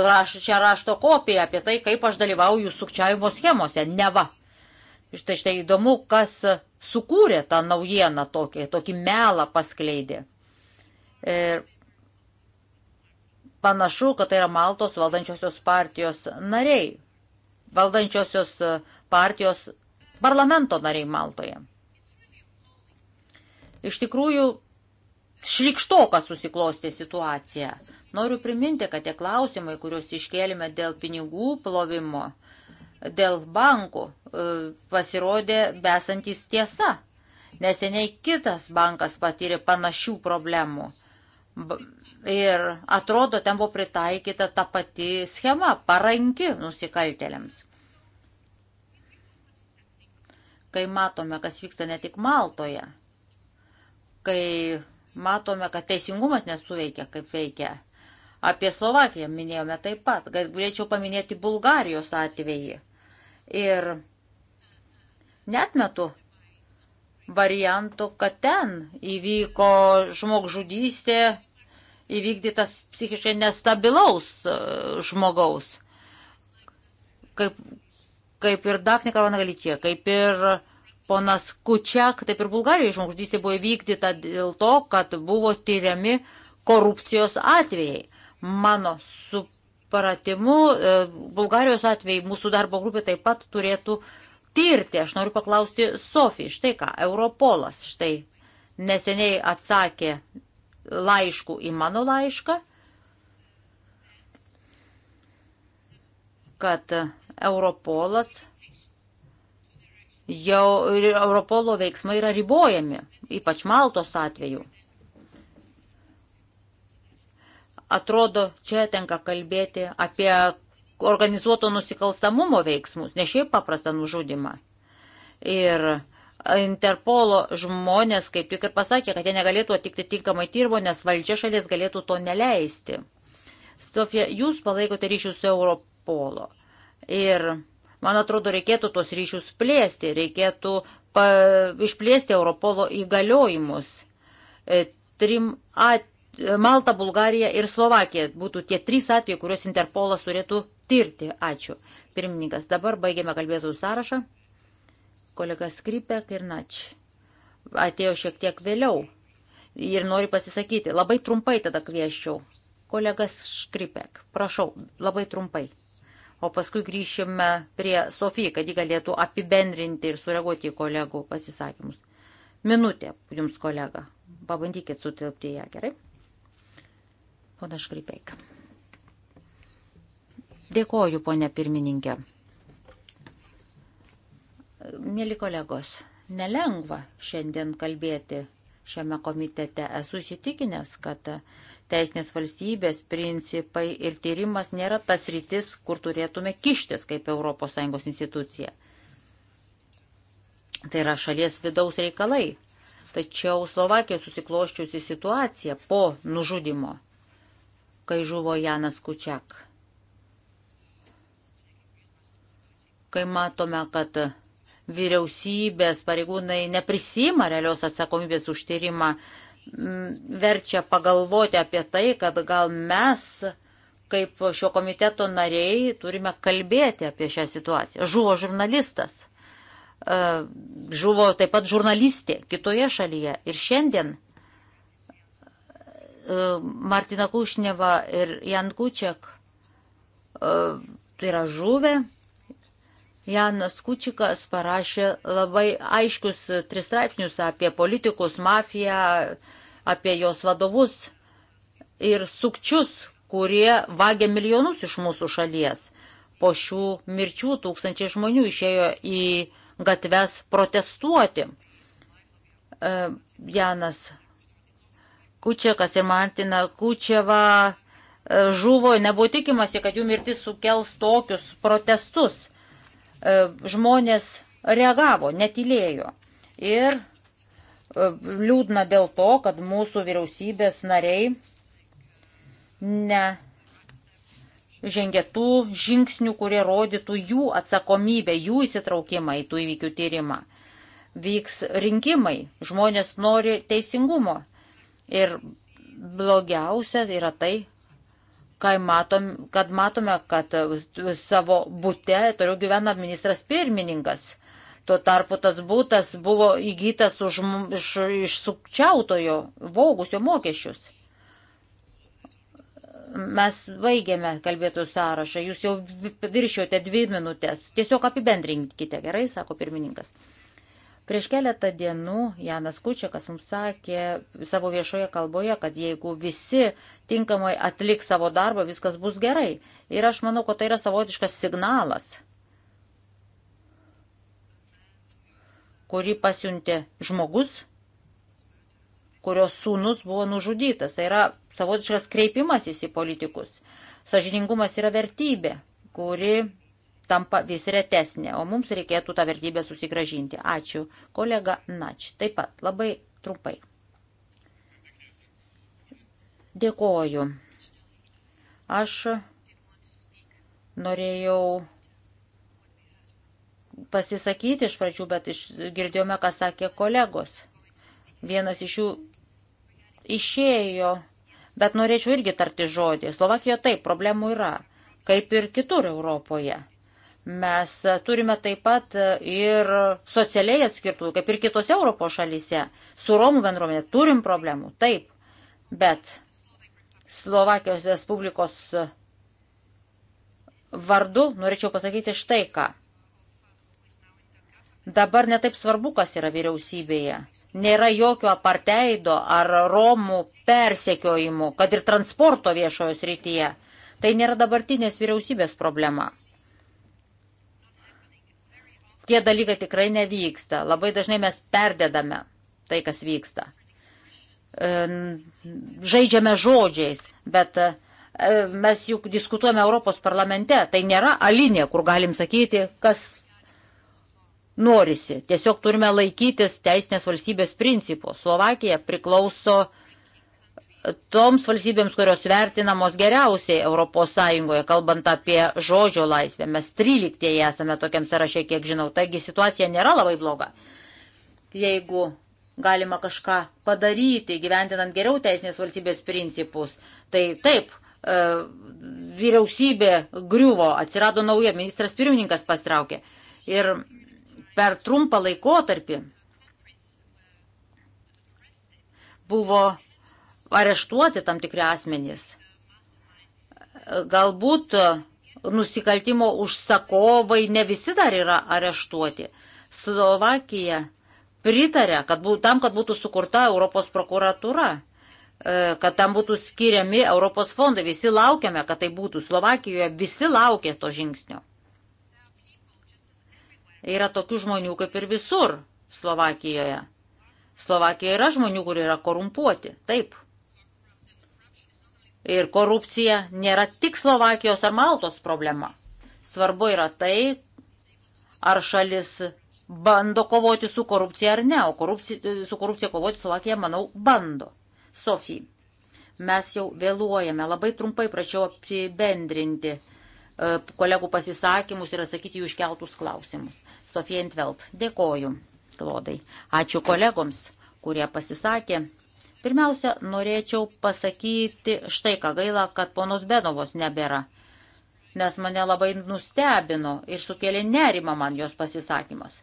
raš, šią rašto kopiją apie tai, kaip aš dalyvauju sukčiavimo schemose. Neva. Štai štai įdomu, kas sukūrė tą naujieną tokį, tokį melą paskleidė. Ir Panašu, kad tai yra Maltos valdančiosios partijos nariai, valdančiosios e, partijos parlamento nariai Maltoje. Iš tikrųjų, šlikštoka susiklostė situacija. Noriu priminti, kad tie klausimai, kuriuos iškėlėme dėl pinigų plovimo, dėl bankų, e, pasirodė besantis tiesa. Neseniai kitas bankas patyrė panašių problemų. Ir atrodo, ten buvo pritaikyta ta pati schema, paranki nusikaltėliams. Kai matome, kas vyksta ne tik Maltoje, kai matome, kad teisingumas nesuveikia, kaip veikia. Apie Slovakiją minėjome taip pat, kad galėčiau paminėti Bulgarijos atvejį. Ir netmetu variantų, kad ten įvyko žmogžudystė įvykdytas psichiškai nestabilaus e, žmogaus. Kaip, kaip ir Dafne Karona Galičia, kaip ir ponas Kučiak, taip ir Bulgarijoje žmogždystė buvo įvykdyta dėl to, kad buvo tyriami korupcijos atvejai. Mano supratimu, e, Bulgarijos atvejai mūsų darbo grupė taip pat turėtų tirti. Aš noriu paklausti Sofiją, štai ką, Europolas, štai neseniai atsakė laiškų į mano laišką, kad Europolas jau Europolo veiksmai yra ribojami, ypač Maltos atveju. Atrodo, čia tenka kalbėti apie organizuoto nusikalstamumo veiksmus, ne šiaip paprastą nužudimą. Ir Interpolo žmonės kaip tik ir pasakė, kad jie negalėtų atlikti tinkamai tyrimo, nes valdžia šalies galėtų to neleisti. Sofija, jūs palaikote ryšius su Europolo. Ir man atrodo, reikėtų tos ryšius plėsti, reikėtų pa, išplėsti Europolo įgaliojimus. E, trim at, Malta, Bulgarija ir Slovakija būtų tie trys atvejai, kuriuos Interpolas turėtų tirti. Ačiū. Pirmininkas, dabar baigiame kalbėtojų sąrašą. Kolega Skripek ir Nač atėjo šiek tiek vėliau ir nori pasisakyti. Labai trumpai tada kvieščiau. Kolegas Škripek, prašau, labai trumpai. O paskui grįšime prie Sofijai, kad ji galėtų apibendrinti ir sureaguoti į kolegų pasisakymus. Minutė jums, kolega. Pabandykit sutilpti ją, gerai? Pana Škripek. Dėkoju, ponė pirmininkė. Mėly kolegos, nelengva šiandien kalbėti šiame komitete. Esu įsitikinęs, kad teisinės valstybės principai ir tyrimas nėra tas rytis, kur turėtume kištis kaip ES institucija. Tai yra šalies vidaus reikalai. Tačiau Slovakijoje susikloščiusi situacija po nužudimo, kai žuvo Janas Kučiak. Kai matome, kad vyriausybės pareigūnai neprisima realios atsakomybės užtyrimą, mm, verčia pagalvoti apie tai, kad gal mes kaip šio komiteto nariai turime kalbėti apie šią situaciją. Žuvo žurnalistas, e, žuvo taip pat žurnalistė kitoje šalyje ir šiandien e, Martina Kušneva ir Jan Kučiak e, tai yra žuvę Janas Kučikas parašė labai aiškius tris straipsnius apie politikus, mafiją, apie jos vadovus ir sukčius, kurie vagia milijonus iš mūsų šalies. Po šių mirčių tūkstančiai žmonių išėjo į gatves protestuoti. E, Janas Kučiakas ir Martina Kučiava e, žuvo, nebuvo tikimasi, kad jų mirtis sukels tokius protestus. E, žmonės reagavo, netylėjo. Ir e, liūdna dėl to, kad mūsų vyriausybės nariai ne žengė tų žingsnių, kurie rodytų jų atsakomybę, jų įsitraukimą į tų įvykių tyrimą. Vyks rinkimai, žmonės nori teisingumo. Ir blogiausia yra tai, kai matom, kad matome, kad savo būte toliau gyvena ministras pirmininkas. Tuo tarpu tas būtas buvo įgytas už, iš, iš sukčiautojo, vaugusio mokesčius. Mes baigėme kalbėtų sąrašą, jūs jau viršijote dvi minutės. Tiesiog apibendrinkite, gerai, sako pirmininkas. Prieš keletą dienų Janas Kučiakas mums sakė savo viešoje kalboje, kad jeigu visi tinkamai atliks savo darbą, viskas bus gerai. Ir aš manau, kad tai yra savotiškas signalas, kurį pasiuntė žmogus, kurios sūnus buvo nužudytas. Tai yra savotiškas kreipimasis į politikus. Sažiningumas yra vertybė, kuri tampa vis retesnė, o mums reikėtų tą vertybę susigražinti. Ačiū, kolega Nač. Taip pat labai trumpai. Dėkoju. Aš norėjau pasisakyti iš pradžių, bet iš, girdėjome, ką sakė kolegos. Vienas iš jų išėjo, bet norėčiau irgi tarti žodį. Slovakijoje taip, problemų yra, kaip ir kitur Europoje Mes e, turime taip pat e, ir socialiai atskirtų, kaip ir kitose Europos šalyse. Su Romų bendruomenė turim problemų, taip. Bet Slovakijos Respublikos e, vardu norėčiau pasakyti štai ką. Dabar netaip svarbu, kas yra vyriausybėje. Nėra jokio aparteido ar romų persekiojimų, kad ir transporto viešojo srityje. Tai nėra dabartinės vyriausybės problema tie dalykai tikrai nevyksta. Labai dažnai mes perdedame tai, kas vyksta. E, žaidžiame žodžiais, bet e, mes juk diskutuojame Europos parlamente. Tai nėra alinė, kur galim sakyti, kas norisi. Tiesiog turime laikytis teisinės valstybės principų. Slovakija priklauso uh, toms valstybėms, kurios vertinamos geriausiai ES, kalbant apie žodžio laisvę. Mes 13 esame tokiam sąraše, kiek žinau, taigi situacija nėra labai bloga. Jeigu galima kažką padaryti, gyventinant geriau teisinės valstybės principus, tai taip, e, vyriausybė griuvo, atsirado nauja, ministras pirmininkas pastraukė. Ir per trumpą laikotarpį buvo areštuoti tam tikri asmenys. Galbūt nusikaltimo užsakovai ne visi dar yra areštuoti. Slovakija pritarė, kad bū, tam, kad būtų sukurta Europos prokuratūra, e, kad tam būtų skiriami Europos fondai. Visi laukiame, kad tai būtų. Slovakijoje visi laukia to žingsnio. Yra tokių žmonių kaip ir visur Slovakijoje. Slovakijoje yra žmonių, kurie yra korumpuoti. Taip ir korupcija nėra tik Slovakijos ar Maltos problema. Svarbu yra tai, ar šalis bando kovoti su korupcija ar ne, o korupcija, su korupcija kovoti Slovakija, manau, bando. Sofija, mes jau vėluojame, labai trumpai prašiau apibendrinti e, kolegų pasisakymus ir atsakyti jų iškeltus klausimus. Sofija Intvelt, dėkoju, Klodai. Ačiū kolegoms, kurie pasisakė. Pirmiausia, norėčiau pasakyti štai ką gaila, kad ponos Benovos nebėra, nes mane labai nustebino ir sukėlė nerimą man jos pasisakymas.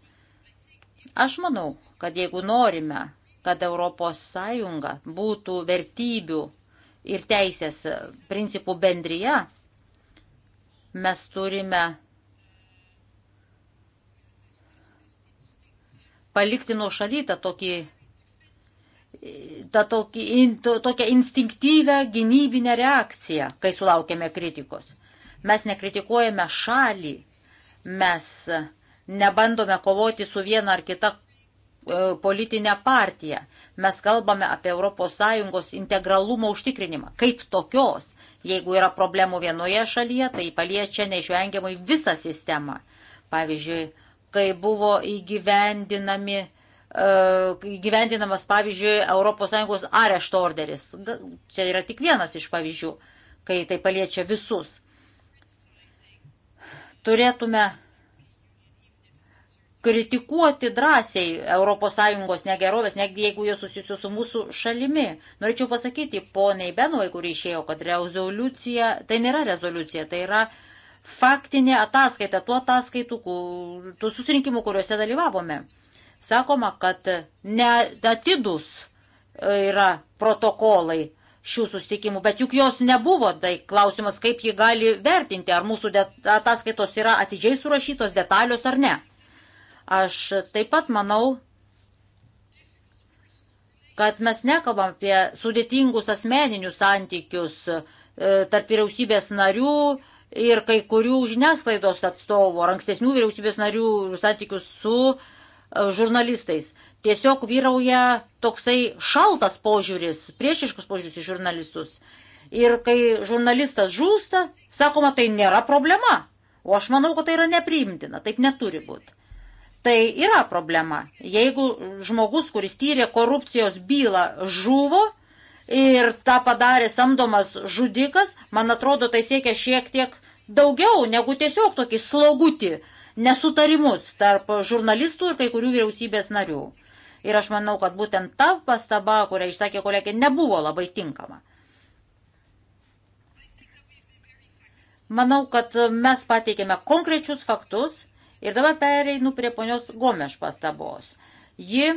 Aš manau, kad jeigu norime, kad ES būtų vertybių ir teisės principų bendryje, mes turime palikti nuo šalytą tokį tą tokį, in, to, tokią instinktyvę gynybinę reakciją, kai sulaukėme kritikos. Mes nekritikuojame šalį, mes nebandome kovoti su viena ar kita e, politinė partija. Mes kalbame apie ES integralumo užtikrinimą kaip tokios. Jeigu yra problemų vienoje šalyje, tai paliečia neišvengiamai visą sistemą. Pavyzdžiui, kai buvo įgyvendinami E, gyvendinamas, pavyzdžiui, ES arešto orderis. Čia yra tik vienas iš pavyzdžių, kai tai paliečia visus. Turėtume kritikuoti drąsiai ES negerovės, netgi jeigu jos susijusios su mūsų šalimi. Norėčiau pasakyti poniai Benovai, kuri išėjo, kad rezoliucija, tai nėra rezoliucija, tai yra faktinė ataskaita, tuo ataskaitų, tų susirinkimų, kuriuose dalyvavome. Sakoma, kad neatidus yra protokolai šių sustikimų, bet juk jos nebuvo, tai klausimas, kaip ji gali vertinti, ar mūsų ataskaitos yra atidžiai surašytos detalios ar ne. Aš taip pat manau, kad mes nekalbam apie sudėtingus asmeninius santykius e, tarp vyriausybės narių ir kai kurių žiniasklaidos atstovų, ar ankstesnių vyriausybės narių santykius su uh, E, žurnalistais. Tiesiog vyrauja toksai šaltas požiūris, priešiškas požiūris į žurnalistus. Ir kai žurnalistas žūsta, sakoma, tai nėra problema. O aš manau, kad tai yra nepriimtina, taip neturi būti. Tai yra problema. Jeigu žmogus, kuris tyrė korupcijos bylą, žuvo ir tą padarė samdomas žudikas, man atrodo, tai siekia šiek tiek daugiau negu tiesiog tokį slogutį nesutarimus tarp žurnalistų ir kai kurių vyriausybės narių. Ir aš manau, kad būtent ta pastaba, kurią išsakė kolegė, nebuvo labai tinkama. Manau, kad mes pateikėme konkrečius faktus ir dabar pereinu prie ponios Gomeš pastabos. Ji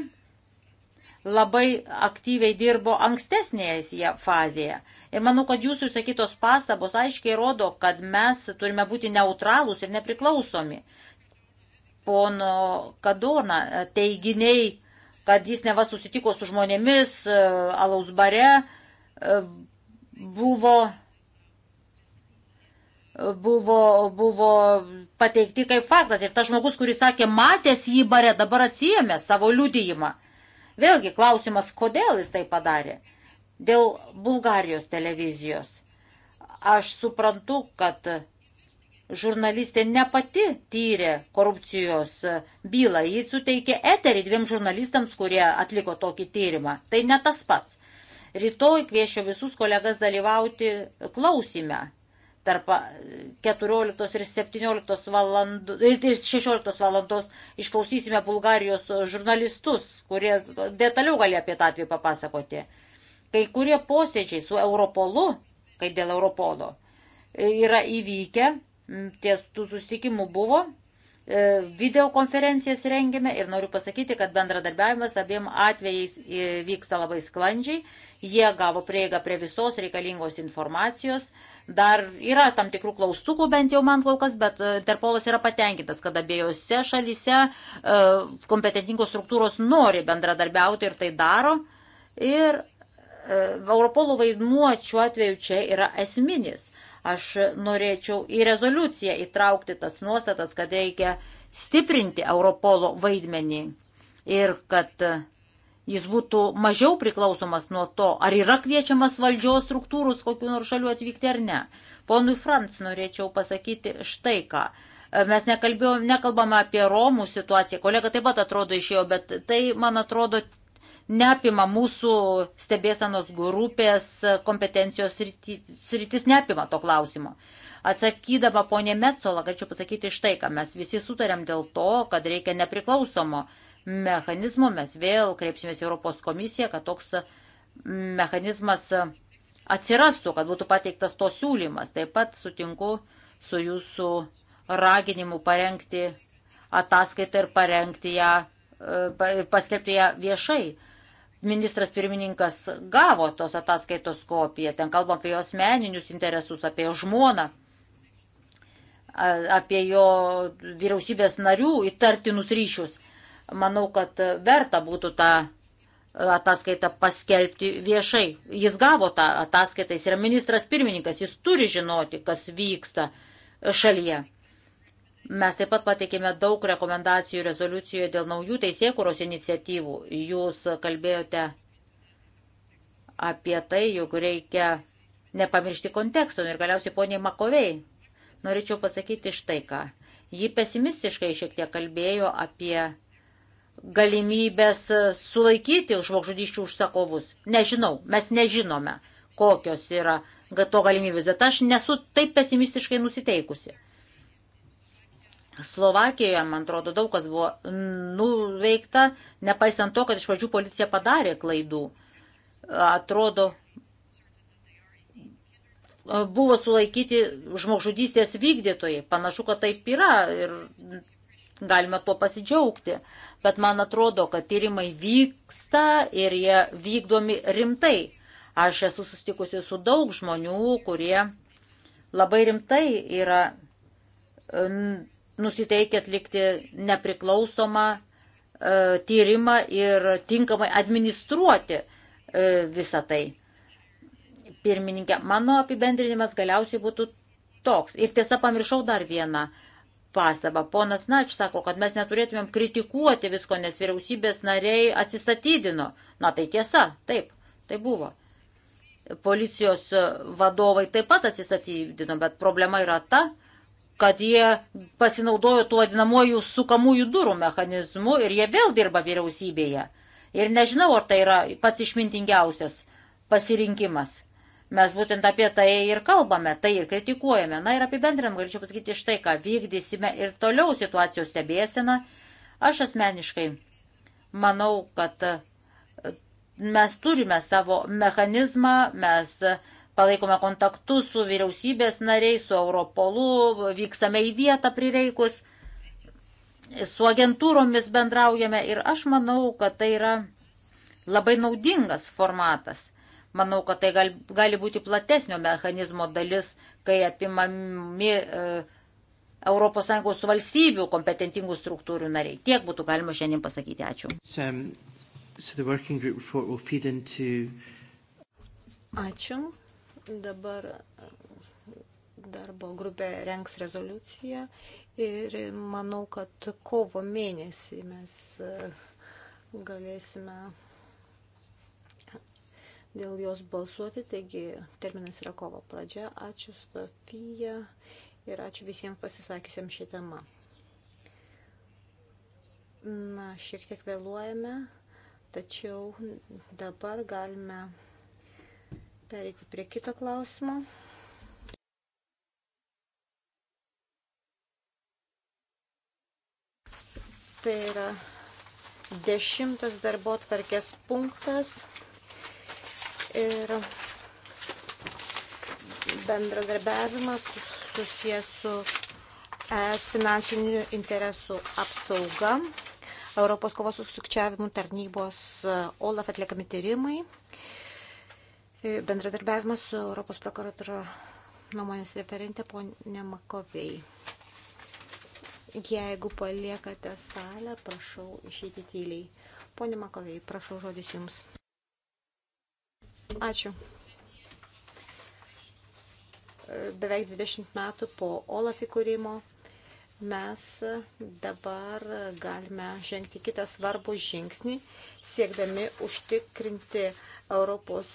labai aktyviai dirbo ankstesnėje fazėje. Ir manau, kad jūsų išsakytos pastabos aiškiai rodo, kad mes turime būti neutralūs ir nepriklausomi pono Kadona e, teiginiai, kad jis neva susitiko su žmonėmis e, alaus bare, e, buvo, buvo, buvo pateikti kaip faktas. Ir tas žmogus, kuris sakė, matęs jį bare, dabar atsijėmė savo liudijimą. Vėlgi klausimas, kodėl jis tai padarė. Dėl Bulgarijos televizijos. Aš suprantu, kad žurnalistė ne pati tyrė korupcijos e, bylą, ji suteikė eterį dviem žurnalistams, kurie atliko tokį tyrimą. Tai ne tas pats. Rytoj kviešiu visus kolegas dalyvauti klausime tarp 14 e, ir 17 valandų, ir 16 valandos išklausysime Bulgarijos žurnalistus, kurie detaliau gali apie tą atvejį papasakoti. Kai kurie posėdžiai su Europolu, kai dėl Europolo, e, yra įvykę Mm, ties tų susitikimų buvo, e, videokonferencijas rengėme ir noriu pasakyti, kad bendradarbiavimas abiem atvejais e, vyksta labai sklandžiai, jie gavo prieigą prie visos reikalingos informacijos, dar yra tam tikrų klaustukų bent jau man kol kas, bet e, Interpolas yra patenkintas, kad abiejose šalyse kompetentingos struktūros nori bendradarbiauti ir tai daro. Ir Europolo vaidmuo šiuo atveju čia yra esminis Aš norėčiau į rezoliuciją įtraukti tas nuostatas, kad reikia stiprinti Europolo vaidmenį ir kad jis būtų mažiau priklausomas nuo to, ar yra kviečiamas valdžios struktūrus kokiu nors šaliu atvykti ar ne. Ponui Franc norėčiau pasakyti štai ką. Mes nekalbėjom, nekalbame apie Romų situaciją. Kolega taip pat atrodo išėjo, bet tai, man atrodo, neapima mūsų stebėsanos grupės kompetencijos sritis, neapima to klausimo. Atsakydama ponė Metsola, galėčiau pasakyti štai, ką mes visi sutarėm dėl to, kad reikia nepriklausomo mechanizmo, mes vėl kreipsimės Europos komisiją, kad toks mechanizmas atsirastų, kad būtų pateiktas to siūlymas. Taip pat sutinku su jūsų raginimu parengti ataskaitą ir parengti ją, e, paskelbti ją viešai ministras pirmininkas gavo tos ataskaitos kopiją. Ten kalbam apie jo asmeninius interesus, apie jo žmoną, apie jo vyriausybės narių įtartinus ryšius. Manau, kad verta būtų tą ataskaitą paskelbti viešai. Jis gavo tą ataskaitą, jis yra ministras pirmininkas, jis turi žinoti, kas vyksta šalyje. Mes taip pat pateikėme daug rekomendacijų rezoliucijoje dėl naujų teisėkuros iniciatyvų. Jūs kalbėjote apie tai, jog reikia nepamiršti konteksto. Ir galiausiai poniai Makovei norėčiau pasakyti štai ką. Ji pesimistiškai šiek tiek kalbėjo apie galimybės sulaikyti žmogžudyščių užsakovus. Nežinau, mes nežinome, kokios yra to galimybės, bet aš nesu taip pesimistiškai nusiteikusi. Slovakijoje, man atrodo, daug kas buvo nuveikta, nepaisant to, kad iš pradžių policija padarė klaidų. Atrodo, buvo sulaikyti žmogžudystės vykdytojai. Panašu, kad taip yra ir galime tuo pasidžiaugti. Bet man atrodo, kad tyrimai vyksta ir jie vykdomi rimtai. Aš esu sustikusi su daug žmonių, kurie labai rimtai yra nusiteikę atlikti nepriklausomą e, tyrimą ir tinkamai administruoti e, visą tai. Pirmininkė, mano apibendrinimas galiausiai būtų toks. Ir tiesa, pamiršau dar vieną pastabą. Ponas Nač sako, kad mes neturėtumėm kritikuoti visko, nes vyriausybės nariai atsistatydino. Na tai tiesa, taip, tai buvo. Policijos vadovai taip pat atsistatydino, bet problema yra ta, kad jie pasinaudojo tuo vadinamuoju sukamųjų durų mechanizmu ir jie vėl dirba vyriausybėje. Ir nežinau, ar tai yra pats išmintingiausias pasirinkimas. Mes būtent apie tai ir kalbame, tai ir kritikuojame. Na ir apibendrinam, galėčiau pasakyti štai ką, vykdysime ir toliau situacijos stebėseną. Aš asmeniškai manau, kad mes turime savo mechanizmą, mes uh, palaikome kontaktus su vyriausybės nariais, su Europolu, vykstame į vietą prireikus, su agentūromis bendraujame ir aš manau, kad tai yra labai naudingas formatas. Manau, kad tai gali, gali būti platesnio mechanizmo dalis, kai apimami e, ES valstybių kompetentingų struktūrų nariai. Tiek būtų galima šiandien pasakyti. Ačiū. So, um, so Ačiū. Dabar e, darbo grupė renks rezoliuciją ir manau, kad kovo mėnesį mes e, galėsime dėl jos balsuoti. Taigi terminas yra kovo pradžia. Ačiū Sofija ir ačiū visiems pasisakiusiems šią temą. Na, šiek tiek vėluojame, tačiau dabar galime Pereiti prie kito klausimo. Tai yra dešimtas darbo tvarkės punktas ir bendradarbiavimas susijęs su ES finansinių interesų apsauga, Europos kovos su sukčiavimu tarnybos e, OLAF atliekami tyrimai bendradarbiavimas su Europos prokuratūra nuomonės referentė ponė Makovei. Jeigu paliekate salę, prašau išėti tyliai. Pone Makovei, prašau žodis jums. Ačiū. Beveik 20 metų po OLAF įkūrimo mes dabar galime žengti kitą svarbų žingsnį, siekdami užtikrinti ES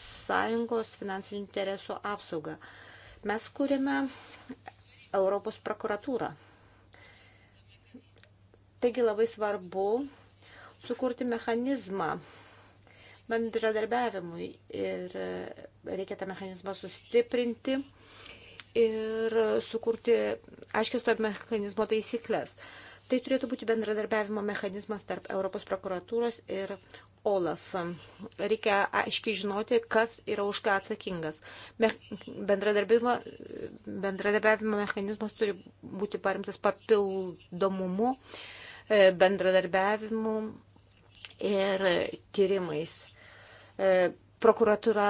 finansinių interesų apsaugą. Mes kūrėme Europos prokuratūrą. Taigi labai svarbu sukurti mechanizmą bendradarbiavimui ir reikia tą mechanizmą sustiprinti ir sukurti aiškius to mechanizmo taisyklės. Tai turėtų būti bendradarbiavimo mechanizmas tarp Europos prokuratūros ir OLAF. Reikia aiškiai žinoti, kas yra už ką atsakingas. Me, bendradarbiavimo, bendradarbiavimo mechanizmas turi būti paremtas papildomumu, e, bendradarbiavimu ir tyrimais. E, prokuratura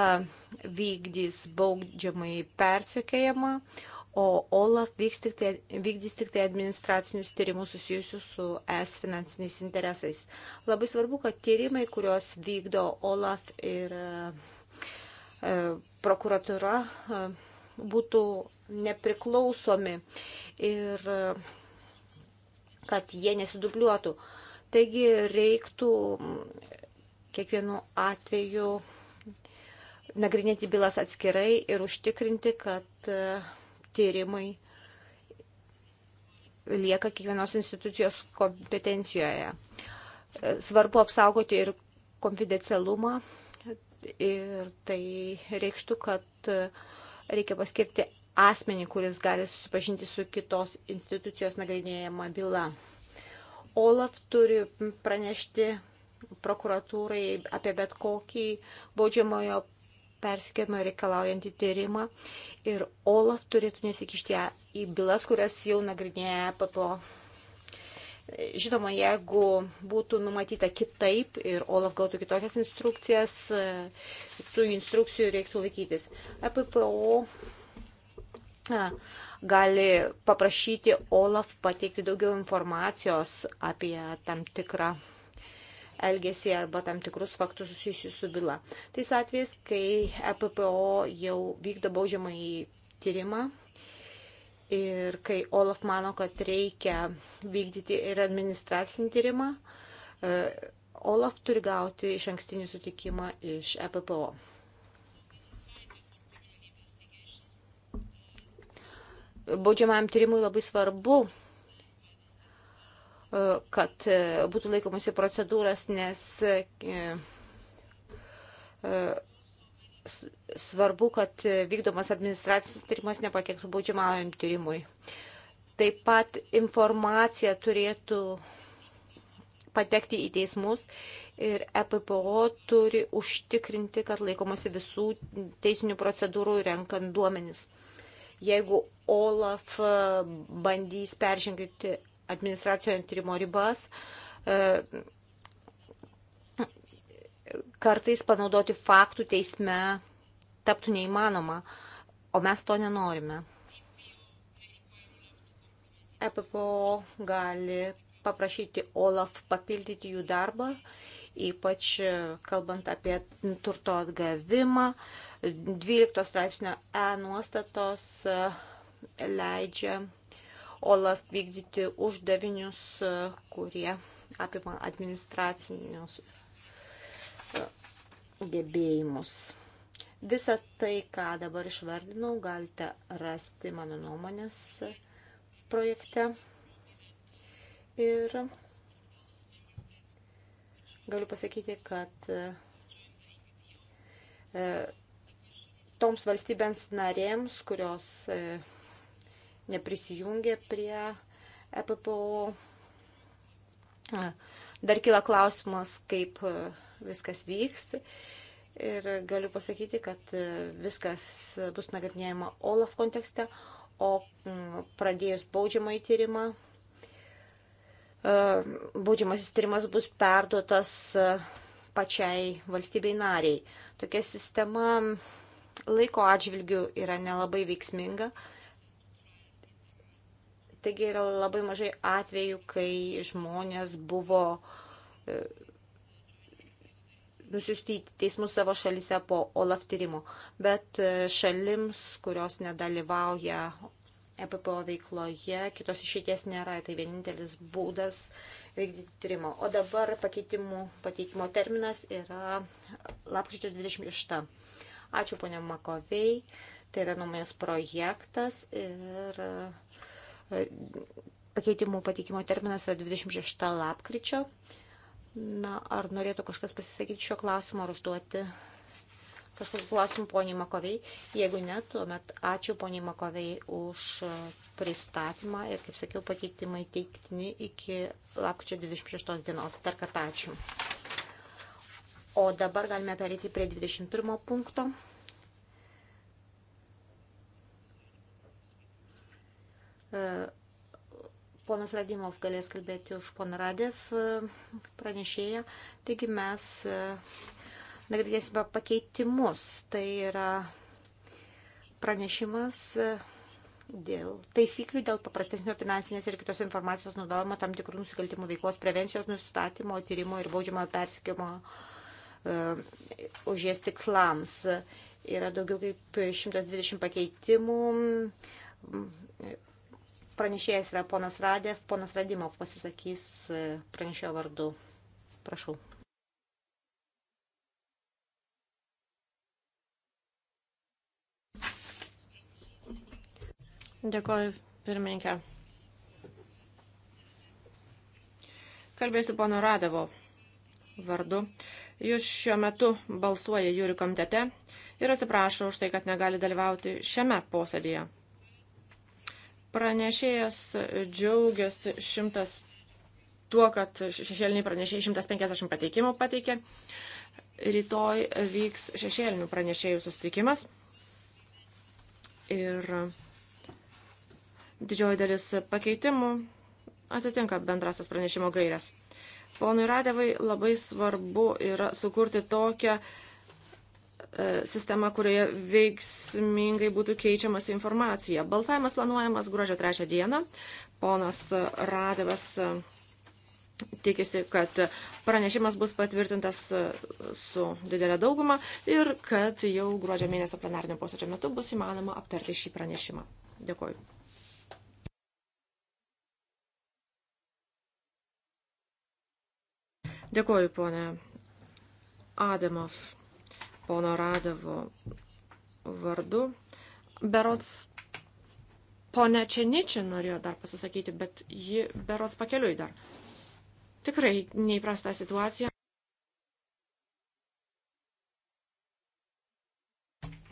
vykdys baudžiamai persiekėjimą, o OLAF tik tai, vykdys tik tai administracinius tyrimus susijusius su es finansiniais interesais. Labai svarbu, kad tyrimai, kuriuos vykdo OLAF ir e, prokuratura, e, būtų nepriklausomi ir e, kad jie nesidubliuotų. Taigi reiktų kiekvienu atveju nagrinėti bylas atskirai ir užtikrinti, kad e, tyrimai lieka kiekvienos institucijos kompetencijoje. E, svarbu apsaugoti ir konfidencialumą ir tai reikštų, kad e, reikia paskirti asmenį, kuris gali susipažinti su kitos institucijos nagrinėjama byla. Olaf turi pranešti prokuratūrai apie bet kokį baudžiamojo persikėjimą reikalaujantį tyrimą ir OLAF turėtų nesikišti į bylas, kurias jau nagrinėja PPO. Žinoma, jeigu būtų numatyta kitaip ir OLAF gautų kitokias instrukcijas, tų instrukcijų reiktų laikytis. PPO gali paprašyti OLAF pateikti daugiau informacijos apie tam tikrą elgesį arba tam tikrus faktus susijusius su byla. Tais atvejais, kai EPPO jau vykdo baudžiamąjį tyrimą ir kai Olaf mano, kad reikia vykdyti ir administracinį tyrimą, e, Olaf turi gauti iš ankstinį sutikimą iš EPPO. Baudžiamajam tyrimui labai svarbu kad e, būtų laikomasi procedūras, nes e, e, svarbu, kad vykdomas administracinis tyrimas nepakektų baudžiamajam tyrimui. Taip pat informacija turėtų patekti į teismus ir EPPO turi užtikrinti, kad laikomasi visų teisinių procedūrų renkant duomenis. Jeigu OLAF bandys peržengti administracinio tyrimo ribas, e, kartais panaudoti faktų teisme taptų neįmanoma, o mes to nenorime. EPPO gali paprašyti OLAF papildyti jų darbą, ypač kalbant apie turto atgavimą. 12 straipsnio E nuostatos leidžia OLAF vykdyti uždavinius, e, kurie apima administracinius e, gebėjimus. Visą tai, ką dabar išvardinau, galite rasti mano nuomonės projekte. Ir galiu pasakyti, kad e, toms valstybėms narėms, kurios neprisijungė prie EPPO. Dar kyla klausimas, kaip viskas vyks. Ir galiu pasakyti, kad viskas bus nagrinėjama OLAF kontekste, o mm, pradėjus baudžiamąjį tyrimą, e, baudžiamasis tyrimas bus perduotas e, pačiai valstybei nariai. Tokia sistema laiko atžvilgių yra nelabai veiksminga. Taigi yra labai mažai atvejų, kai žmonės buvo e, nusiųsti į teismus savo šalyse po OLAF tyrimo. Bet e, šalims, kurios nedalyvauja EPPO veikloje, kitos išeities nėra, tai vienintelis būdas vykdyti tyrimą. O dabar pakeitimų pateikimo terminas yra lapkričio 26. Ačiū ponia Makovei, tai yra nuomonės projektas ir uh, Pakeitimų pateikimo terminas yra 26 lapkričio. Na, ar norėtų kažkas pasisakyti šio klausimo ar užduoti kažkokiu klausimu poniai Makoviai. Jeigu ne, tuomet ačiū poniai Makoviai už pristatymą ir, kaip sakiau, pakeitimai teiktini iki lapkričio 26 dienos. Dar kartą ačiū. O dabar galime perėti prie 21 punkto. E, ponas Radimov galės kalbėti už poną Radev e, pranešėją. Taigi mes e, nagrinėsime pakeitimus. Tai yra pranešimas dėl taisyklių dėl paprastesnio finansinės ir kitos informacijos naudojimo tam tikrų nusikaltimų veiklos prevencijos nustatymo, tyrimo ir baudžiamo persikimo e, už jas tikslams. Yra daugiau kaip 120 pakeitimų Pranešėjas yra ponas Radėv, ponas Radimov pasisakys e, pranešėjo vardu. Prašau. Dėkoju, pirmininkė. Kalbėsiu pono Radevo vardu. Jūs šiuo metu balsuoja jūrių komitete ir atsiprašo už tai, kad negali dalyvauti šiame posėdėje. Pranešėjas džiaugiasi šimtas tuo, kad šešėliniai pranešėjai 150 pateikimų pateikė. Rytoj vyks šešėlinių pranešėjų susitikimas. Ir didžioji dalis pakeitimų atitinka bendrasis pranešimo gairias. Ponui Radevai labai svarbu yra sukurti tokią E, sistema, kurioje veiksmingai būtų keičiamas informacija. Balsavimas planuojamas gruodžio trečią dieną. Ponas Radevas e, tikisi, kad pranešimas bus patvirtintas e, su didelė dauguma ir kad jau gruodžio mėnesio plenarinio posėdžio metu bus įmanoma aptarti šį pranešimą. Dėkuoju. Dėkuoju, ponė Adamov pono Radevo vardu. Berots ponia Čeničia norėjo dar pasisakyti, bet ji berots pakeliui dar. Tikrai neįprasta situacija.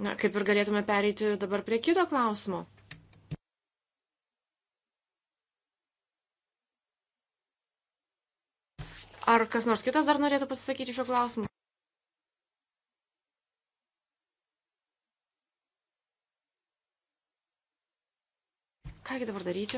Na, kaip ir galėtume pereiti dabar prie kito klausimo. Ar kas nors kitas dar norėtų pasisakyti šio klausimu? Kągi dabar daryti?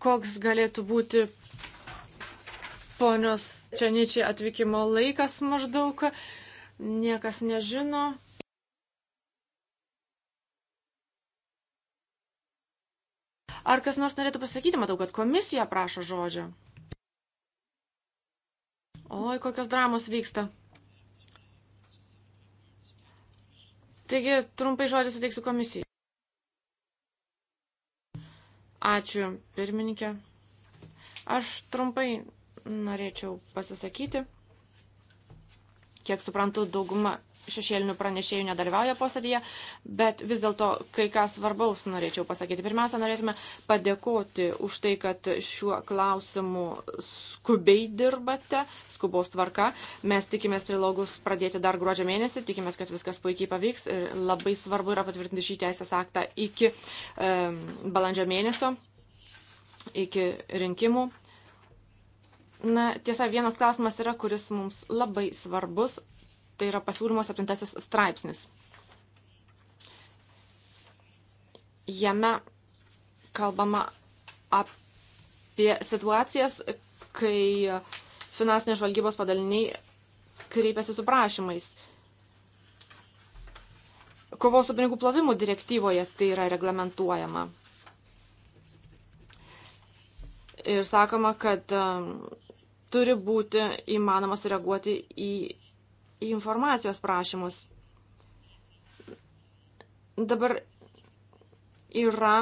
koks galėtų būti ponios Čeničiai atvykimo laikas maždaug. Niekas nežino. Ar kas nors norėtų pasakyti? Matau, kad komisija prašo žodžio. Oi, kokios dramos vyksta. Taigi, trumpai žodį suteiksiu komisijai. Ačiū, pirmininkė. Aš trumpai norėčiau pasisakyti. Kiek suprantu, dauguma šešėlinių pranešėjų nedalyvauja posėdėje, bet vis dėlto kai ką svarbaus norėčiau pasakyti. Pirmiausia, norėtume padėkoti už tai, kad šiuo klausimu skubiai dirbate, skubos tvarka. Mes tikimės trilogus pradėti dar gruodžio mėnesį, tikimės, kad viskas puikiai pavyks ir labai svarbu yra patvirtinti šį teisės aktą iki um, balandžio mėnesio, iki rinkimų Na, tiesa, vienas klausimas yra, kuris mums labai svarbus. Tai yra pasiūlymo septintasis straipsnis. Jame kalbama apie situacijas, kai finansinės žvalgybos padaliniai kreipiasi su prašymais. Kovos su pinigų plovimu direktyvoje tai yra reglamentuojama. Ir sakoma, kad turi būti įmanomas reaguoti į, į informacijos prašymus. Dabar yra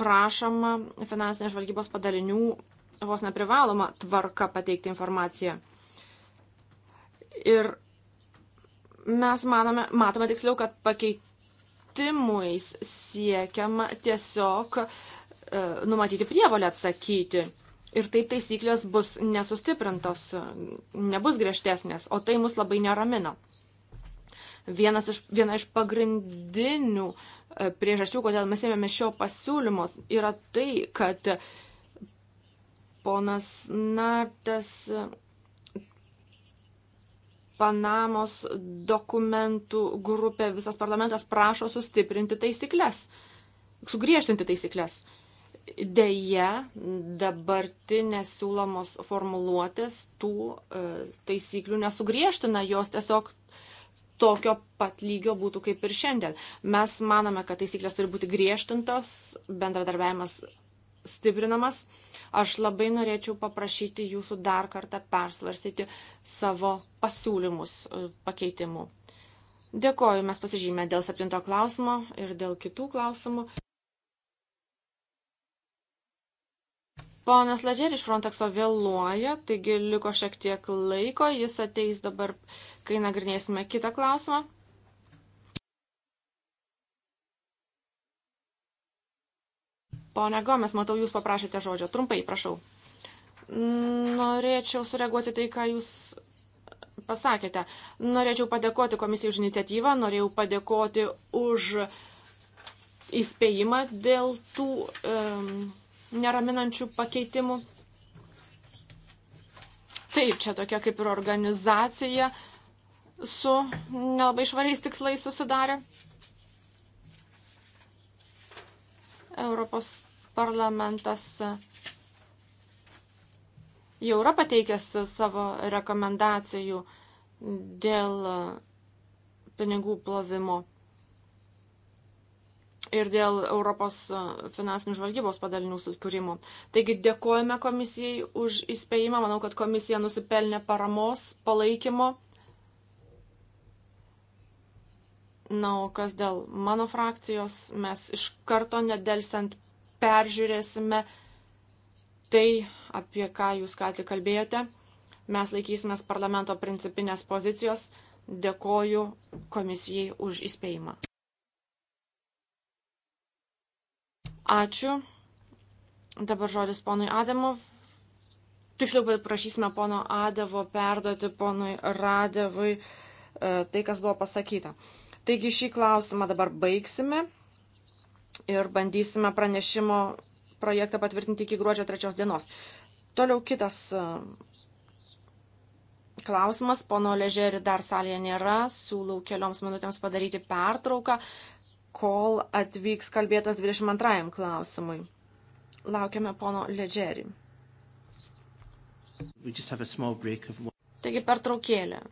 prašoma finansinės žvalgybos padalinių vos neprivaloma tvarka pateikti informaciją. Ir mes manome, matome tiksliau, kad pakeitimais siekiama tiesiog e, numatyti prievolę atsakyti ir taip taisyklės bus nesustiprintos, nebus griežtesnės, o tai mus labai neramina. Vienas iš, viena iš pagrindinių e, priežasčių, kodėl mes ėmėme šio pasiūlymo, yra tai, kad ponas Nartas Panamos dokumentų grupė, visas parlamentas prašo sustiprinti taisyklės, sugriežtinti taisyklės dėja dabartinės siūlomos formuluotės tų e, taisyklių nesugriežtina, jos tiesiog tokio pat lygio būtų kaip ir šiandien. Mes manome, kad taisyklės turi būti griežtintos, bendradarbiavimas stiprinamas. Aš labai norėčiau paprašyti jūsų dar kartą persvarstyti savo pasiūlymus e, pakeitimų. Dėkoju, mes pasižymė dėl septinto klausimo ir dėl kitų klausimų. Ponas Ledžer iš Frontexo vėluoja, taigi liko šiek tiek laiko, jis ateis dabar, kai nagrinėsime kitą klausimą. Pone Gomes, matau, jūs paprašėte žodžio. Trumpai, prašau. Norėčiau sureaguoti tai, ką jūs pasakėte. Norėčiau padėkoti komisijai už iniciatyvą, norėjau padėkoti už įspėjimą dėl tų um, neraminančių pakeitimų. Taip, čia tokia kaip ir organizacija su nelabai švariais tikslais susidarė. Europos parlamentas jau yra pateikęs savo rekomendacijų dėl pinigų plovimo ir dėl Europos e, finansinių žvalgybos padalinių sukūrimo. Taigi dėkojame komisijai už įspėjimą. Manau, kad komisija nusipelnė paramos, palaikymo. Na, o kas dėl mano frakcijos, mes iš karto nedelsiant peržiūrėsime tai, apie ką jūs ką tik kalbėjote. Mes laikysime parlamento principinės pozicijos. Dėkoju komisijai už įspėjimą. Ačiū. Dabar žodis ponui Adamov. Tiksliau prašysime pono Adevo perduoti ponui Radevui e, tai, kas buvo pasakyta. Taigi šį klausimą dabar baigsime ir bandysime pranešimo projektą patvirtinti iki gruodžio trečios dienos. Toliau kitas e, klausimas. Pono Ležeri dar salėje nėra. Siūlau kelioms minutėms padaryti pertrauką, kol atvyks kalbėtas 22 klausimui. Laukiame pono Ledžerį. Taigi pertraukėlė.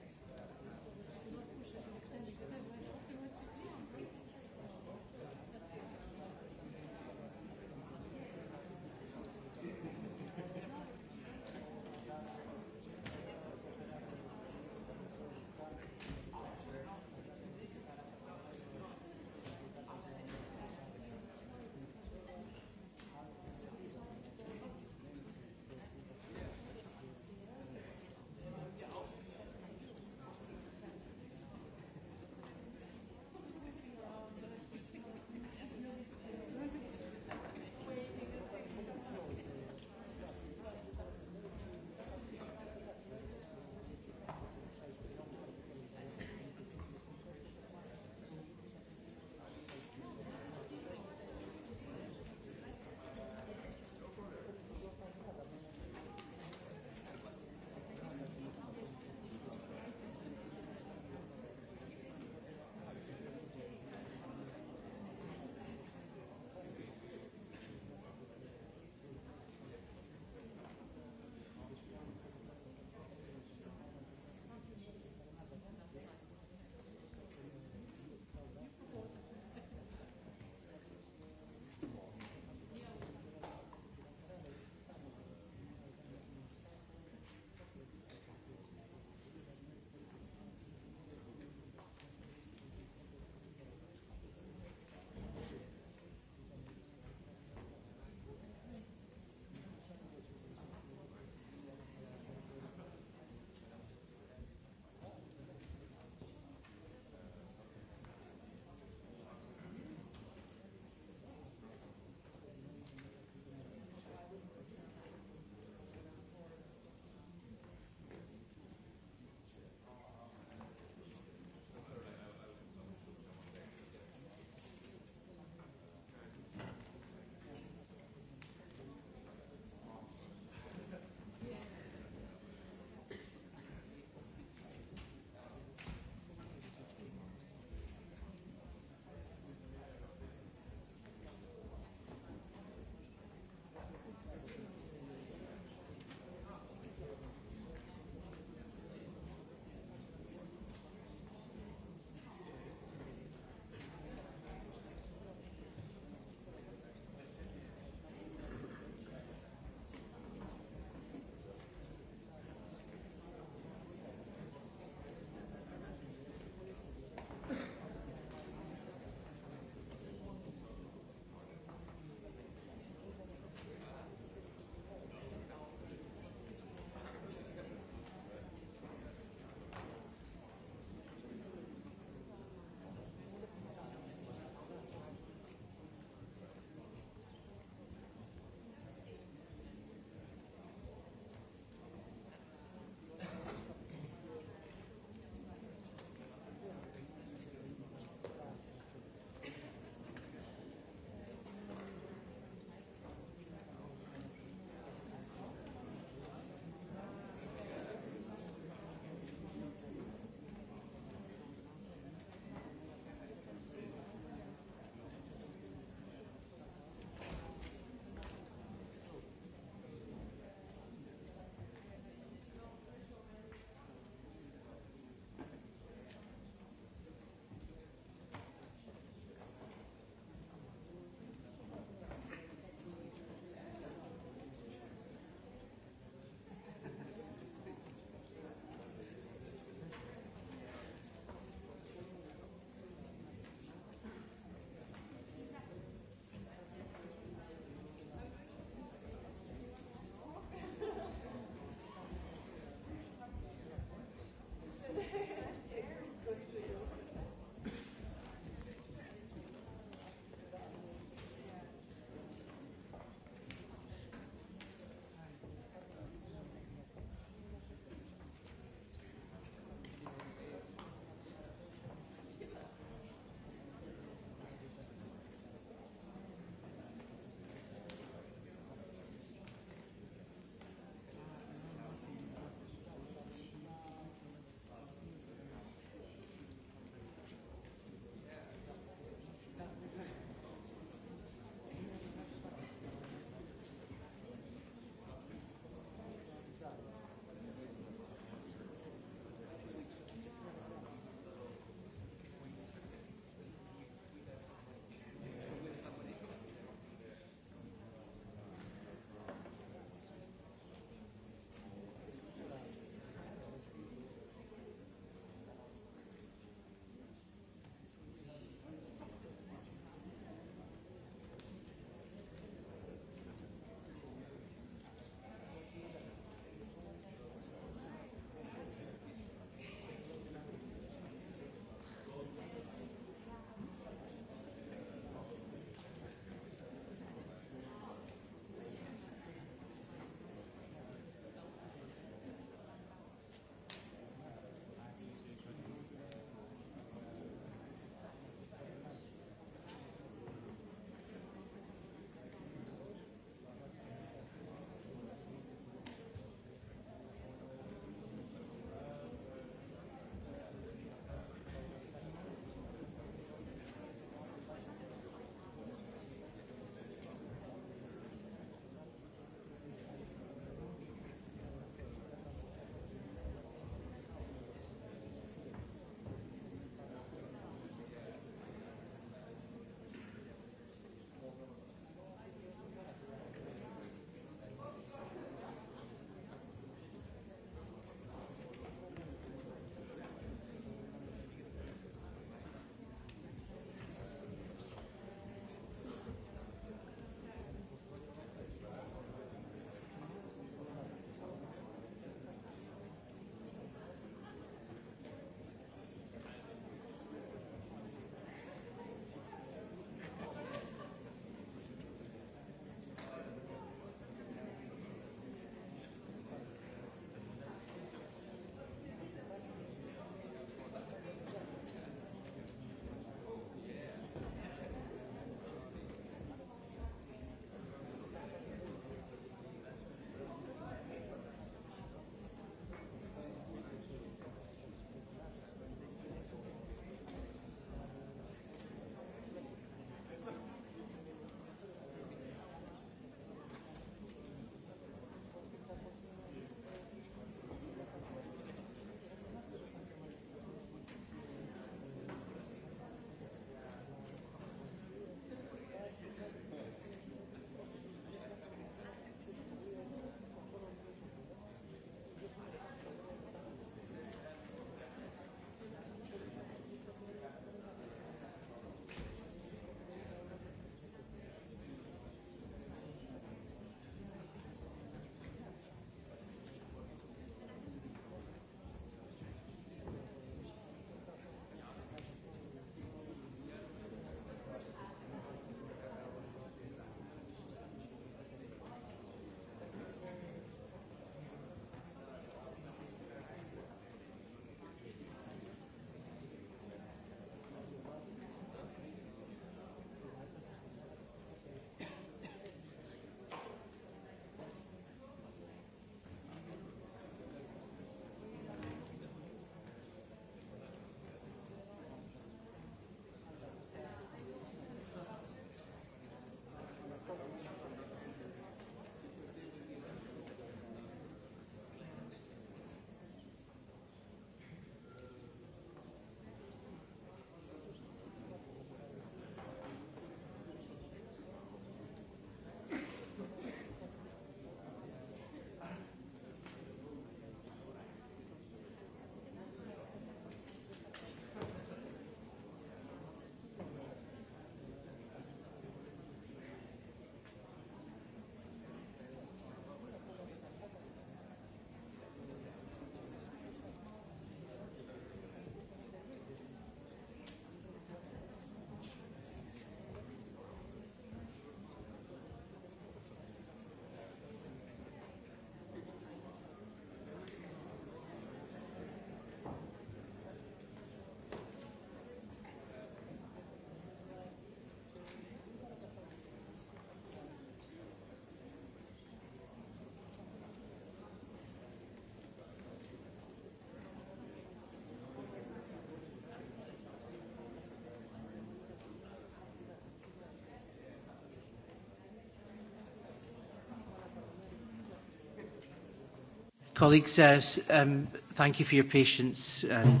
Colleagues, uh, um, thank you for your patience and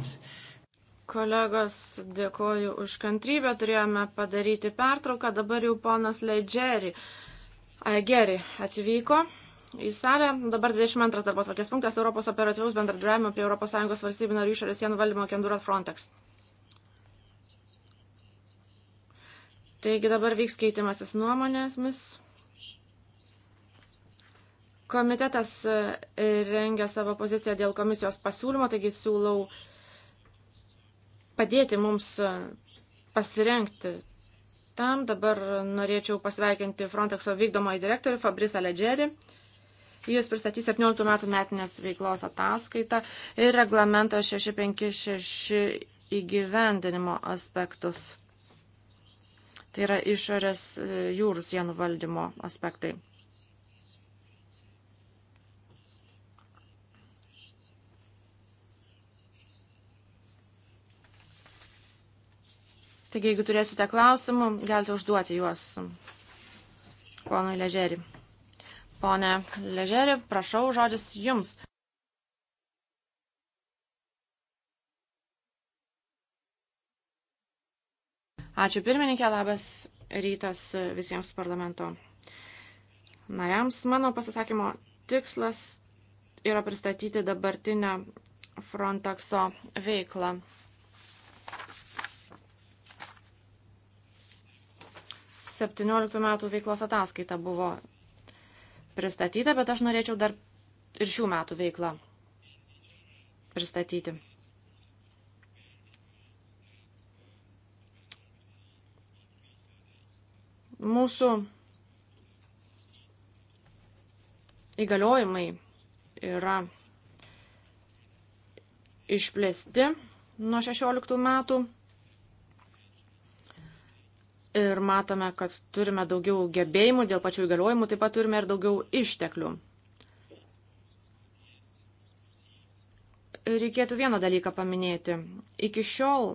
Kolegos, dėkoju už kantrybę, turėjome padaryti pertrauką, dabar jau ponas Leidžeri Aigeri atvyko į salę. Dabar 22 darbo tvarkės punktas Europos operatyvus bendradarbiavimo prie ES valstybių narių išorės sienų valdymo agentūra Frontex. Taigi dabar vyks keitimasis nuomonėmis. Komitetas e, rengia savo poziciją dėl komisijos pasiūlymo, taigi siūlau padėti mums e, pasirengti. Tam dabar norėčiau pasveikinti Frontexo vykdomąjį direktorių Fabrisą Ledžerį. Jis pristatys 17 metų metinės veiklos ataskaitą ir reglamento 656 įgyvendinimo aspektus. Tai yra išorės e, jūrų sienų valdymo aspektai. Taigi, jeigu turėsite klausimų, galite užduoti juos ponui Ležerį. Pone Ležerį, prašau, žodis jums. Ačiū pirmininkė, labas rytas visiems parlamento nariams. Mano pasisakymo tikslas yra pristatyti dabartinę Frontexo veiklą 17 metų veiklos ataskaita buvo pristatyta, bet aš norėčiau dar ir šių metų veiklą pristatyti. Mūsų įgaliojimai yra išplėsti nuo 16 metų ir matome, kad turime daugiau gebėjimų, dėl pačių įgaliojimų taip pat turime ir daugiau išteklių. Reikėtų vieną dalyką paminėti. Iki šiol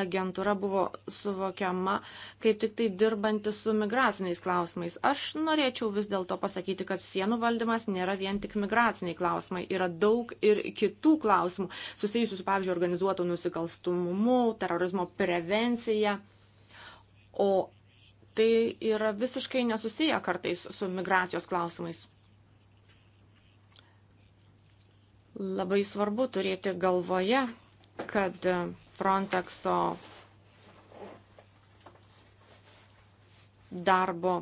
agentūra buvo suvokiama kaip tik tai dirbanti su migraciniais klausimais. Aš norėčiau vis dėlto pasakyti, kad sienų valdymas nėra vien tik migraciniai klausimai, yra daug ir kitų klausimų susijusių su, pavyzdžiui, organizuotų nusikalstumumu, terorizmo prevencija. O tai yra visiškai nesusiję kartais su migracijos klausimais. Labai svarbu turėti galvoje, kad Frontexo darbo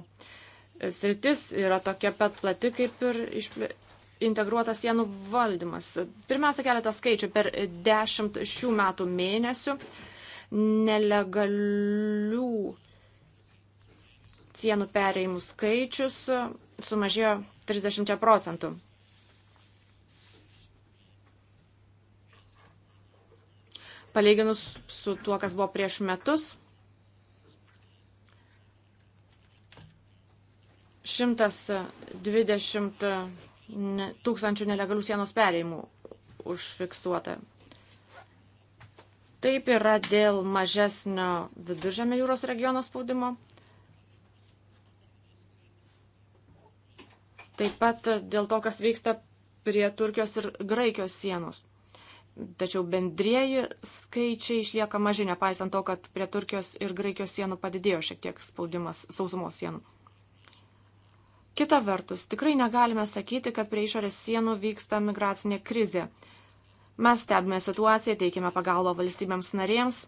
sritis yra tokia pat plati kaip ir išplė integruotas sienų valdymas. Pirmiausia, keletas skaičių. Per dešimt šių metų mėnesių nelegalių sienų perėjimų skaičius sumažėjo 30 procentų. Palyginus su tuo, kas buvo prieš metus, 120 tūkstančių nelegalių sienos perėjimų užfiksuota Taip yra dėl mažesnio viduržėmė jūros regiono spaudimo. Taip pat dėl to, kas vyksta prie Turkijos ir Graikijos sienos. Tačiau bendrieji skaičiai išlieka maži, nepaisant to, kad prie Turkijos ir Graikijos sienų padidėjo šiek tiek spaudimas sausumos sienų. Kita vertus, tikrai negalime sakyti, kad prie išorės sienų vyksta migracinė krizė. Mes stebime situaciją, teikiame pagalbą valstybėms narėms.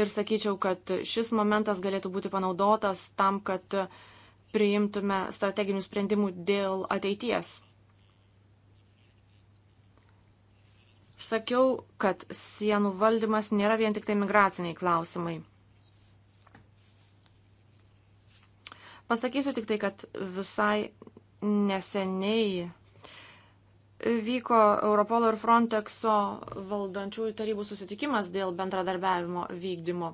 Ir sakyčiau, kad šis momentas galėtų būti panaudotas tam, kad priimtume strateginių sprendimų dėl ateities. Sakiau, kad sienų valdymas nėra vien tik tai migraciniai klausimai. Pasakysiu tik tai, kad visai neseniai vyko Europolo ir Frontexo valdančiųjų tarybų susitikimas dėl bendradarbiavimo vykdymo.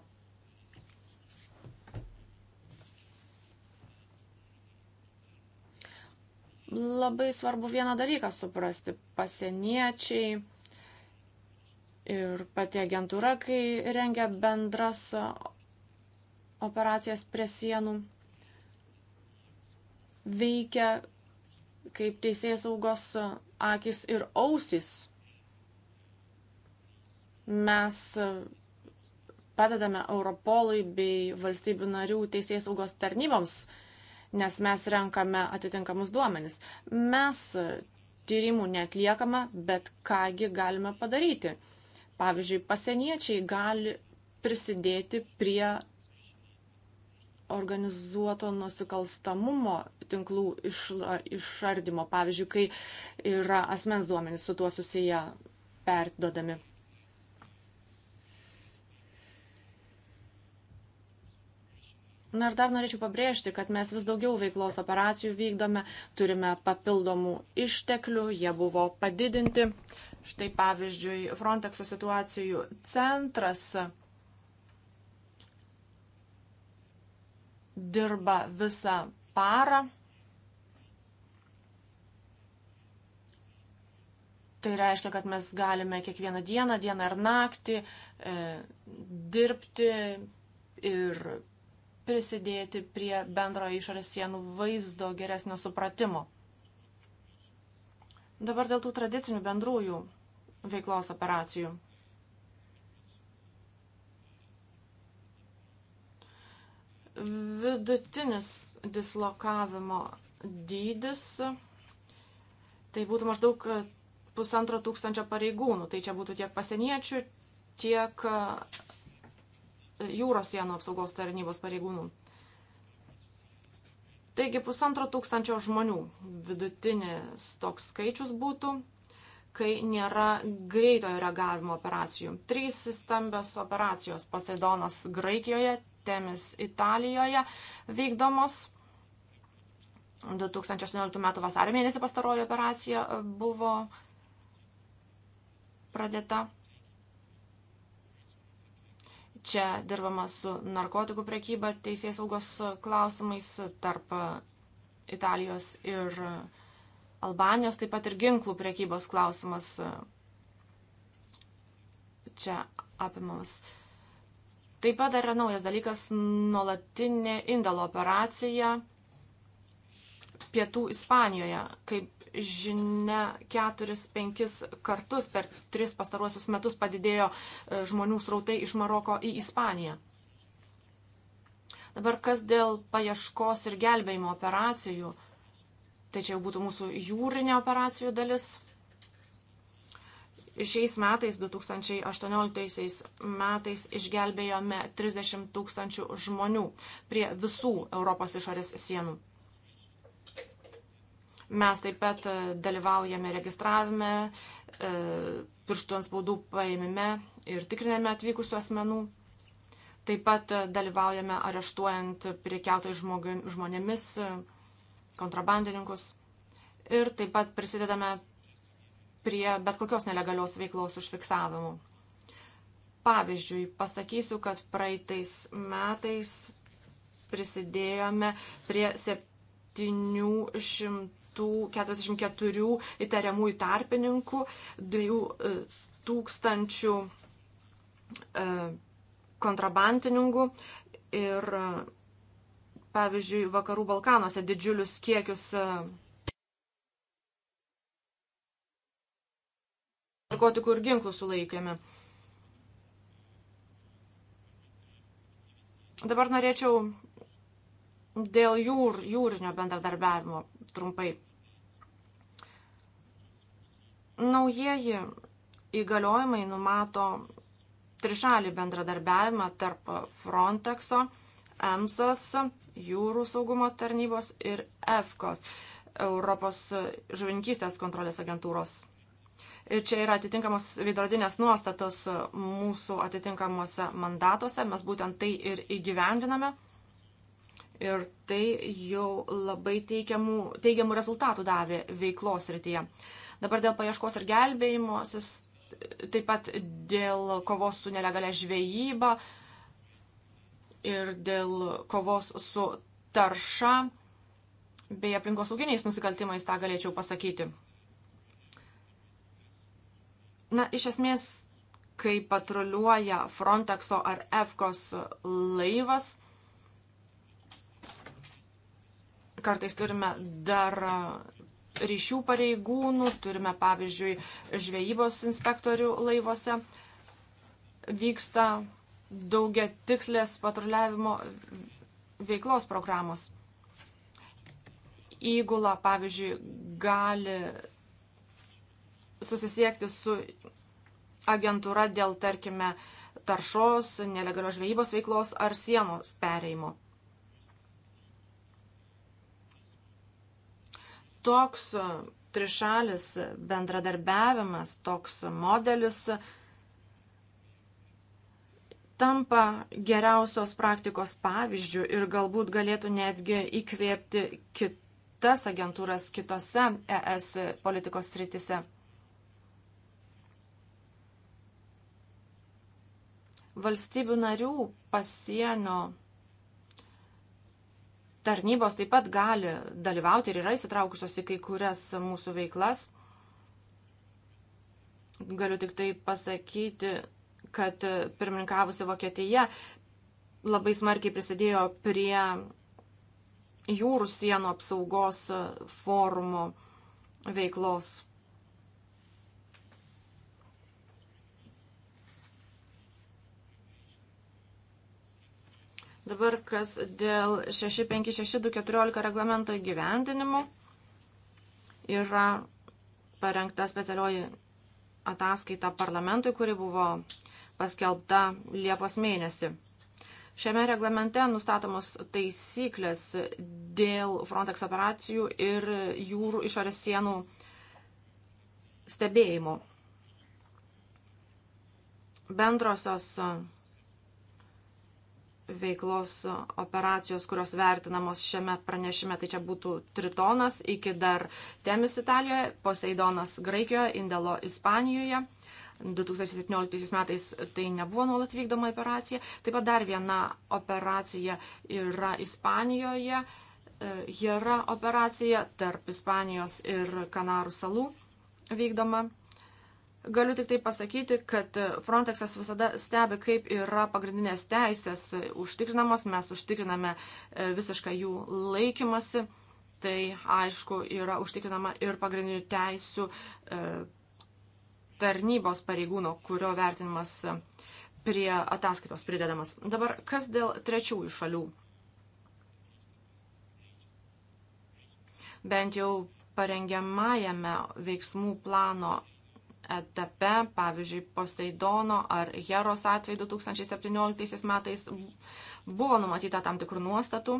Labai svarbu vieną dalyką suprasti. Pasieniečiai ir pati agentūra, kai rengia bendras operacijas prie sienų, veikia kaip teisėjas saugos akis ir ausis. Mes e, padedame Europolui bei valstybių narių teisės saugos tarnyboms, nes mes renkame atitinkamus duomenis. Mes e, tyrimų netliekame, bet kągi galime padaryti. Pavyzdžiui, pasieniečiai gali prisidėti prie organizuoto nusikalstamumo tinklų išla, išardymo, pavyzdžiui, kai yra asmens duomenys su tuo susiję perdodami. Na ir dar norėčiau pabrėžti, kad mes vis daugiau veiklos operacijų vykdome, turime papildomų išteklių, jie buvo padidinti. Štai pavyzdžiui, Frontexo situacijų centras dirba visą parą. Tai reiškia, kad mes galime kiekvieną dieną, dieną ir naktį e, dirbti ir prisidėti prie bendro išorės sienų vaizdo geresnio supratimo. Dabar dėl tų tradicinių bendrųjų veiklos operacijų. vidutinis dislokavimo dydis, tai būtų maždaug pusantro tūkstančio pareigūnų. Tai čia būtų tiek pasieniečių, tiek e, jūros sienų apsaugos tarnybos pareigūnų. Taigi pusantro tūkstančio žmonių vidutinis toks skaičius būtų, kai nėra greitojo reagavimo operacijų. Trys stambios operacijos - Poseidonas Graikijoje, Artemis Italijoje vykdomos. 2018 m. vasario mėnesį pastaroji operacija e, buvo pradėta. Čia dirbama su narkotikų prekyba, teisės saugos klausimais tarp e, Italijos ir Albanijos, taip pat ir ginklų prekybos klausimas e, čia apimamas. Uh, Taip pat dar yra naujas dalykas - nuolatinė indalo operacija pietų Ispanijoje. Kaip žinia, 4-5 kartus per 3 pastaruosius metus padidėjo e, žmonių srautai iš Maroko į Ispaniją. Dabar kas dėl paieškos ir gelbėjimo operacijų, tai čia jau būtų mūsų jūrinė operacijų dalis. Šiais metais, 2018 metais, išgelbėjome 30 tūkstančių žmonių prie visų Europos išorės sienų. Mes taip pat e, dalyvaujame registravime, e, pirštų ant spaudų paėmime ir tikriname atvykusių asmenų. Taip pat e, dalyvaujame areštuojant priekiautai žmonėmis, kontrabandininkus. Ir taip pat prisidedame prie bet kokios nelegalios veiklos užfiksavimų. Pavyzdžiui, pasakysiu, kad praeitais metais prisidėjome prie 744 įtariamų įtarpininkų, 2000 kontrabantininkų ir, pavyzdžiui, Vakarų Balkanuose didžiulius kiekius e, narkotikų ir ginklų sulaikėme. Dabar norėčiau dėl jūr, jūrinio bendradarbiavimo trumpai. Naujieji įgaliojimai numato trišalį bendradarbiavimą tarp Frontexo, EMSOS, jūrų saugumo tarnybos ir EFKOS, Europos žuvininkystės kontrolės agentūros. Ir čia yra atitinkamos veidrodinės nuostatos mūsų atitinkamuose mandatuose, mes būtent tai ir įgyvendiname. Ir tai jau labai teigiamų, teigiamų rezultatų davė veiklos rytyje. Dabar dėl paieškos ir gelbėjimo, taip pat dėl kovos su nelegalia žvejyba ir dėl kovos su tarša bei aplinkosauginiais nusikaltimais, tą galėčiau pasakyti. Na, iš esmės, kai patruliuoja Frontexo ar EFKOS laivas, kartais turime dar ryšių pareigūnų, turime pavyzdžiui žvejybos inspektorių laivuose, vyksta daugia tikslės patruliavimo veiklos programos. Įgula, pavyzdžiui, gali susisiekti su agentūra dėl, tarkime, taršos, nelegalios žvejybos veiklos ar sienos pereimo. Toks trišalis bendradarbiavimas, toks modelis tampa geriausios praktikos pavyzdžių ir galbūt galėtų netgi įkvėpti kitas agentūras kitose ES politikos rytise. Valstybių narių pasienio tarnybos taip pat gali dalyvauti ir yra įsitraukusios į kai kurias mūsų veiklas. Galiu tik tai pasakyti, kad pirmininkavusi Vokietija labai smarkiai prisidėjo prie jūrų sienų apsaugos forumo veiklos. Dabar kas dėl 656214 reglamento įgyvendinimo yra parengta specialioji ataskaita parlamentui, kuri buvo paskelbta Liepos mėnesį. Šiame reglamente nustatomos taisyklės dėl Frontex operacijų ir jūrų išorės sienų stebėjimo. Bendrosios veiklos operacijos, kurios vertinamos šiame pranešime, tai čia būtų Tritonas, iki dar Temis Italijoje, Poseidonas Graikijoje, Indelo Ispanijoje. 2017 metais tai nebuvo nuolat vykdoma operacija. Taip pat dar viena operacija yra Ispanijoje, e, Jera operacija tarp Ispanijos ir Kanarų salų vykdoma. Galiu tik tai pasakyti, kad e, Frontexas visada stebi, kaip yra pagrindinės teisės e, užtikrinamos, mes užtikriname e, visišką jų laikymasi, tai aišku yra užtikrinama ir pagrindinių teisų tarnybos pareigūno, kurio vertinimas prie ataskaitos pridedamas. Dabar kas dėl trečiųjų šalių? Bent jau parengiamajame veiksmų plano etape, pavyzdžiui, Poseidono ar Jeros atveju 2017 metais buvo numatyta tam tikrų nuostatų.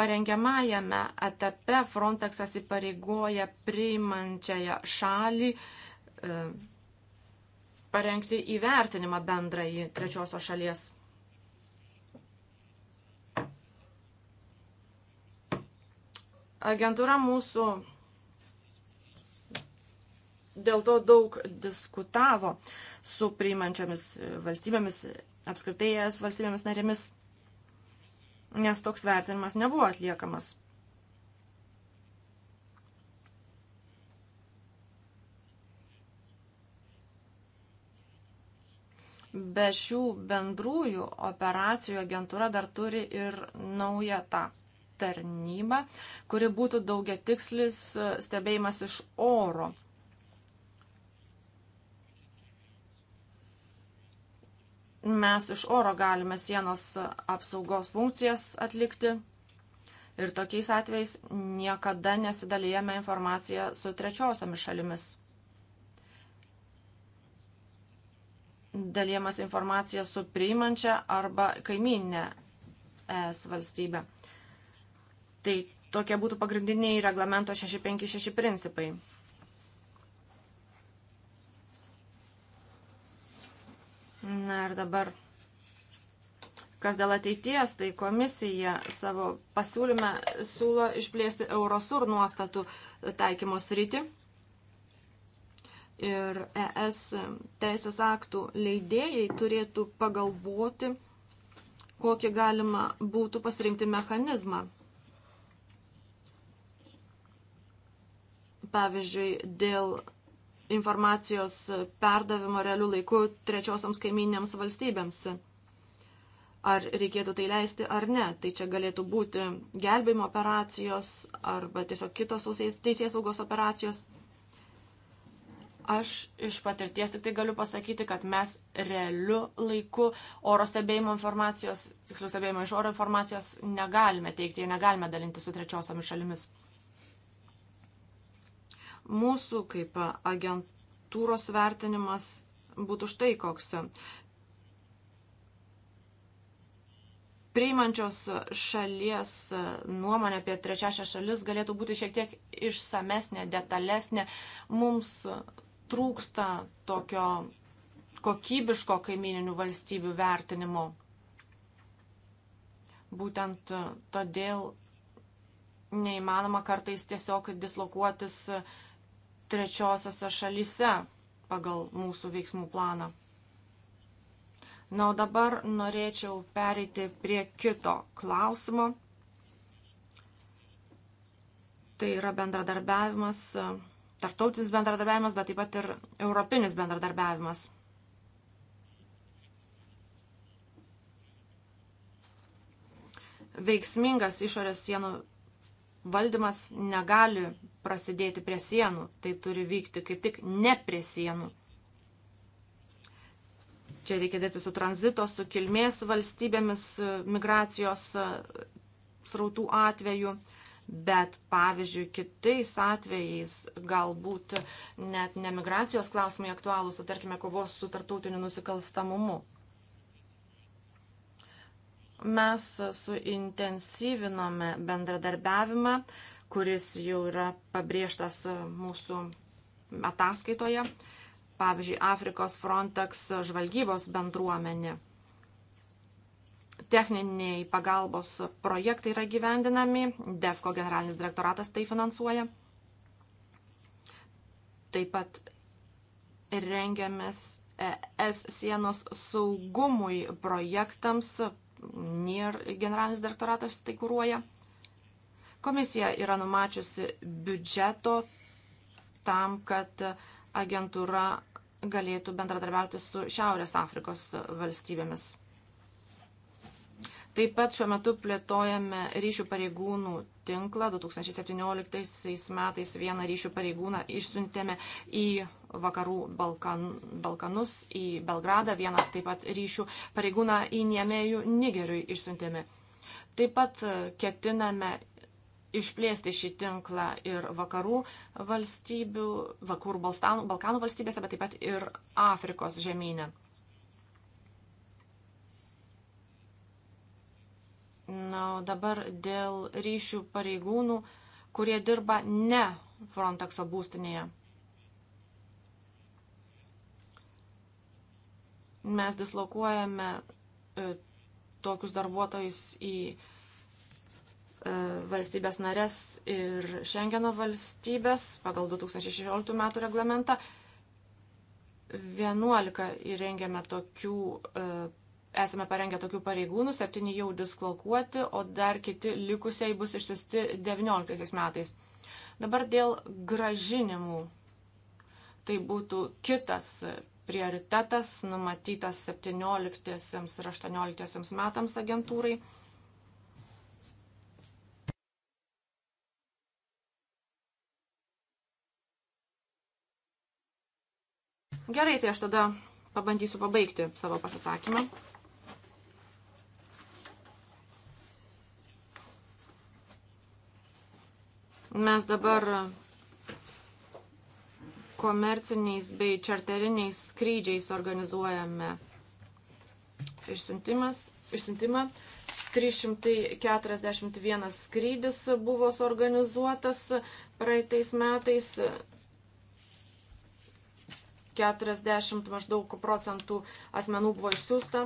Parengiamajame etape Frontexas įpareigoja priimančiąją šalį e, parengti įvertinimą bendrąjį trečiosios šalies. Agentūra mūsų dėl to daug diskutavo su priimančiamis valstybėmis, apskritai es valstybėmis narėmis, nes toks vertinimas nebuvo atliekamas. Be šių bendrųjų operacijų agentūra dar turi ir naują tą tarnybą, kuri būtų daugia tikslis stebėjimas iš oro mes iš oro galime sienos apsaugos funkcijas atlikti ir tokiais atvejais niekada nesidalijame informaciją su trečiosiomis šalimis. dalyjamas informacija su priimančia arba kaiminė ES valstybė. Tai tokie būtų pagrindiniai reglamento 656 principai. Na ir dabar, kas dėl ateities, tai komisija savo pasiūlyme siūlo išplėsti Eurosur nuostatų taikymo sritį ir ES teisės aktų leidėjai turėtų pagalvoti, kokį galima būtų pasirinkti mechanizmą. Pavyzdžiui, dėl informacijos perdavimo realių laikų trečiosioms kaiminėms valstybėms. Ar reikėtų tai leisti ar ne. Tai čia galėtų būti gelbėjimo operacijos arba tiesiog kitos teisės saugos operacijos. Aš iš patirties tik tai galiu pasakyti, kad mes realiu laiku oro stebėjimo informacijos, tiksliau stebėjimo iš oro informacijos negalime teikti, negalime dalinti su trečiosiomis šalimis. Mūsų kaip agentūros vertinimas būtų štai koks. Priimančios šalies nuomonė apie trečiąją šalis galėtų būti šiek tiek išsamesnė, detalesnė. Mums trūksta tokio kokybiško kaimininių valstybių vertinimo. Būtent todėl neįmanoma kartais tiesiog dislokuotis trečiosiose šalyse pagal mūsų veiksmų planą. Na, o dabar norėčiau pereiti prie kito klausimo. Tai yra bendradarbiavimas, tarptautinis bendradarbiavimas, bet taip pat ir europinis bendradarbiavimas. Veiksmingas išorės sienų valdymas negali prasidėti prie sienų, tai turi vykti kaip tik ne prie sienų. Čia reikia dirbti su tranzito, su kilmės valstybėmis e, migracijos e, srautų atveju, bet pavyzdžiui, kitais atvejais galbūt net ne migracijos klausimai aktualūs, o tarkime kovos su tartautiniu nusikalstamumu. Mes suintensyvinome bendradarbiavimą kuris jau yra pabrėžtas mūsų ataskaitoje. Pavyzdžiui, Afrikos Frontex žvalgybos bendruomenė. Techniniai pagalbos projektai yra gyvendinami, DEFCO generalinis direktoratas tai finansuoja. Taip pat rengiamės ES sienos saugumui projektams, NIR generalinis direktoratas tai kūruoja. Komisija yra numačiusi biudžeto tam, kad agentūra galėtų bendradarbiauti su Šiaurės Afrikos valstybėmis. Taip pat šiuo metu plėtojame ryšių pareigūnų tinklą. 2017 metais vieną ryšių pareigūną išsiuntėme į vakarų Balkan, Balkanus, į Belgradą, vieną taip pat ryšių pareigūną į Niemėjų Nigeriui išsiuntėme. Taip pat ketiname išplėsti šį tinklą ir vakarų valstybių, vakarų Balstanų, Balkanų valstybėse, bet taip pat ir Afrikos žemynė. Na, dabar dėl ryšių pareigūnų, kurie dirba ne Frontexo būstinėje. Mes dislokuojame e, tokius darbuotojus į uh, E, valstybės narės ir Šengeno valstybės pagal 2016 metų reglamentą. 11 įrengėme tokių, e, esame parengę tokių pareigūnų, 7 jau disklokuoti, o dar kiti likusiai bus išsiusti 19 metais. Dabar dėl gražinimų. Tai būtų kitas prioritetas numatytas 17 ir 18 metams agentūrai. Gerai, tai aš tada pabandysiu pabaigti savo pasisakymą. Mes dabar komerciniais bei čarteriniais skrydžiais organizuojame išsiuntimą. 341 skrydis buvo suorganizuotas praeitais metais, 40 maždaug procentų asmenų buvo išsiųsta,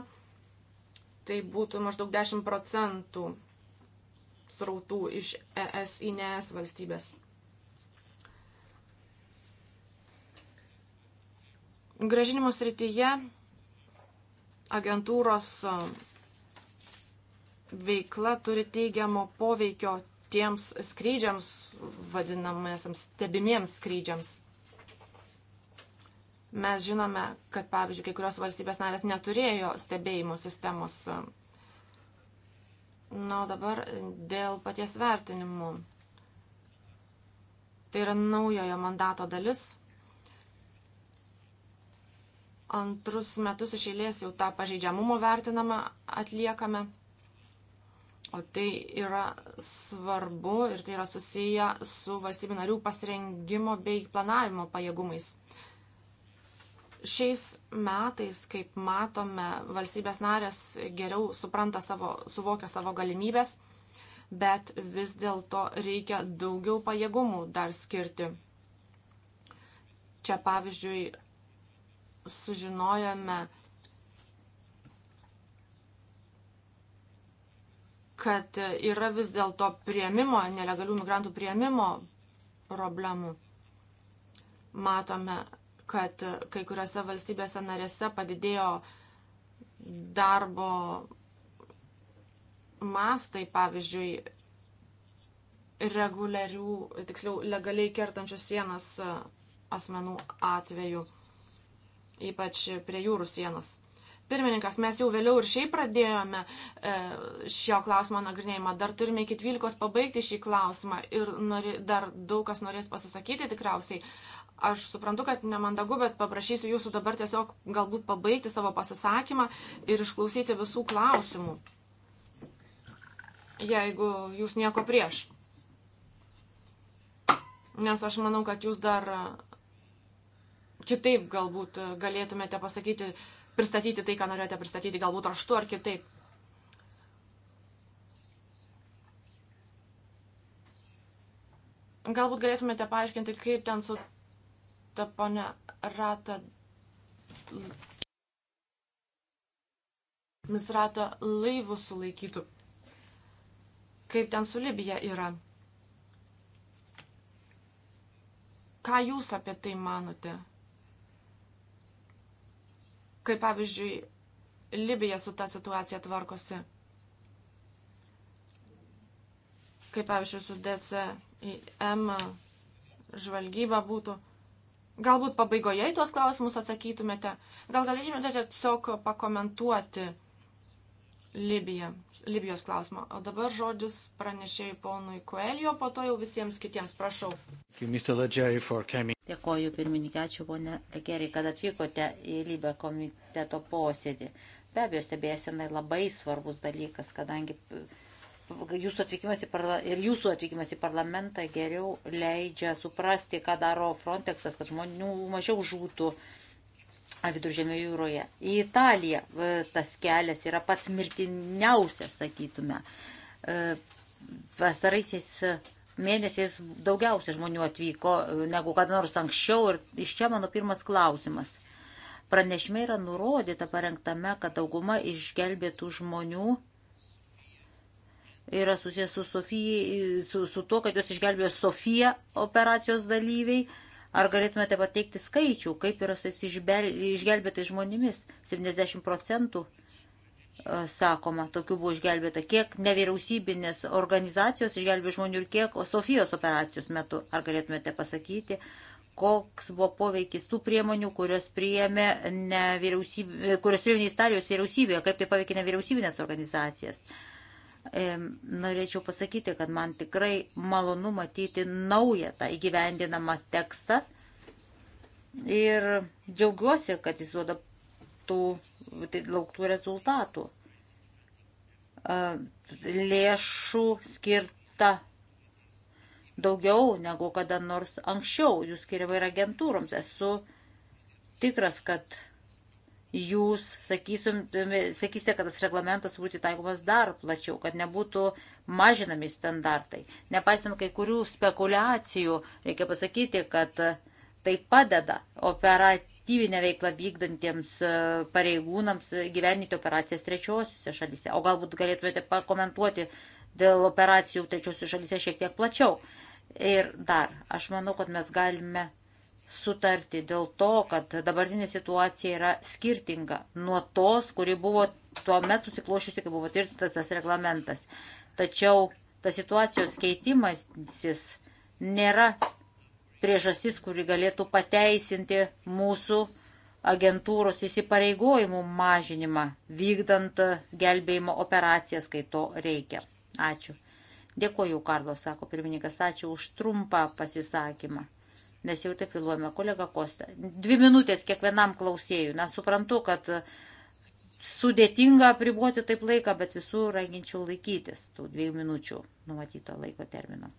tai būtų maždaug 10 procentų srautų iš ES į NES valstybės. Gražinimo srityje agentūros veikla turi teigiamo poveikio tiems skrydžiams, vadinamiesiams stebimiems skrydžiams. Mes žinome, kad pavyzdžiui, kai kurios valstybės narės neturėjo stebėjimo sistemos. Na, o dabar dėl paties vertinimų. Tai yra naujojo mandato dalis. Antrus metus iš eilės jau tą pažeidžiamumo vertinamą atliekame. O tai yra svarbu ir tai yra susiję su valstybių narių pasirengimo bei planavimo pajėgumais. Šiais metais, kaip matome, valstybės narės geriau supranta savo, suvokia savo galimybės, bet vis dėlto reikia daugiau pajėgumų dar skirti. Čia pavyzdžiui sužinojome, kad yra vis dėlto prieimimo, nelegalių migrantų prieimimo problemų. Matome, kad kai kuriuose valstybėse narėse padidėjo darbo mastai, pavyzdžiui, reguliarių, tiksliau, legaliai kertančių sienas e, asmenų atveju, ypač prie jūrų sienos. Pirmininkas, mes jau vėliau ir šiaip pradėjome e, šio klausimo nagrinėjimą, dar turime iki 12 pabaigti šį klausimą ir nori, dar daug kas norės pasisakyti tikriausiai. Aš suprantu, kad nemandagu, bet paprašysiu jūsų dabar tiesiog galbūt pabaigti savo pasisakymą ir išklausyti visų klausimų, jeigu jūs nieko prieš. Nes aš manau, kad jūs dar kitaip galbūt galėtumėte pasakyti, pristatyti tai, ką norėjote pristatyti, galbūt raštu ar kitaip. Galbūt galėtumėte paaiškinti, kaip ten su kartą, ponia Rata. Misrato laivų sulaikytų. Kaip ten su Libija yra? Ką jūs apie tai manote? Kaip pavyzdžiui, Libija su ta situacija tvarkosi? Kaip pavyzdžiui, su DCIM žvalgyba būtų? Galbūt pabaigoje į tuos klausimus atsakytumėte. Gal galėtumėte tiesiog pakomentuoti Libiją, Libijos klausimą. O dabar žodis pranešėjai ponui Koelio, po to jau visiems kitiems prašau. Dėkoju pirmininkė, ačiū ponė Legeriai, kad atvykote į Libiją komiteto posėdį. Be abejo, stebėsenai labai svarbus dalykas, kadangi jūsų atvykimas į parla... ir jūsų atvykimas į parlamentą geriau leidžia suprasti, ką daro Frontexas, kad žmonių mažiau žūtų viduržėmio jūroje. Į Italiją tas kelias yra pats mirtiniausias, sakytume. E, pastaraisiais mėnesiais daugiausia žmonių atvyko e, negu kada nors anksčiau ir iš čia mano pirmas klausimas. Pranešime yra nurodyta parengtame, kad dauguma išgelbėtų žmonių yra susijęs su, Sofijai, su, su tuo, kad jos išgelbėjo Sofija operacijos dalyviai. Ar galėtumėte pateikti skaičių, kaip yra su jais išgelbėtais žmonėmis? 70 procentų, e, sakoma, tokių buvo išgelbėta. Kiek nevyriausybinės organizacijos išgelbė žmonių ir kiek Sofijos operacijos metu? Ar galėtumėte pasakyti, koks buvo poveikis tų priemonių, kurios priėmė, kurios priėmė Italijos vyriausybė, kaip tai paveikė nevyriausybinės organizacijas? Uh, E, norėčiau pasakyti, kad man tikrai malonu matyti naują tą įgyvendinamą tekstą. Ir džiaugiuosi, kad jis duoda tų tai lauktų rezultatų. E, lėšų skirta daugiau negu kada nors anksčiau. Jų skiriama ir agentūroms. Esu tikras, kad jūs sakysim, sakysite, kad tas reglamentas būtų taikomas dar plačiau, kad nebūtų mažinami standartai. Nepaisant kai kurių spekulacijų, reikia pasakyti, kad tai padeda operatyvinę veiklą vykdantiems e, pareigūnams gyveninti operacijas trečiosiuose šalyse. O galbūt galėtumėte pakomentuoti dėl operacijų trečiosiuose šalyse šiek tiek plačiau. Ir dar, aš manau, kad mes galime sutarti dėl to, kad dabartinė situacija yra skirtinga nuo tos, kuri buvo tuo metu susiklošiusi, kai buvo tvirtintas tas reglamentas. Tačiau tas situacijos keitimasis nėra priežastis, kuri galėtų pateisinti mūsų agentūros įsipareigojimų mažinimą, vykdant gelbėjimo operacijas, kai to reikia. Ačiū. Dėkoju, Karlo, sako pirmininkas, ačiū už trumpą pasisakymą nes jau taip vėluojame. Kolega Kosta, dvi minutės kiekvienam klausėjui. Na, suprantu, kad sudėtinga apriboti taip laiką, bet visų raginčiau laikytis tų dviejų minučių numatyto laiko termino.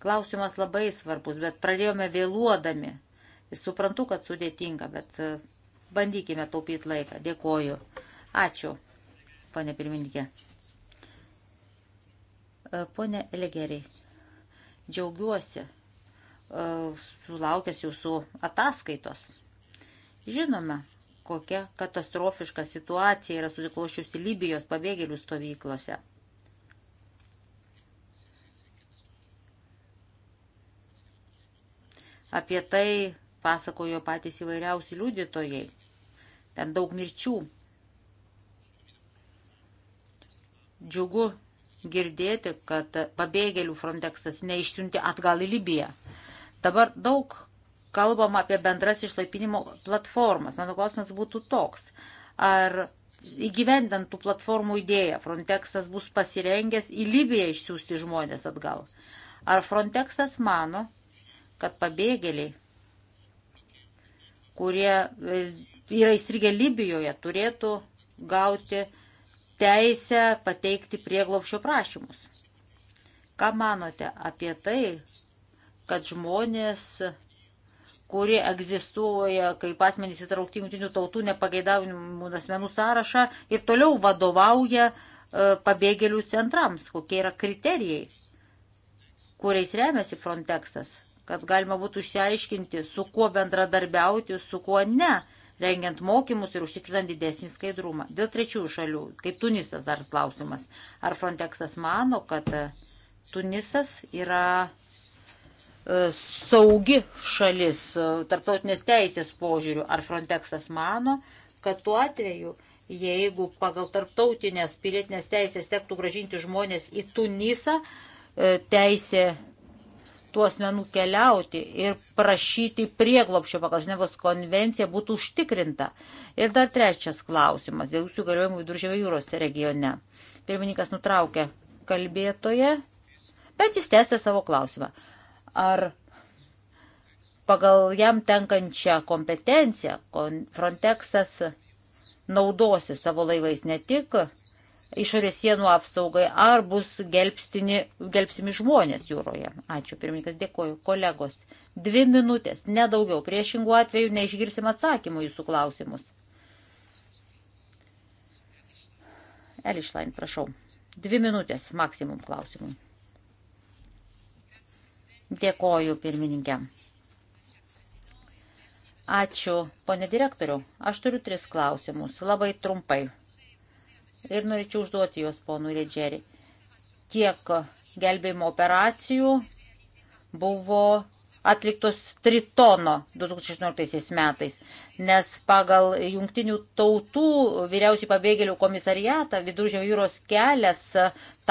Klausimas labai svarbus, bet pradėjome vėluodami. Suprantu, kad sudėtinga, bet e, bandykime taupyti laiką. Dėkoju. Ačiū, ponė pirmininkė. Pone Elegeriai, džiaugiuosi e, sulaukęs jūsų ataskaitos. Žinome, kokia katastrofiška situacija yra susiklošiusi Libijos pabėgėlių stovyklose. Apie tai pasakojo patys įvairiausi liudytojai. Ten daug mirčių. Džiugu girdėti, kad pabėgėlių Frontexas neišsiunti atgal į Libiją. Dabar daug kalbam apie bendras išlaipinimo platformas. Mano klausimas būtų toks. Ar įgyvendant tų platformų idėją Frontexas bus pasirengęs į Libiją išsiųsti žmonės atgal? Ar Frontexas mano, kad pabėgėliai, kurie e, yra įstrigę Libijoje, turėtų gauti teisę pateikti prieglopšio prašymus. Ką manote apie tai, kad žmonės, kurie egzistuoja kaip asmenys įtraukti jungtinių tautų nepageidavimų asmenų sąrašą ir toliau vadovauja e, pabėgėlių centrams, kokie yra kriterijai, kuriais remiasi Frontexas, kad galima būtų išsiaiškinti, su kuo bendradarbiauti, su kuo ne, rengiant mokymus ir užtikrinant didesnį skaidrumą. Dėl trečiųjų šalių, kaip Tunisas dar klausimas, ar Frontexas mano, kad e, Tunisas yra e, saugi šalis e, tarptautinės teisės požiūrių, ar Frontexas mano, kad tuo atveju, jeigu pagal tarptautinės pilietinės teisės tektų gražinti žmonės į Tunisą, teisė tų asmenų keliauti ir prašyti prieglopščio pagal Ženevos konvenciją būtų užtikrinta. Ir dar trečias klausimas dėl jūsų galiojimų viduržėvio jūros regione. Pirmininkas nutraukė kalbėtoje, bet jis tęsė savo klausimą. Ar pagal jam tenkančią kompetenciją Frontexas naudosi savo laivais ne tik išorės sienų apsaugai, ar bus gelbstini, gelbsimi žmonės jūroje. Ačiū, pirmininkas, dėkoju. Kolegos, dvi minutės, nedaugiau. Priešingų atveju neišgirsim atsakymų jūsų klausimus. Elišlain, prašau. Dvi minutės maksimum klausimui. Dėkoju, pirmininkė. Ačiū, ponė direktoriu. Aš turiu tris klausimus, labai trumpai ir norėčiau užduoti jos ponui Ledžerį. Kiek gelbėjimo operacijų buvo atliktos Tritono 2016 metais, nes pagal jungtinių tautų vyriausiai pabėgėlių komisariatą viduržio jūros kelias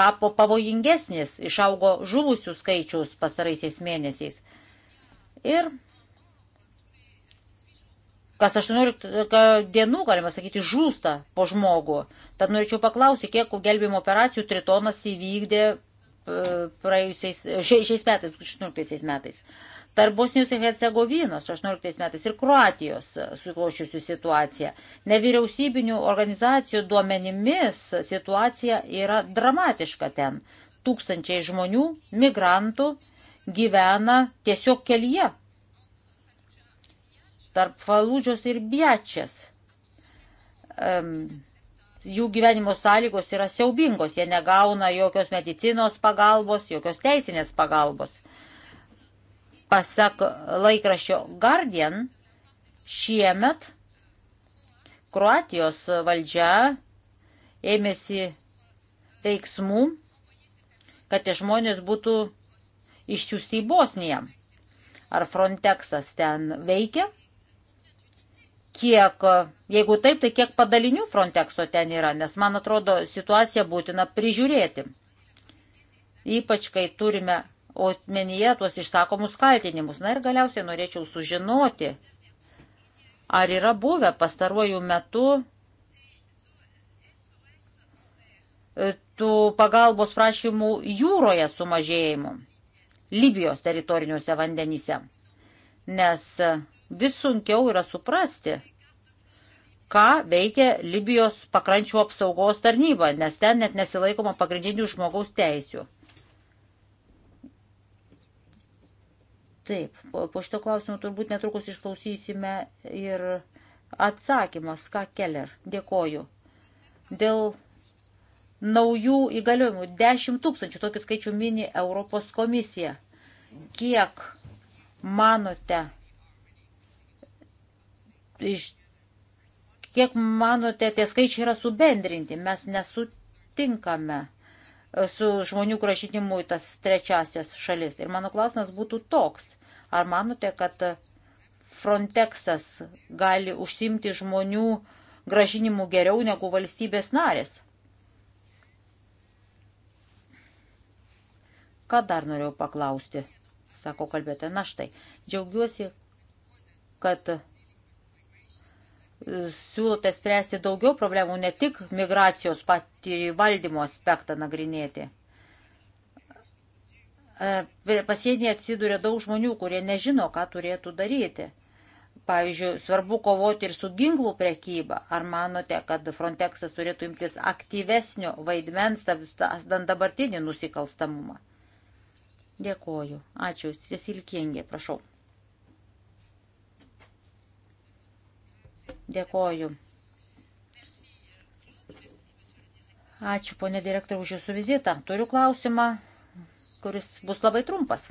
tapo pavojingesnis, išaugo žuvusių skaičius pastaraisiais mėnesiais. Ir kas 18 dienų, galima sakyti, žūsta po žmogų. Tad norėčiau paklausyti, kiek gelbėjimo operacijų Tritonas įvykdė e, praėjusiais, šiais metais, 18 metais. Tarp Bosnijos ir Hercegovinos 18 metais ir Kroatijos suklošiusių situaciją. Nevyriausybinių organizacijų duomenimis situacija yra dramatiška ten. Tūkstančiai žmonių, migrantų gyvena tiesiog kelyje tarp Falūdžios ir Biačias. Um, jų gyvenimo sąlygos yra siaubingos, jie negauna jokios medicinos pagalbos, jokios teisinės pagalbos. Pasak laikraščio Guardian, šiemet Kroatijos valdžia ėmėsi veiksmų, kad tie žmonės būtų išsiųsti į Bosniją. Ar Frontexas ten veikia? kiek, jeigu taip, tai kiek padalinių Frontexo ten yra, nes man atrodo situaciją būtina prižiūrėti. Ypač, kai turime otmenyje tuos išsakomus kaltinimus. Na ir galiausiai norėčiau sužinoti, ar yra buvę pastaruoju metu e, tų pagalbos prašymų jūroje sumažėjimų Libijos teritoriniuose vandenyse. Nes vis sunkiau yra suprasti, ką veikia Libijos pakrančių apsaugos tarnyba, nes ten net nesilaikoma pagrindinių žmogaus teisių. Taip, po šito klausimo turbūt netrukus išklausysime ir atsakymas, ką Keller. Dėkoju. Dėl naujų įgaliojimų 10 tūkstančių, tokį skaičių mini Europos komisija. Kiek manote, iš, kiek manote, tie skaičiai yra subendrinti, mes nesutinkame e, su žmonių gražinimu į tas trečiasias šalis. Ir mano klausimas būtų toks, ar manote, kad Frontexas gali užsimti žmonių gražinimu geriau negu valstybės narės? Ką dar norėjau paklausti, sako kalbėtoja. Na štai, džiaugiuosi, kad siūlote spręsti daugiau problemų, ne tik migracijos patį valdymo aspektą nagrinėti. E, pasienyje atsiduria daug žmonių, kurie nežino, ką turėtų daryti. Pavyzdžiui, svarbu kovoti ir su ginklų prekyba. Ar manote, kad Frontexas turėtų imtis aktyvesnio vaidmens, bent dabartinį nusikalstamumą? Dėkoju. Ačiū. Sesilkingė, prašau. Dėkoju. Ačiū, ponė direktorė, už jūsų vizitą. Turiu klausimą, kuris bus labai trumpas.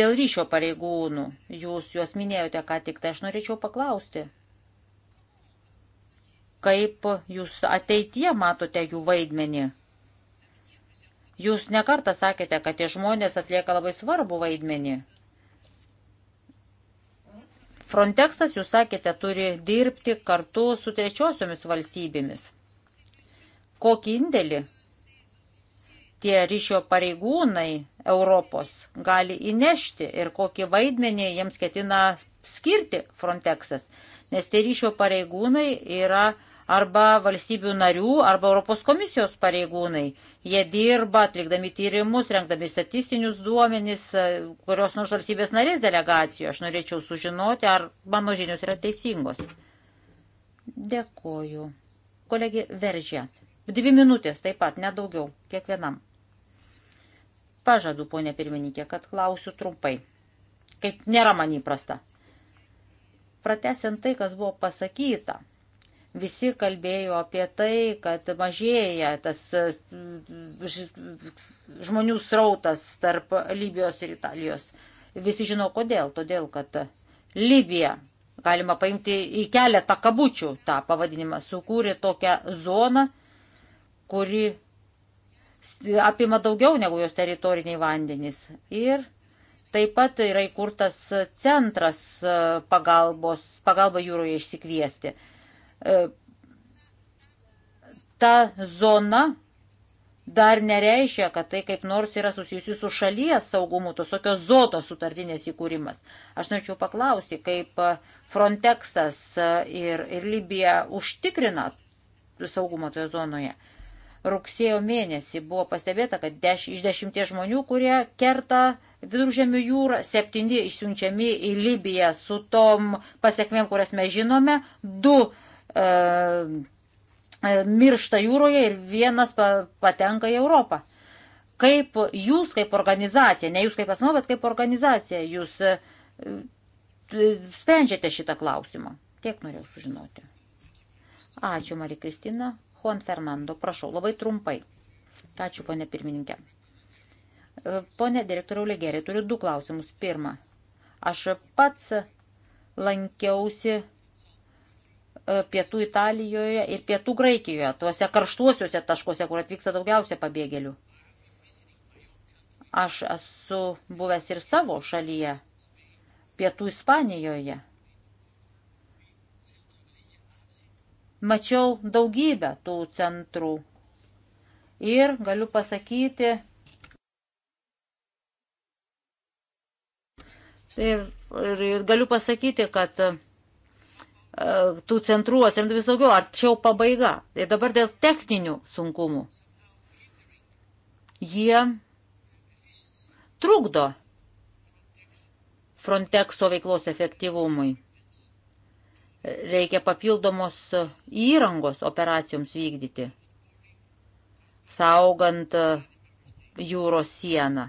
Dėl ryšio pareigūnų, jūs juos minėjote ką tik, tai aš norėčiau paklausti. Kaip jūs ateitie matote jų vaidmenį? Jūs nekartą sakėte, kad tie žmonės atlieka labai svarbų vaidmenį. Frontexas, jūs sakėte, turi dirbti kartu su trečiosiomis valstybėmis. Kokį indėlį tie ryšio pareigūnai Europos gali įnešti ir kokį vaidmenį jiems ketina skirti Frontexas, nes tie ryšio pareigūnai yra arba valstybių narių, arba Europos komisijos pareigūnai. Jie dirba atlikdami tyrimus, renkdami statistinius duomenys, e, kurios nors valstybės narės delegacijų. Aš norėčiau sužinoti, ar mano žinios yra teisingos. Dėkoju. Kolegė Veržė. Dvi minutės taip pat, nedaugiau, kiekvienam. Pažadu, ponė pirmininkė, kad klausiu trumpai, kaip nėra man įprasta. Pratesiant tai, kas buvo pasakyta – Visi kalbėjo apie tai, kad mažėja tas mm, žmonių srautas tarp Libijos ir Italijos. Visi žino kodėl. Todėl, kad Libija, galima paimti į keletą kabučių tą pavadinimą, sukūrė tokią zoną, kuri apima daugiau negu jos teritoriniai vandenys. Ir taip pat yra įkurtas centras pagalbos, pagalba jūroje išsikviesti. E, ta zona dar nereiškia, kad tai kaip nors yra susijusi su šalies saugumu, tos tokios zotos sutartinės įkūrimas. Aš norėčiau paklausti, kaip Frontexas ir, ir Libija užtikrina saugumą toje zonoje. Rugsėjo mėnesį buvo pastebėta, kad deš, iš dešimties žmonių, kurie kerta viduržėmių jūrą, septyni išsiunčiami į Libiją su tom pasiekmėm, kurias mes žinome, du uh, E, e, miršta jūroje ir vienas patenka į Europą. Kaip jūs kaip organizacija, ne jūs kaip asmo, bet kaip organizacija, jūs e, sprendžiate šitą klausimą. Tiek norėjau sužinoti. Ačiū, Marija Kristina. Juan Fernando, prašau, labai trumpai. Ačiū, ponė pirmininkė. Pone direktoriau Legeriai, turiu du klausimus. Pirma, aš pats lankiausi E, pietų Italijoje ir pietų Graikijoje, tuose karštuosiuose taškuose, kur atvyksta daugiausia pabėgėlių. Aš esu buvęs ir savo šalyje, pietų Ispanijoje. Mačiau daugybę tų centrų ir galiu pasakyti, ir, ir, ir galiu pasakyti, kad E, tų centrų atsiranda vis daugiau, arčiau pabaiga. Ir dabar dėl techninių sunkumų. Jie trukdo Frontexo veiklos efektyvumui. Reikia papildomos įrangos operacijoms vykdyti, saugant jūros sieną.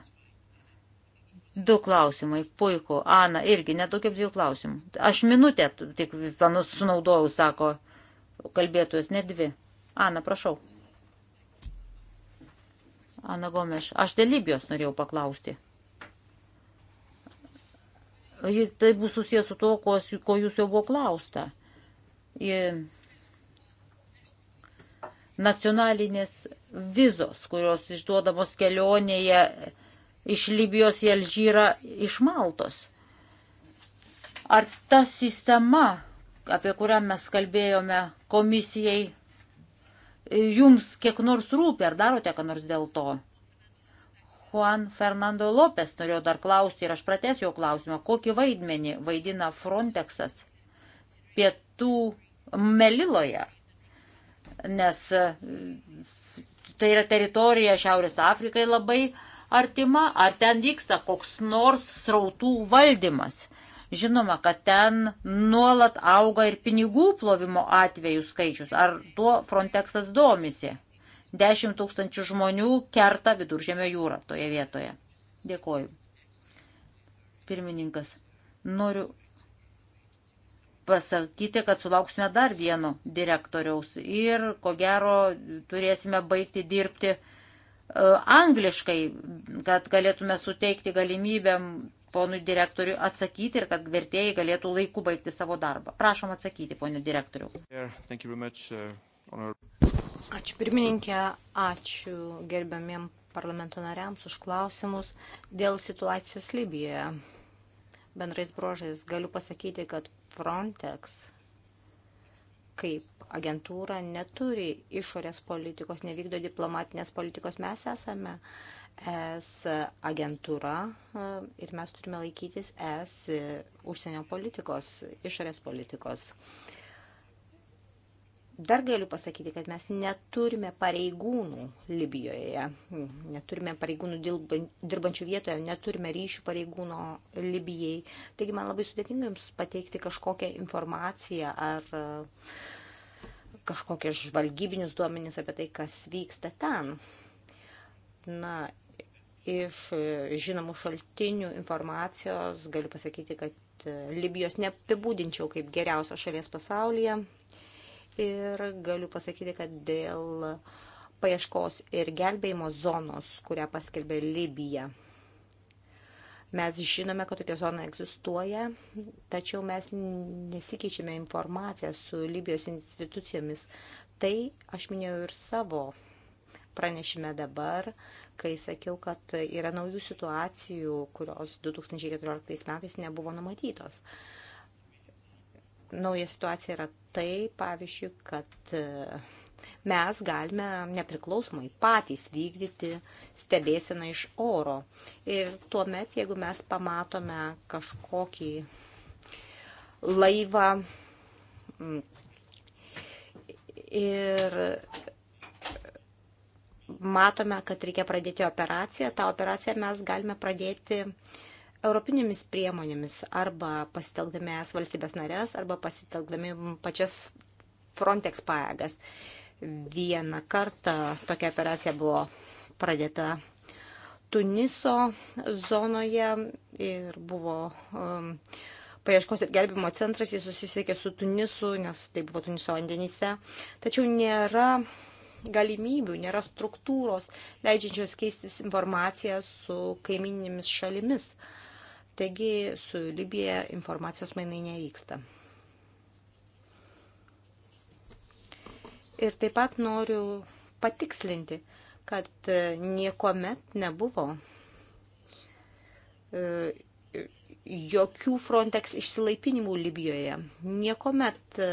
Du klausimai, puiku. Ana, irgi netokia dviejų klausimų. Aš minutę tik planus sunaudojau, sako kalbėtojas, ne dvi. Ana, prašau. Ana Gomeš, aš dėl Libijos norėjau paklausti. Jis tai bus susijęs su to, ko, ko jūs jau buvo klausta. Ir nacionalinės vizos, kurios išduodamos kelionėje iš Libijos į Alžyrą iš Maltos. Ar ta sistema, apie kurią mes kalbėjome komisijai, jums kiek nors rūpi, ar darote ką nors dėl to? Juan Fernando Lopes norėjo dar klausti ir aš pratęsiu jo klausimą, kokį vaidmenį vaidina Frontexas pietų Meliloje, nes e, tai yra teritorija Šiaurės Afrikai labai uh, artima, ar ten vyksta koks nors srautų valdymas. Žinoma, kad ten nuolat auga ir pinigų plovimo atvejų skaičius. Ar tuo Frontexas domisi? 10 tūkstančių žmonių kerta viduržėmio jūrą toje vietoje. Dėkoju. Pirmininkas, noriu pasakyti, kad sulauksime dar vieno direktoriaus ir ko gero turėsime baigti dirbti E, angliškai, kad galėtume suteikti galimybę ponui direktoriui atsakyti ir kad vertėjai galėtų laiku baigti savo darbą. Prašom atsakyti, ponė direktoriu. Uh, ačiū pirmininkė, ačiū gerbiamiem parlamento nariams už klausimus dėl situacijos Libijoje. Bendrais brožais galiu pasakyti, kad Frontex kaip agentūra neturi išorės politikos, nevykdo diplomatinės politikos. Mes esame es agentūra e, ir mes turime laikytis es užsienio politikos, išorės politikos. Uh, Dar galiu pasakyti, kad mes neturime pareigūnų Libijoje, neturime pareigūnų dirbančių vietoje, neturime ryšių pareigūno Libijai. Taigi man labai sudėtinga Jums pateikti kažkokią informaciją ar kažkokius žvalgybinius duomenys apie tai, kas vyksta ten. Na, iš žinomų šaltinių informacijos galiu pasakyti, kad Libijos neapibūdinčiau kaip geriausios šalies pasaulyje. Ir galiu pasakyti, kad dėl paieškos ir gelbėjimo zonos, kurią paskelbė Libija, mes žinome, kad tokia zona egzistuoja, tačiau mes nesikeičiame informaciją su Libijos institucijomis. Tai aš minėjau ir savo pranešime dabar, kai sakiau, kad yra naujų situacijų, kurios 2014 metais nebuvo numatytos. Uh, nauja situacija yra tai, pavyzdžiui, kad e, mes galime nepriklausomai patys vykdyti stebėseną iš oro. Ir tuomet, jeigu mes pamatome kažkokį laivą ir matome, kad reikia pradėti operaciją, tą operaciją mes galime pradėti uh, europinėmis priemonėmis arba pasitelkdami es valstybės narės arba pasitelkdami pačias Frontex pajėgas. Vieną kartą tokia operacija buvo pradėta Tuniso zonoje ir buvo um, paieškos ir gelbimo centras, jis susisiekė su Tunisu, nes tai buvo Tuniso vandenyse. Tačiau nėra galimybių, nėra struktūros leidžiančios keistis informaciją su kaimininėmis šalimis. Uh, Taigi su Libija informacijos mainai nevyksta. Ir taip pat noriu patikslinti, kad e, niekuomet nebuvo e, jokių Frontex išsilaipinimų Libijoje. Niekuomet e,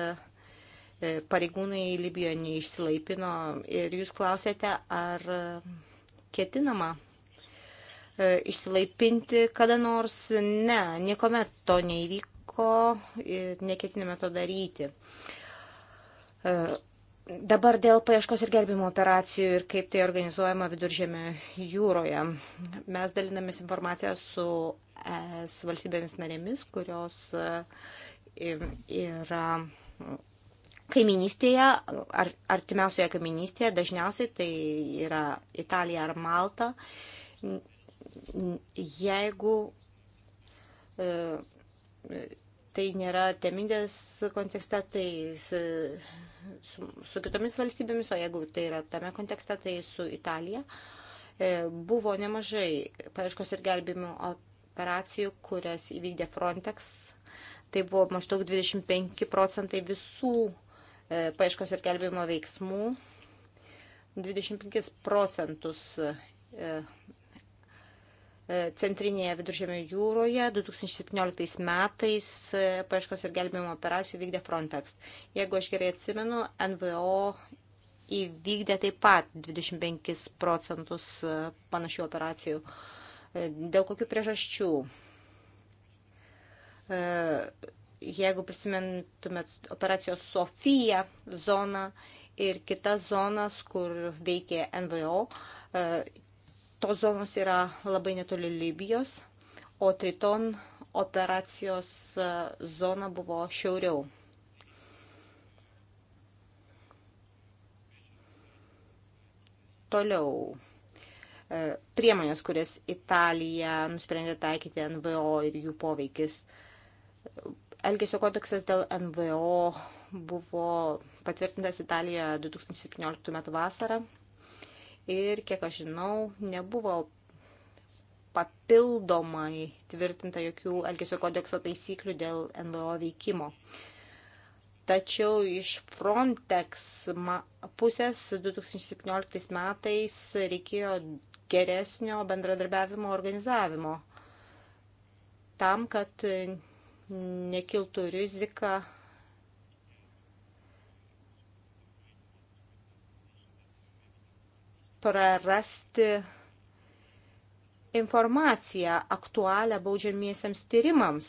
pareigūnai Libijoje neišsilaipino. Ir jūs klausėte, ar ketinama E, išsilaipinti kada nors. Ne, niekuomet to neįvyko ir neketiname to daryti. E, dabar dėl paieškos ir gerbimo operacijų ir kaip tai organizuojama viduržėme jūroje. Mes dalinamės informaciją su ES valstybėmis narėmis, kurios e, yra kaiminystėje, ar, artimiausioje kaiminystėje, dažniausiai tai yra Italija ar Malta jeigu e, tai nėra temindės kontekste, tai su, su, su kitomis valstybėmis, o jeigu tai yra tame kontekste, tai su Italija. E, buvo nemažai paieškos ir gelbimo operacijų, kurias įvykdė Frontex. Tai buvo maždaug 25 procentai visų e, paieškos ir gelbimo veiksmų. 25 procentus E, centrinėje viduržėmio jūroje 2017 metais e, paieškos ir gelbėjimo operacijų vykdė Frontex. Jeigu aš gerai atsimenu, NVO įvykdė taip pat 25 procentus e, panašių operacijų. Dėl kokių priežasčių? Jeigu prisimintumėt operacijos Sofija zoną ir kitas zonas, kur veikė NVO, tos zonos yra labai netoli Libijos, o Triton operacijos e, zona buvo šiauriau. Toliau. E, priemonės, kurias Italija nusprendė taikyti NVO ir jų poveikis. Elgesio kodeksas dėl NVO buvo patvirtintas Italijoje 2017 m. vasarą ir, kiek aš žinau, nebuvo papildomai tvirtinta jokių Elgesio kodekso taisyklių dėl NVO veikimo. Tačiau iš Frontex pusės 2017 metais reikėjo geresnio bendradarbiavimo organizavimo tam, kad nekiltų rizika prarasti informaciją aktualią baudžiamiesiems tyrimams,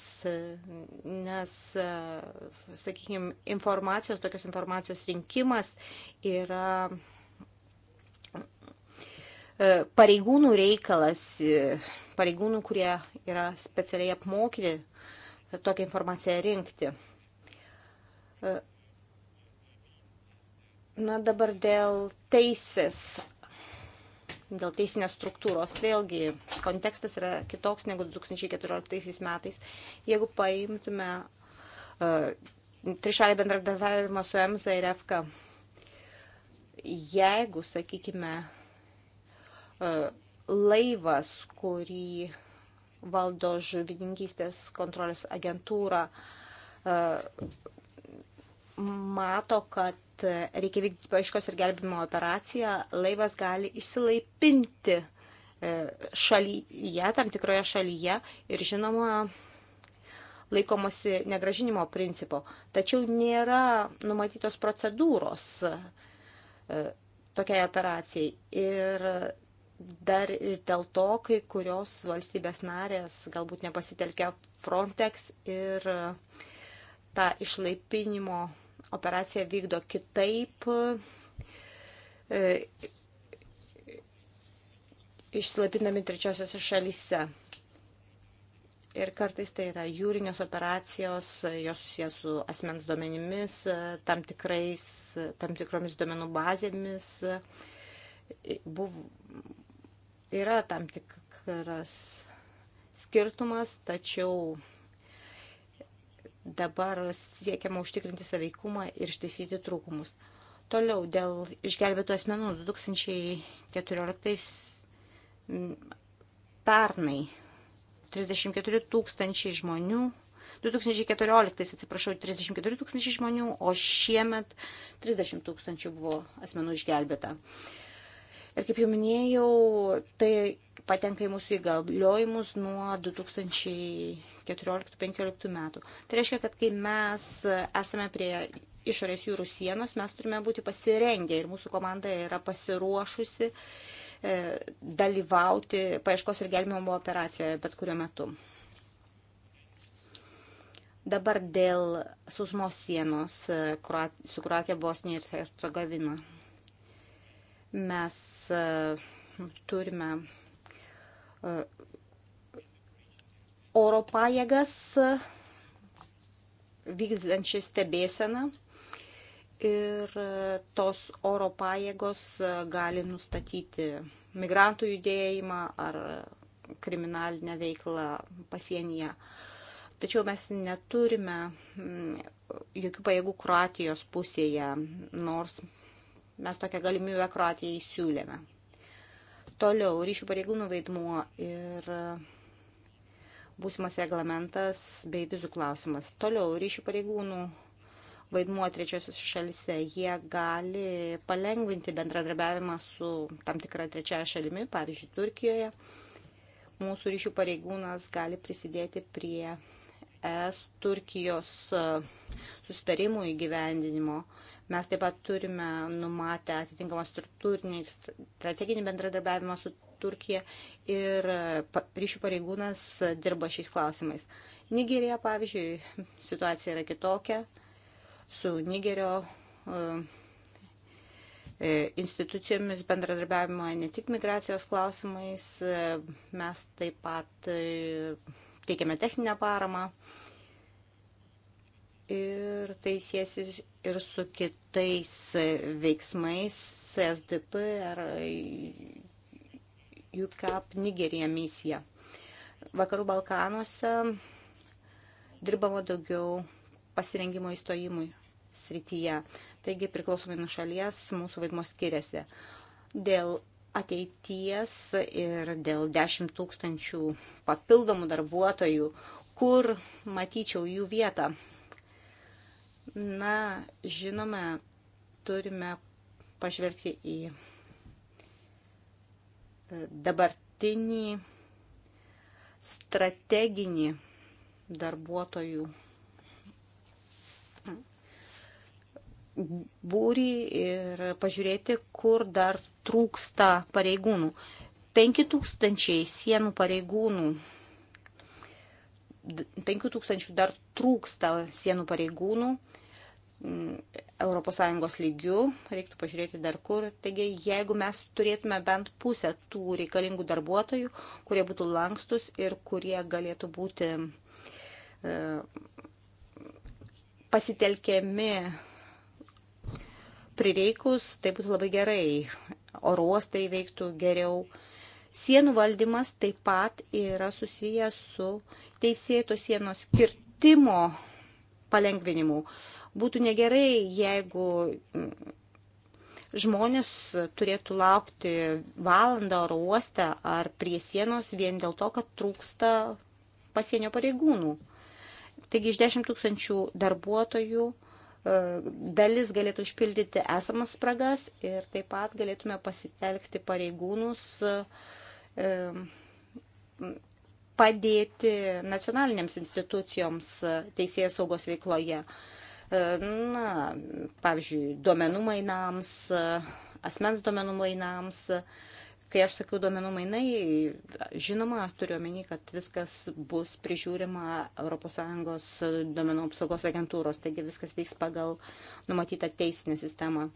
nes, sakykime, informacijos, tokios informacijos rinkimas yra e, pareigūnų reikalas, e, pareigūnų, kurie yra specialiai apmokyti tokią informaciją rinkti. E, na dabar dėl teisės dėl teisinės struktūros. Vėlgi, kontekstas yra kitoks negu 2014 metais. Jeigu paimtume uh, trišalį bendradarbiavimą su EMSA ir FK, jeigu, sakykime, uh, laivas, kurį valdo žuvininkystės kontrolės agentūra, uh, mato, kad reikia vykdyti paieškos ir gelbimo operaciją, laivas gali išsilaipinti e, šalyje, tam tikroje šalyje ir žinoma, laikomasi negražinimo principo. Tačiau nėra numatytos procedūros e, tokiai operacijai. Ir dar ir dėl to, kai kurios valstybės narės galbūt nepasitelkia Frontex ir e, tą išlaipinimo operaciją vykdo kitaip. E, Išsilapinami trečiosiose šalyse. Ir kartais tai yra jūrinės operacijos, jos susijęs su asmens duomenimis, tam, tikrais, tam tikromis duomenų bazėmis. Buv, yra tam tikras skirtumas, tačiau Dabar siekiama užtikrinti saveikumą ir ištaisyti trūkumus. Toliau dėl išgelbėtų asmenų 2014 pernai 34 tūkstančiai žmonių 2014, atsiprašau, 34 tūkstančiai žmonių, o šiemet 30 tūkstančių buvo asmenų išgelbėta. Uh, Ir kaip jau minėjau, tai patenka į mūsų įgaliojimus nuo 2014-2015 metų. Tai reiškia, kad kai mes esame prie išorės jūrų sienos, mes turime būti pasirengę ir mūsų komanda yra pasiruošusi e, dalyvauti paieškos ir gelbėjimo operacijoje bet kuriuo metu. Dabar dėl sausumos sienos e, su Kroatija, Bosnija ir Hercegovina. Tai Mes e, turime e, oro pajėgas e, vykdančią stebėseną ir tos oro pajėgos gali nustatyti migrantų judėjimą ar kriminalinę veiklą pasienyje. Tačiau mes neturime mm, jokių pajėgų Kroatijos pusėje, nors Mes tokią galimybę Kroatijai siūlėme. Toliau ryšių pareigūnų vaidmuo ir būsimas reglamentas bei vizų klausimas. Toliau ryšių pareigūnų vaidmuo trečiosios šalise. Jie gali palengvinti bendradarbiavimą su tam tikra trečiaja šalimi, pavyzdžiui, Turkijoje. Mūsų ryšių pareigūnas gali prisidėti prie ES Turkijos e, susitarimų įgyvendinimo. Uh, Mes taip pat turime numatę atitinkamą struktūrinį strateginį bendradarbiavimą su Turkija ir e, ryšių pareigūnas e, dirba šiais klausimais. Nigerija, pavyzdžiui, situacija yra kitokia. Su Nigerio e, institucijomis bendradarbiavimo ne tik migracijos klausimais, mes taip pat teikiame techninę paramą ir tai siesi ir su kitais veiksmais CSDP ar UCAP Nigerija misija. Vakarų Balkanuose dirbama daugiau pasirengimo įstojimui srityje. Taigi priklausomai nuo šalies mūsų vaidmo skiriasi. Dėl ateities ir dėl 10 tūkstančių papildomų darbuotojų, kur matyčiau jų vietą Na, žinome, turime pažvelgti į e, dabartinį strateginį darbuotojų būrį ir pažiūrėti, kur dar trūksta pareigūnų. 5000 sienų pareigūnų. 5000 dar trūksta sienų pareigūnų ES lygių, reiktų pažiūrėti dar kur. Taigi, jeigu mes turėtume bent pusę tų reikalingų darbuotojų, kurie būtų lankstus ir kurie galėtų būti e, pasitelkiami prireikus, tai būtų labai gerai. Oro uostai veiktų geriau. Sienų valdymas taip pat yra susijęs su teisėto sienos kirtimo palengvinimu. Uh, Būtų negerai, jeigu mm, žmonės turėtų laukti valandą oro uoste ar prie sienos vien dėl to, kad trūksta pasienio pareigūnų. Taigi iš 10 tūkstančių darbuotojų e, dalis galėtų užpildyti esamas spragas ir taip pat galėtume pasitelkti pareigūnus e, padėti nacionalinėms institucijoms teisėjas saugos veikloje na, pavyzdžiui, duomenų mainams, asmens duomenų mainams. Kai aš sakau duomenų mainai, žinoma, turiu omeny, kad viskas bus prižiūrima ES duomenų apsaugos agentūros, taigi viskas vyks pagal numatytą teisinę sistemą.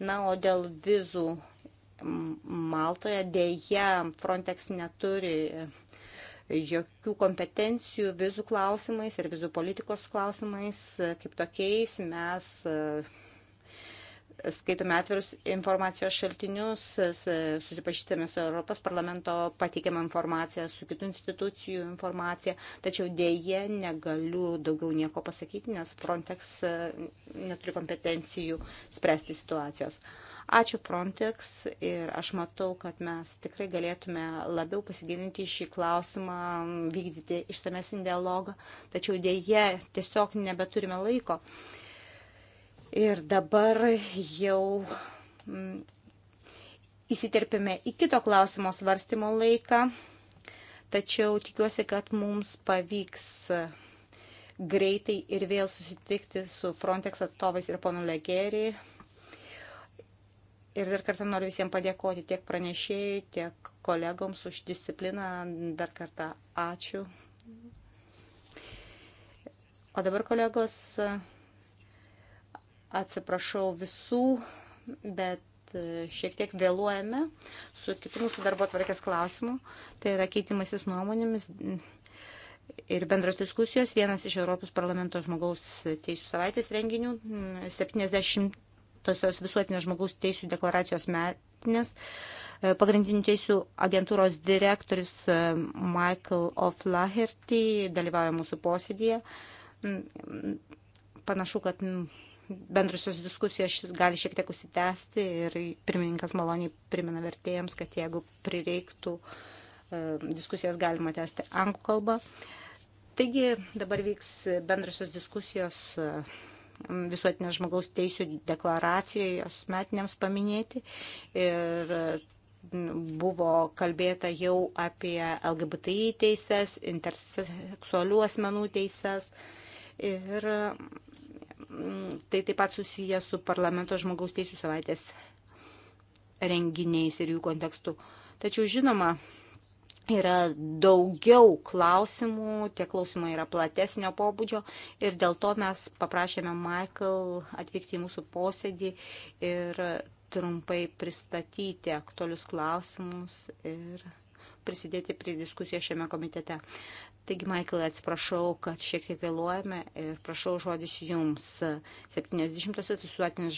Na, o dėl vizų Maltoje dėja Frontex neturi jokių kompetencijų vizų klausimais ir vizų politikos klausimais kaip tokiais mes skaitome atvirus informacijos šaltinius, susipažįstame su Europos parlamento pateikiamą informaciją, su kitų institucijų informacija, tačiau dėje negaliu daugiau nieko pasakyti, nes Frontex e, neturi kompetencijų spręsti situacijos. Ačiū Frontex ir aš matau, kad mes tikrai galėtume labiau pasigilinti šį klausimą, vykdyti išsamesnį dialogą, tačiau dėje tiesiog nebeturime laiko. Uh, Ir dabar jau mm, įsiterpėme į kito klausimo svarstymo laiką, tačiau tikiuosi, kad mums pavyks greitai ir vėl susitikti su Frontex atstovais ir ponu Legerį. Ir dar kartą noriu visiems padėkoti tiek pranešėjai, tiek kolegoms už discipliną. Dar kartą ačiū. O dabar kolegos. Atsiprašau visų, bet e, šiek tiek vėluojame su kitu mūsų darbo tvarkės klausimu. Tai yra keitimasis nuomonėmis ir bendros diskusijos. Vienas iš Europos parlamento žmogaus teisų savaitės renginių 70-osios visuotinės žmogaus teisų deklaracijos metinės. E, pagrindinių teisų agentūros direktorius e, Michael O'Flaherty dalyvauja mūsų posėdėje. Panašu, kad bendrusios diskusijos gali šiek tiek užsitęsti ir pirmininkas maloniai primena vertėjams, kad jeigu prireiktų, e, diskusijas galima tęsti anglų kalbą. Taigi dabar vyks bendrusios diskusijos e, visuotinės žmogaus teisų deklaracijos metiniams paminėti. Ir e, buvo kalbėta jau apie LGBTI teises, interseksualių asmenų teises. Ir tai taip pat susiję su parlamento žmogaus teisų savaitės renginiais ir jų kontekstu. Tačiau žinoma, yra daugiau klausimų, tie klausimai yra platesnio pobūdžio ir dėl to mes paprašėme Michael atvykti į mūsų posėdį ir trumpai pristatyti aktualius klausimus ir prisidėti prie diskusijos šiame komitete. Taigi, Michaelai, atsiprašau, kad šiek tiek vėluojame ir prašau žodis jums 70-osios visuotinės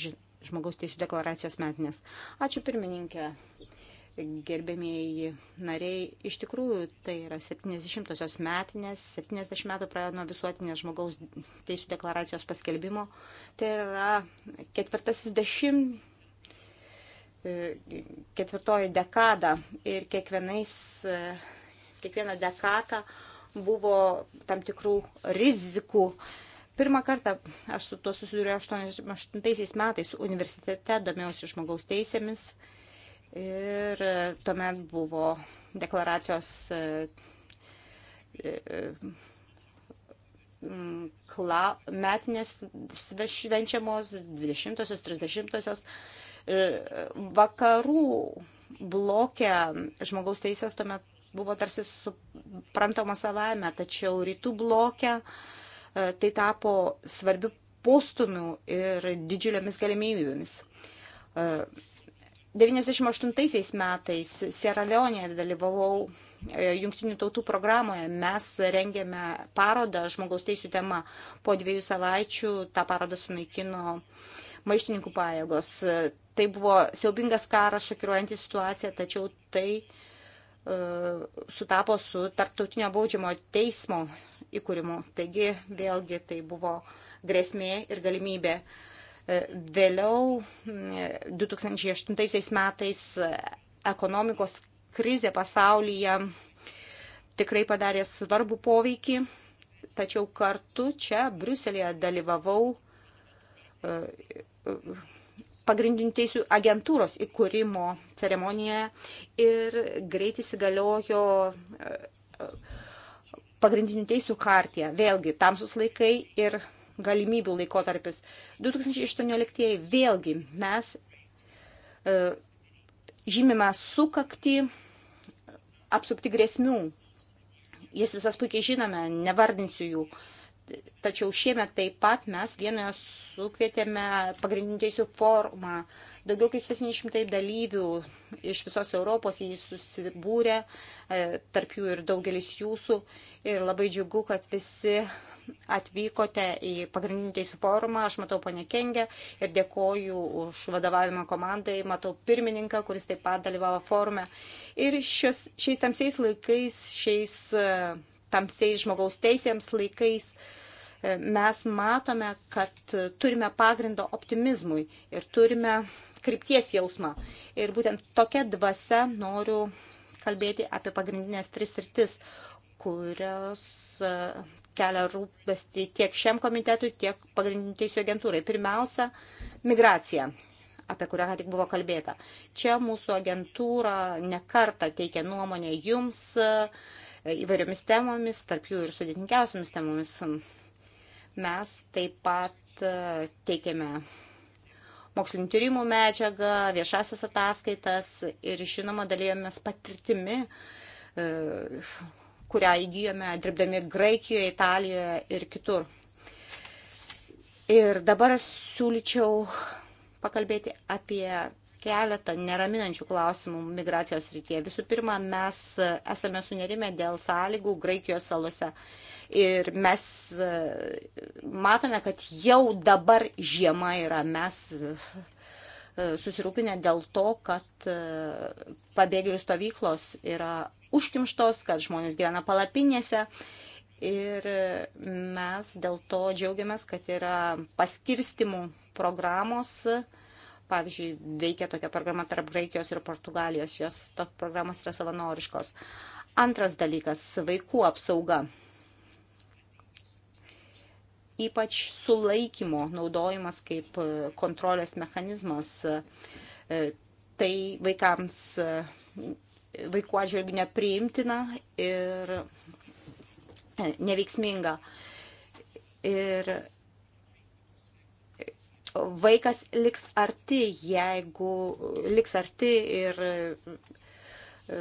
žmogaus teisų deklaracijos metinės. Ačiū pirmininkė gerbėmieji nariai, iš tikrųjų tai yra 70-osios metinės, 70 metų praėjo nuo visuotinės žmogaus teisų deklaracijos paskelbimo. Tai yra ketvirtasis dešimt, e, ketvirtoji dekada ir kiekvienais, e, kiekvieną dekadą buvo tam tikrų rizikų. Pirmą kartą aš su tuo susidūriau 88 metais universitete, domėjausi žmogaus teisėmis ir tuomet buvo deklaracijos e, e, kla, metinės švenčiamos 20-osios, 30-osios e, vakarų blokė žmogaus teisės tuomet buvo tarsi suprantama savaime, tačiau rytų bloke e, tai tapo svarbiu postumiu ir didžiulėmis galimybėmis. 98 e, metais Sierra Leone dalyvavau e, Junktinių tautų programoje. Mes rengėme parodą žmogaus teisų tema. Po dviejų savaičių tą parodą sunaikino maištininkų pajėgos. Tai buvo siaubingas karas, šokiruojanti situacija, tačiau tai uh, E, sutapo su tarptautinio baudžiamo teismo įkūrimu. Taigi vėlgi tai buvo grėsmė ir galimybė. E, vėliau 2008 e, metais ekonomikos krizė pasaulyje tikrai padarė svarbų poveikį, tačiau kartu čia Briuselėje dalyvavau pagrindinių teisų agentūros įkūrimo ceremonijoje ir greit įsigaliojo e, pagrindinių teisų kartija. Vėlgi, tamsus laikai ir galimybių laikotarpis. 2018 vėlgi mes e, žymime sukakti apsupti grėsmių. Jas visas puikiai žinome, nevardinsiu jų. E, Tačiau šiemet taip pat mes vienoje sukvietėme pagrindinių teisų formą. Daugiau kaip 700 dalyvių iš visos Europos jį susibūrė, e, tarp jų ir daugelis jūsų. Ir labai džiugu, kad visi atvykote į pagrindinį teisų forumą. Aš matau ponę Kengę ir dėkoju už vadovavimą komandai. Matau pirmininką, kuris taip pat dalyvavo forume. Ir šios, šiais tamsiais laikais, šiais e, tamsiais žmogaus teisėms laikais uh, mes matome, kad turime pagrindo optimizmui ir turime krypties jausmą. Ir būtent tokia dvasia noriu kalbėti apie pagrindinės tris rytis, kurios e, kelia rūpestį tiek šiam komitetui, tiek pagrindinių teisų agentūrai. Pirmiausia, migracija apie kurią ką tik buvo kalbėta. Čia mūsų agentūra nekarta teikia nuomonę jums e, įvairiomis temomis, tarp jų ir sudėtingiausiamis temomis Mes taip pat e, teikiame mokslinį tyrimų medžiagą, viešasias ataskaitas ir žinoma dalyjomės patirtimi, e, kurią įgyjome dirbdami Graikijoje, Italijoje ir kitur. Ir dabar siūlyčiau pakalbėti apie keletą neraminančių klausimų migracijos rytyje. Visų pirma, mes esame sunerime dėl sąlygų Graikijos salose. Ir mes e, matome, kad jau dabar žiema yra. Mes e, susirūpinę dėl to, kad e, pabėgėlių stovyklos yra užkimštos, kad žmonės gyvena palapinėse. Ir mes dėl to džiaugiamės, kad yra paskirstimų programos uh, Pavyzdžiui, veikia tokia programa tarp Graikijos ir Portugalijos, jos tos programos yra savanoriškos. Antras dalykas - vaikų apsauga. Ypač sulaikymo naudojimas kaip e, kontrolės mechanizmas. E, tai vaikams, e, vaikų atžvilgių nepriimtina ir neveiksminga. Ir vaikas liks arti, jeigu liks arti ir e,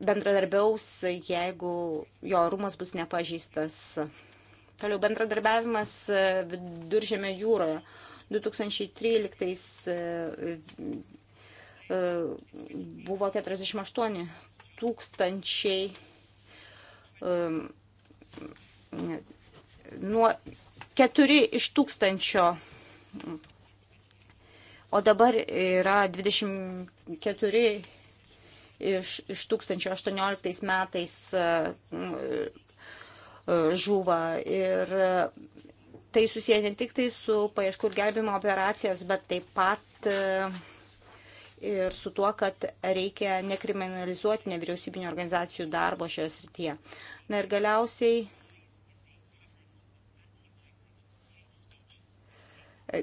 bendradarbiaus, jeigu jo rūmas bus nepažįstas. Toliau bendradarbiavimas e, viduržėme jūroje. 2013 e, buvo 48 tūkstančiai nuo keturi iš tūkstančio. O dabar yra 24 iš, iš 1018 metais e, e, žuva. Ir e, tai susiję ne tik tai su paieškų ir gelbimo operacijos, bet taip pat ir su tuo, kad reikia nekriminalizuoti nevyriausybinio organizacijų darbo šioje srityje. Na ir galiausiai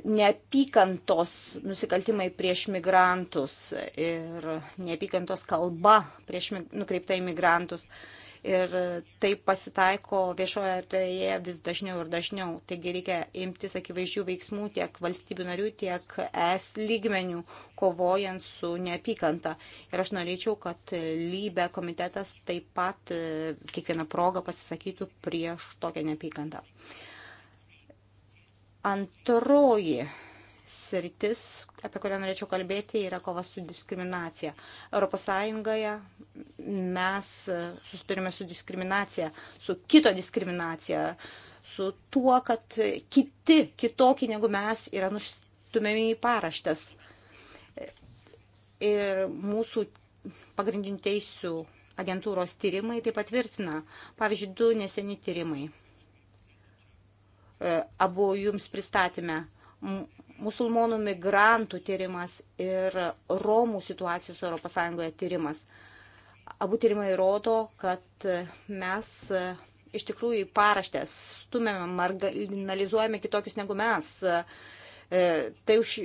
neapykantos nusikaltimai prieš migrantus ir neapykantos kalba prieš nukreipta į migrantus. Ir tai pasitaiko viešoje erdvėje vis dažniau ir dažniau. Taigi reikia imtis akivaizdžių veiksmų tiek valstybių narių, tiek es lygmenių, kovojant su neapykanta. Ir aš norėčiau, kad lybė komitetas taip pat e, kiekvieną progą pasisakytų prieš tokią neapykantą. Uh, Antroji sritis, apie kurią norėčiau kalbėti, yra kova su diskriminacija. ES mes susiturime su diskriminacija, su kito diskriminacija, su tuo, kad kiti, kitokį negu mes, yra nustumėmi į paraštes. Ir mūsų pagrindinių teisių agentūros tyrimai tai patvirtina. Pavyzdžiui, du neseni tyrimai E, abu jums pristatėme musulmonų migrantų tyrimas ir Romų situacijos ES tyrimas. Abu tyrimai rodo, kad mes e, iš tikrųjų į paraštės stumėme, marginalizuojame kitokius negu mes. E, tai už,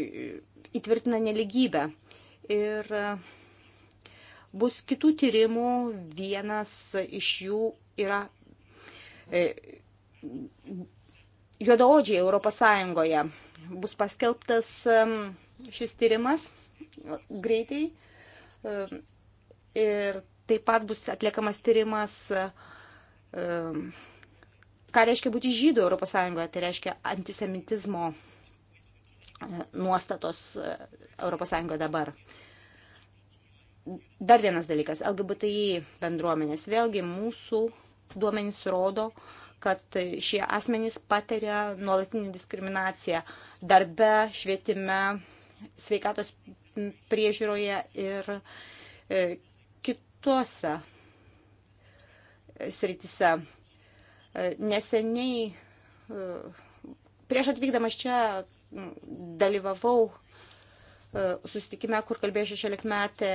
įtvirtina neligybę. Ir bus kitų tyrimų, vienas iš jų yra juodaodžiai Europos Sąjungoje. Bus paskelbtas šis tyrimas greitai ir taip pat bus atliekamas tyrimas, ką reiškia būti žydų Europos Sąjungoje, tai reiškia antisemitizmo e, nuostatos e, Europos Sąjungoje dabar. Dar vienas dalykas - LGBTI bendruomenės. Vėlgi mūsų duomenys rodo, uh, kad šie asmenys patiria nuolatinį diskriminaciją darbe, švietime, sveikatos priežiūroje ir e, kitose sritise. E, neseniai, e, prieš atvykdamas čia, dalyvavau E, susitikime, kur kalbėjo 16 metė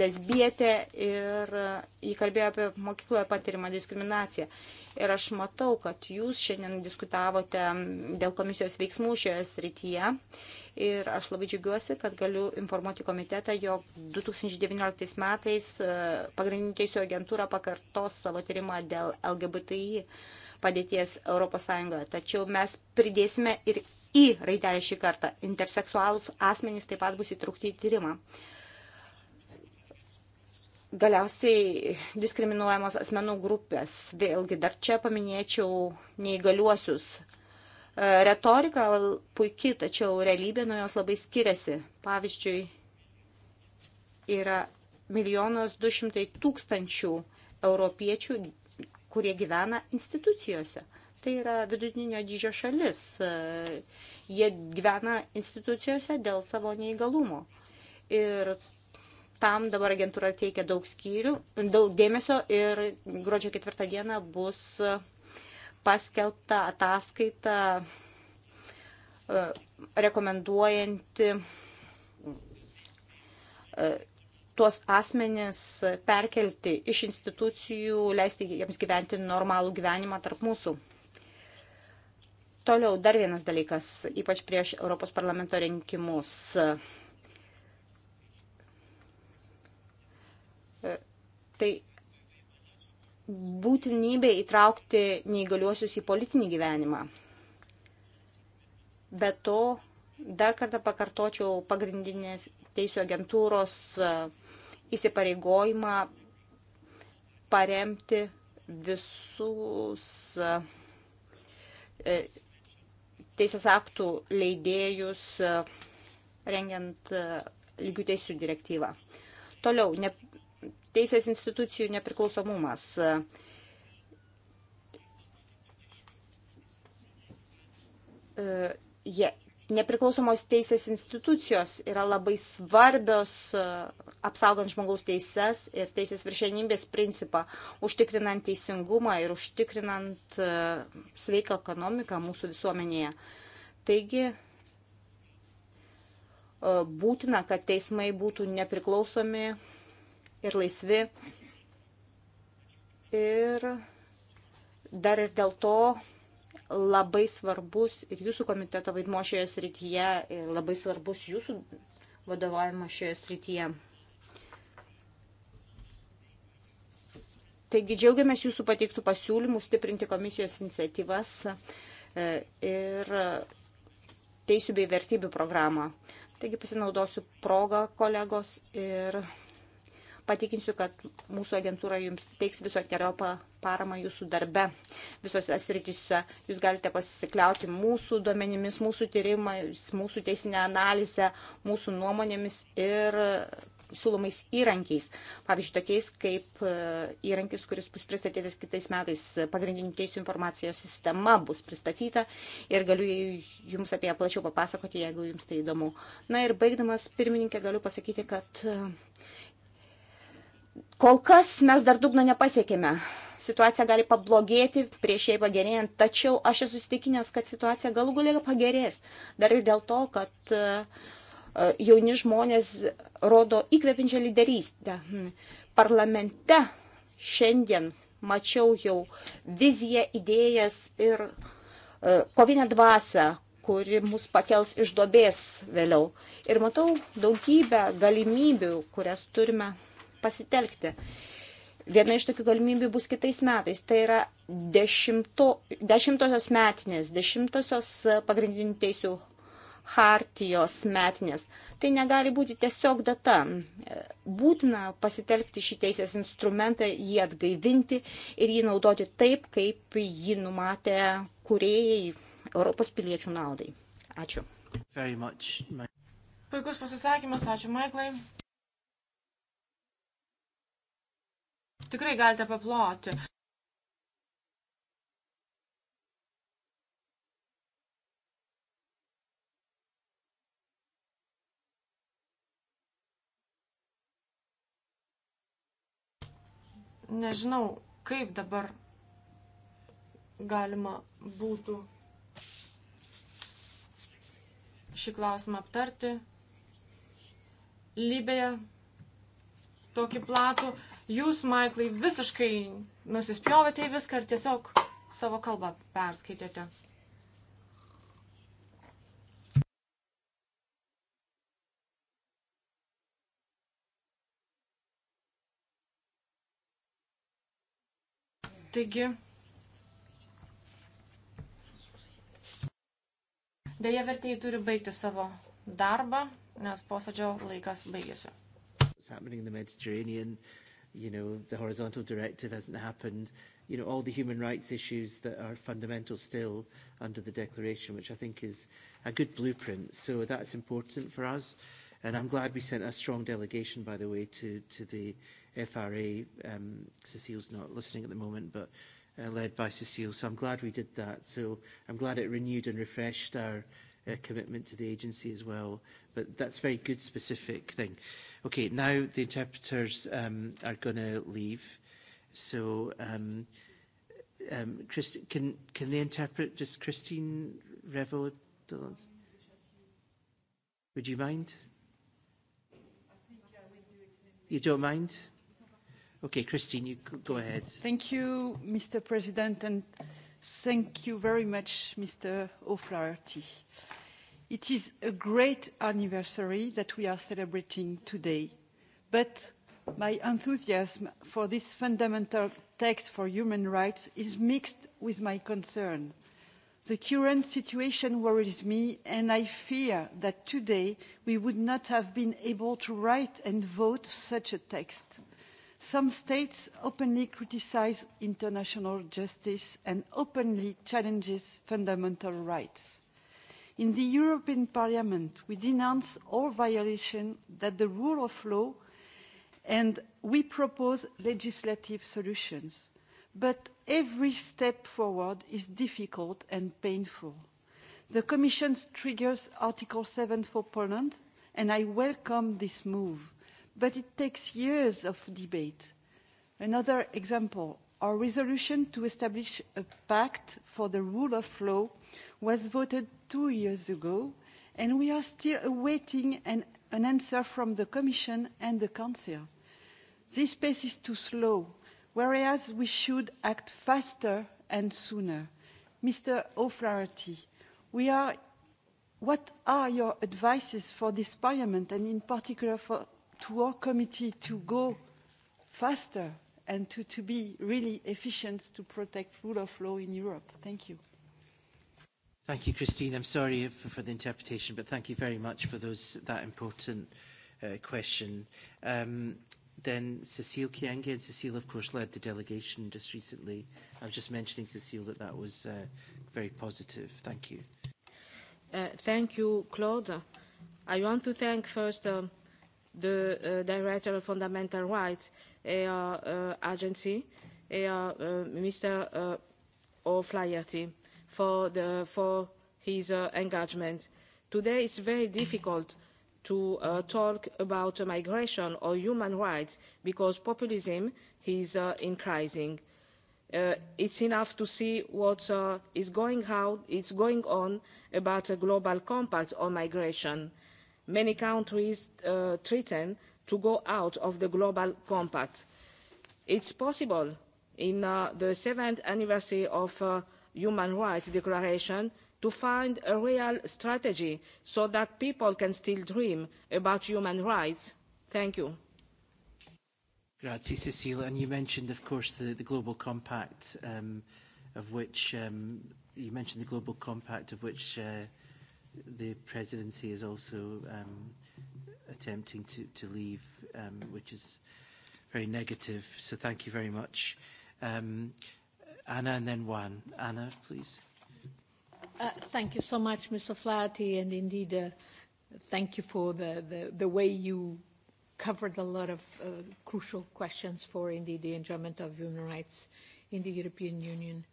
lesbietė ir e, jį kalbėjo apie mokykloje patirimą diskriminaciją. Ir aš matau, kad jūs šiandien diskutavote dėl komisijos veiksmų šioje srityje. Ir aš labai džiugiuosi, kad galiu informuoti komitetą, jog 2019 metais e, pagrindinė teisų agentūra pakartos savo tyrimą dėl LGBTI padėties ES. Tačiau mes pridėsime ir į raidelę šį kartą. Interseksualus asmenys taip pat bus įtraukti į tyrimą. Galiausiai diskriminuojamos asmenų grupės. Vėlgi dar čia paminėčiau neįgaliuosius. E, retorika puikiai, tačiau realybė nuo jos labai skiriasi. Pavyzdžiui, yra milijonas du šimtai tūkstančių europiečių, kurie gyvena institucijose tai yra vidutinio dydžio šalis. Jie gyvena institucijose dėl savo neįgalumo. Ir tam dabar agentūra teikia daug skyrių, daug dėmesio ir gruodžio ketvirtą dieną bus paskelbta ataskaita e, rekomenduojanti e, tuos asmenis perkelti iš institucijų, leisti jiems gyventi normalų gyvenimą tarp mūsų. Toliau dar vienas dalykas, ypač prieš Europos parlamento rinkimus. E, tai būtinybė įtraukti neįgaliuosius į politinį gyvenimą. Be to, dar kartą pakartočiau pagrindinės teisų agentūros e, įsipareigojimą paremti visus e, teisės aktų leidėjus e, rengiant e, lygių teisų direktyvą. Toliau, ne, teisės institucijų nepriklausomumas. E, jie, Nepriklausomos teisės institucijos yra labai svarbios e, apsaugant žmogaus teises ir teisės viršenybės principą, užtikrinant teisingumą ir užtikrinant e, sveiką ekonomiką mūsų visuomenėje. Taigi e, būtina, kad teismai būtų nepriklausomi ir laisvi. Ir dar ir dėl to, labai svarbus ir jūsų komiteto vaidmo šioje srityje, ir labai svarbus jūsų vadovavimo šioje srityje. Taigi džiaugiamės jūsų pateiktų pasiūlymų stiprinti komisijos iniciatyvas e, ir teisų bei vertybių programą. Taigi pasinaudosiu progą kolegos ir patikinsiu, kad mūsų agentūra jums teiks visokiojo paramą jūsų darbe, visose srityse. Jūs galite pasikliauti mūsų duomenimis, mūsų tyrimais, mūsų teisinę analizę, mūsų nuomonėmis ir siūlomais įrankiais. Pavyzdžiui, tokiais kaip e, įrankis, kuris bus pristatytas kitais metais, pagrindinių teisų informacijos sistema bus pristatyta ir galiu jums apie ją plačiau papasakoti, jeigu jums tai įdomu. Na ir baigdamas, pirmininkė, galiu pasakyti, kad Kol kas mes dar dugno nepasiekėme. Situacija gali pablogėti prieš jai pagerėjant, tačiau aš esu įsitikinęs, kad situacija galų galia pagerės. Dar ir dėl to, kad e, e, jauni žmonės rodo įkvepiančią lyderystę. Hmm. Parlamente šiandien mačiau jau viziją, idėjas ir e, kovinę dvasę, kuri mus pakels iš dobės vėliau. Ir matau daugybę galimybių, kurias turime pasitelkti. Viena iš tokių galimybių bus kitais metais. Tai yra dešimto, dešimtosios metinės, dešimtosios pagrindinių teisių hartijos metinės. Tai negali būti tiesiog data. Būtina pasitelkti šį teisės instrumentą, jį atgaivinti ir jį naudoti taip, kaip jį numatė kuriejai Europos piliečių naudai. Ačiū. Puikus pasisakymas, ačiū Maiklai. Tikrai galite paploti. nežinau, kaip dabar galima būtų šį klausimą aptarti. Lybėje tokį platų Jūs, Maiklai, visiškai nusispjovėte į viską ir tiesiog savo kalbą perskaitėte. Taigi, dėja vertėjai turi baigti savo darbą, nes posėdžio laikas baigėsi. What's happening in the Mediterranean? you know, the horizontal directive hasn't happened, you know, all the human rights issues that are fundamental still under the declaration, which I think is a good blueprint. So that's important for us. And I'm glad we sent a strong delegation, by the way, to, to the FRA. Um, Cecile's not listening at the moment, but uh, led by Cecile. So I'm glad we did that. So I'm glad it renewed and refreshed our uh, commitment to the agency as well. But that's a very good specific thing. Uh, Okay, now the interpreters um, are going to leave. So, um, um, Christ- can, can they interpret just Christine Revel? Would you mind? You don't mind? Okay, Christine, you go ahead. Thank you, Mr. President, and thank you very much, Mr. O'Flaherty. Uh, It is a great anniversary that we are celebrating today, but my enthusiasm for this fundamental text for human rights is mixed with my concern. The current situation worries me, and I fear that today we would not have been able to write and vote such a text. Some states openly criticize international justice and openly challenges fundamental rights in the european parliament we denounce all violations of the rule of law and we propose legislative solutions but every step forward is difficult and painful. the commission triggers article seven for poland and i welcome this move but it takes years of debate. another example our resolution to establish a pact for the rule of law was voted two years ago, and we are still awaiting an, an answer from the Commission and the Council. This pace is too slow, whereas we should act faster and sooner. Mr. O'Flaherty, we are, what are your advices for this Parliament and in particular for, to our committee to go faster and to, to be really efficient to protect rule of law in Europe? Thank you. Thank you, Christine. I'm sorry for, for the interpretation, but thank you very much for those that important uh, question. Um, then Cecile Kienge, and Cecile, of course, led the delegation just recently. I was just mentioning, Cecile, that that was uh, very positive. Thank you. Uh, thank you, Claude. I want to thank first um, the uh, Director of Fundamental Rights uh, uh, Agency, uh, uh, Mr. Uh, O'Flaherty. Uh, for, the, for his uh, engagement. Today it's very difficult to uh, talk about uh, migration or human rights because populism is uh, increasing. Uh, it's enough to see what uh, is going out, it's going on about a global compact on migration. Many countries uh, threaten to go out of the global compact. It's possible in uh, the seventh anniversary of uh, human rights declaration to find a real strategy so that people can still dream about human rights. Thank you. Grazie, Cecile. And you mentioned, of course, the, the Global Compact, um, of which um, you mentioned the Global Compact, of which uh, the presidency is also um, attempting to, to leave, um, which is very negative. So thank you very much. Um, Anna and then Juan. Anna, please. Uh, thank you so much, Mr. Flaherty, and indeed, uh, thank you for the, the, the way you covered a lot of uh, crucial questions for indeed the enjoyment of human rights in the European Union,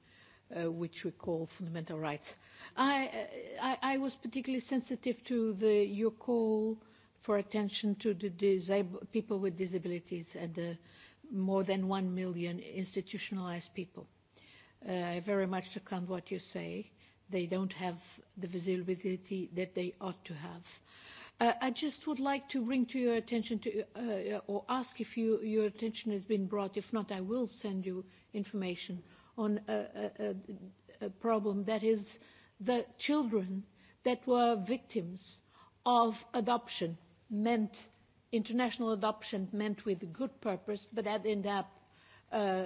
uh, which we call fundamental rights. I, uh, I, I was particularly sensitive to the, your call for attention to the disab- people with disabilities and the more than one million institutionalized people. Uh, Uh, I very much second what you say. They don't have the visibility that they ought to have. Uh, I just would like to bring to your attention to, uh, or ask if you, your attention has been brought. If not, I will send you information on a, a, a, a problem that is the children that were victims of adoption meant international adoption meant with good purpose but that end up uh,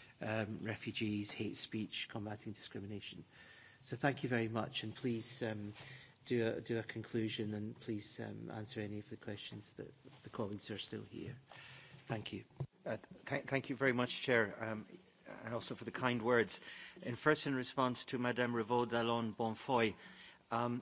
um, refugees, hate speech, combating discrimination. So thank you very much, and please um, do, a, do a conclusion and please um, answer any of the questions that the colleagues are still here. Thank you. Uh, th thank you very much, Chair, um, and also for the kind words. And first, in response to Madame Revaud-Dallon-Bonfoy, um,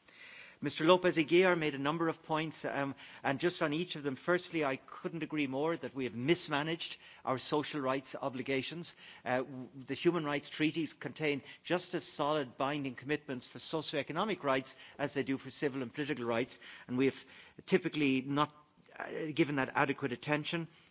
Mr. Lopez Aguilar made a number of points, um, and just on each of them, firstly, I couldn't agree more that we have mismanaged our social rights obligations. Uh, the human rights treaties contain just as solid binding commitments for socioeconomic rights as they do for civil and political rights, and we have typically not uh, given that adequate attention. Uh,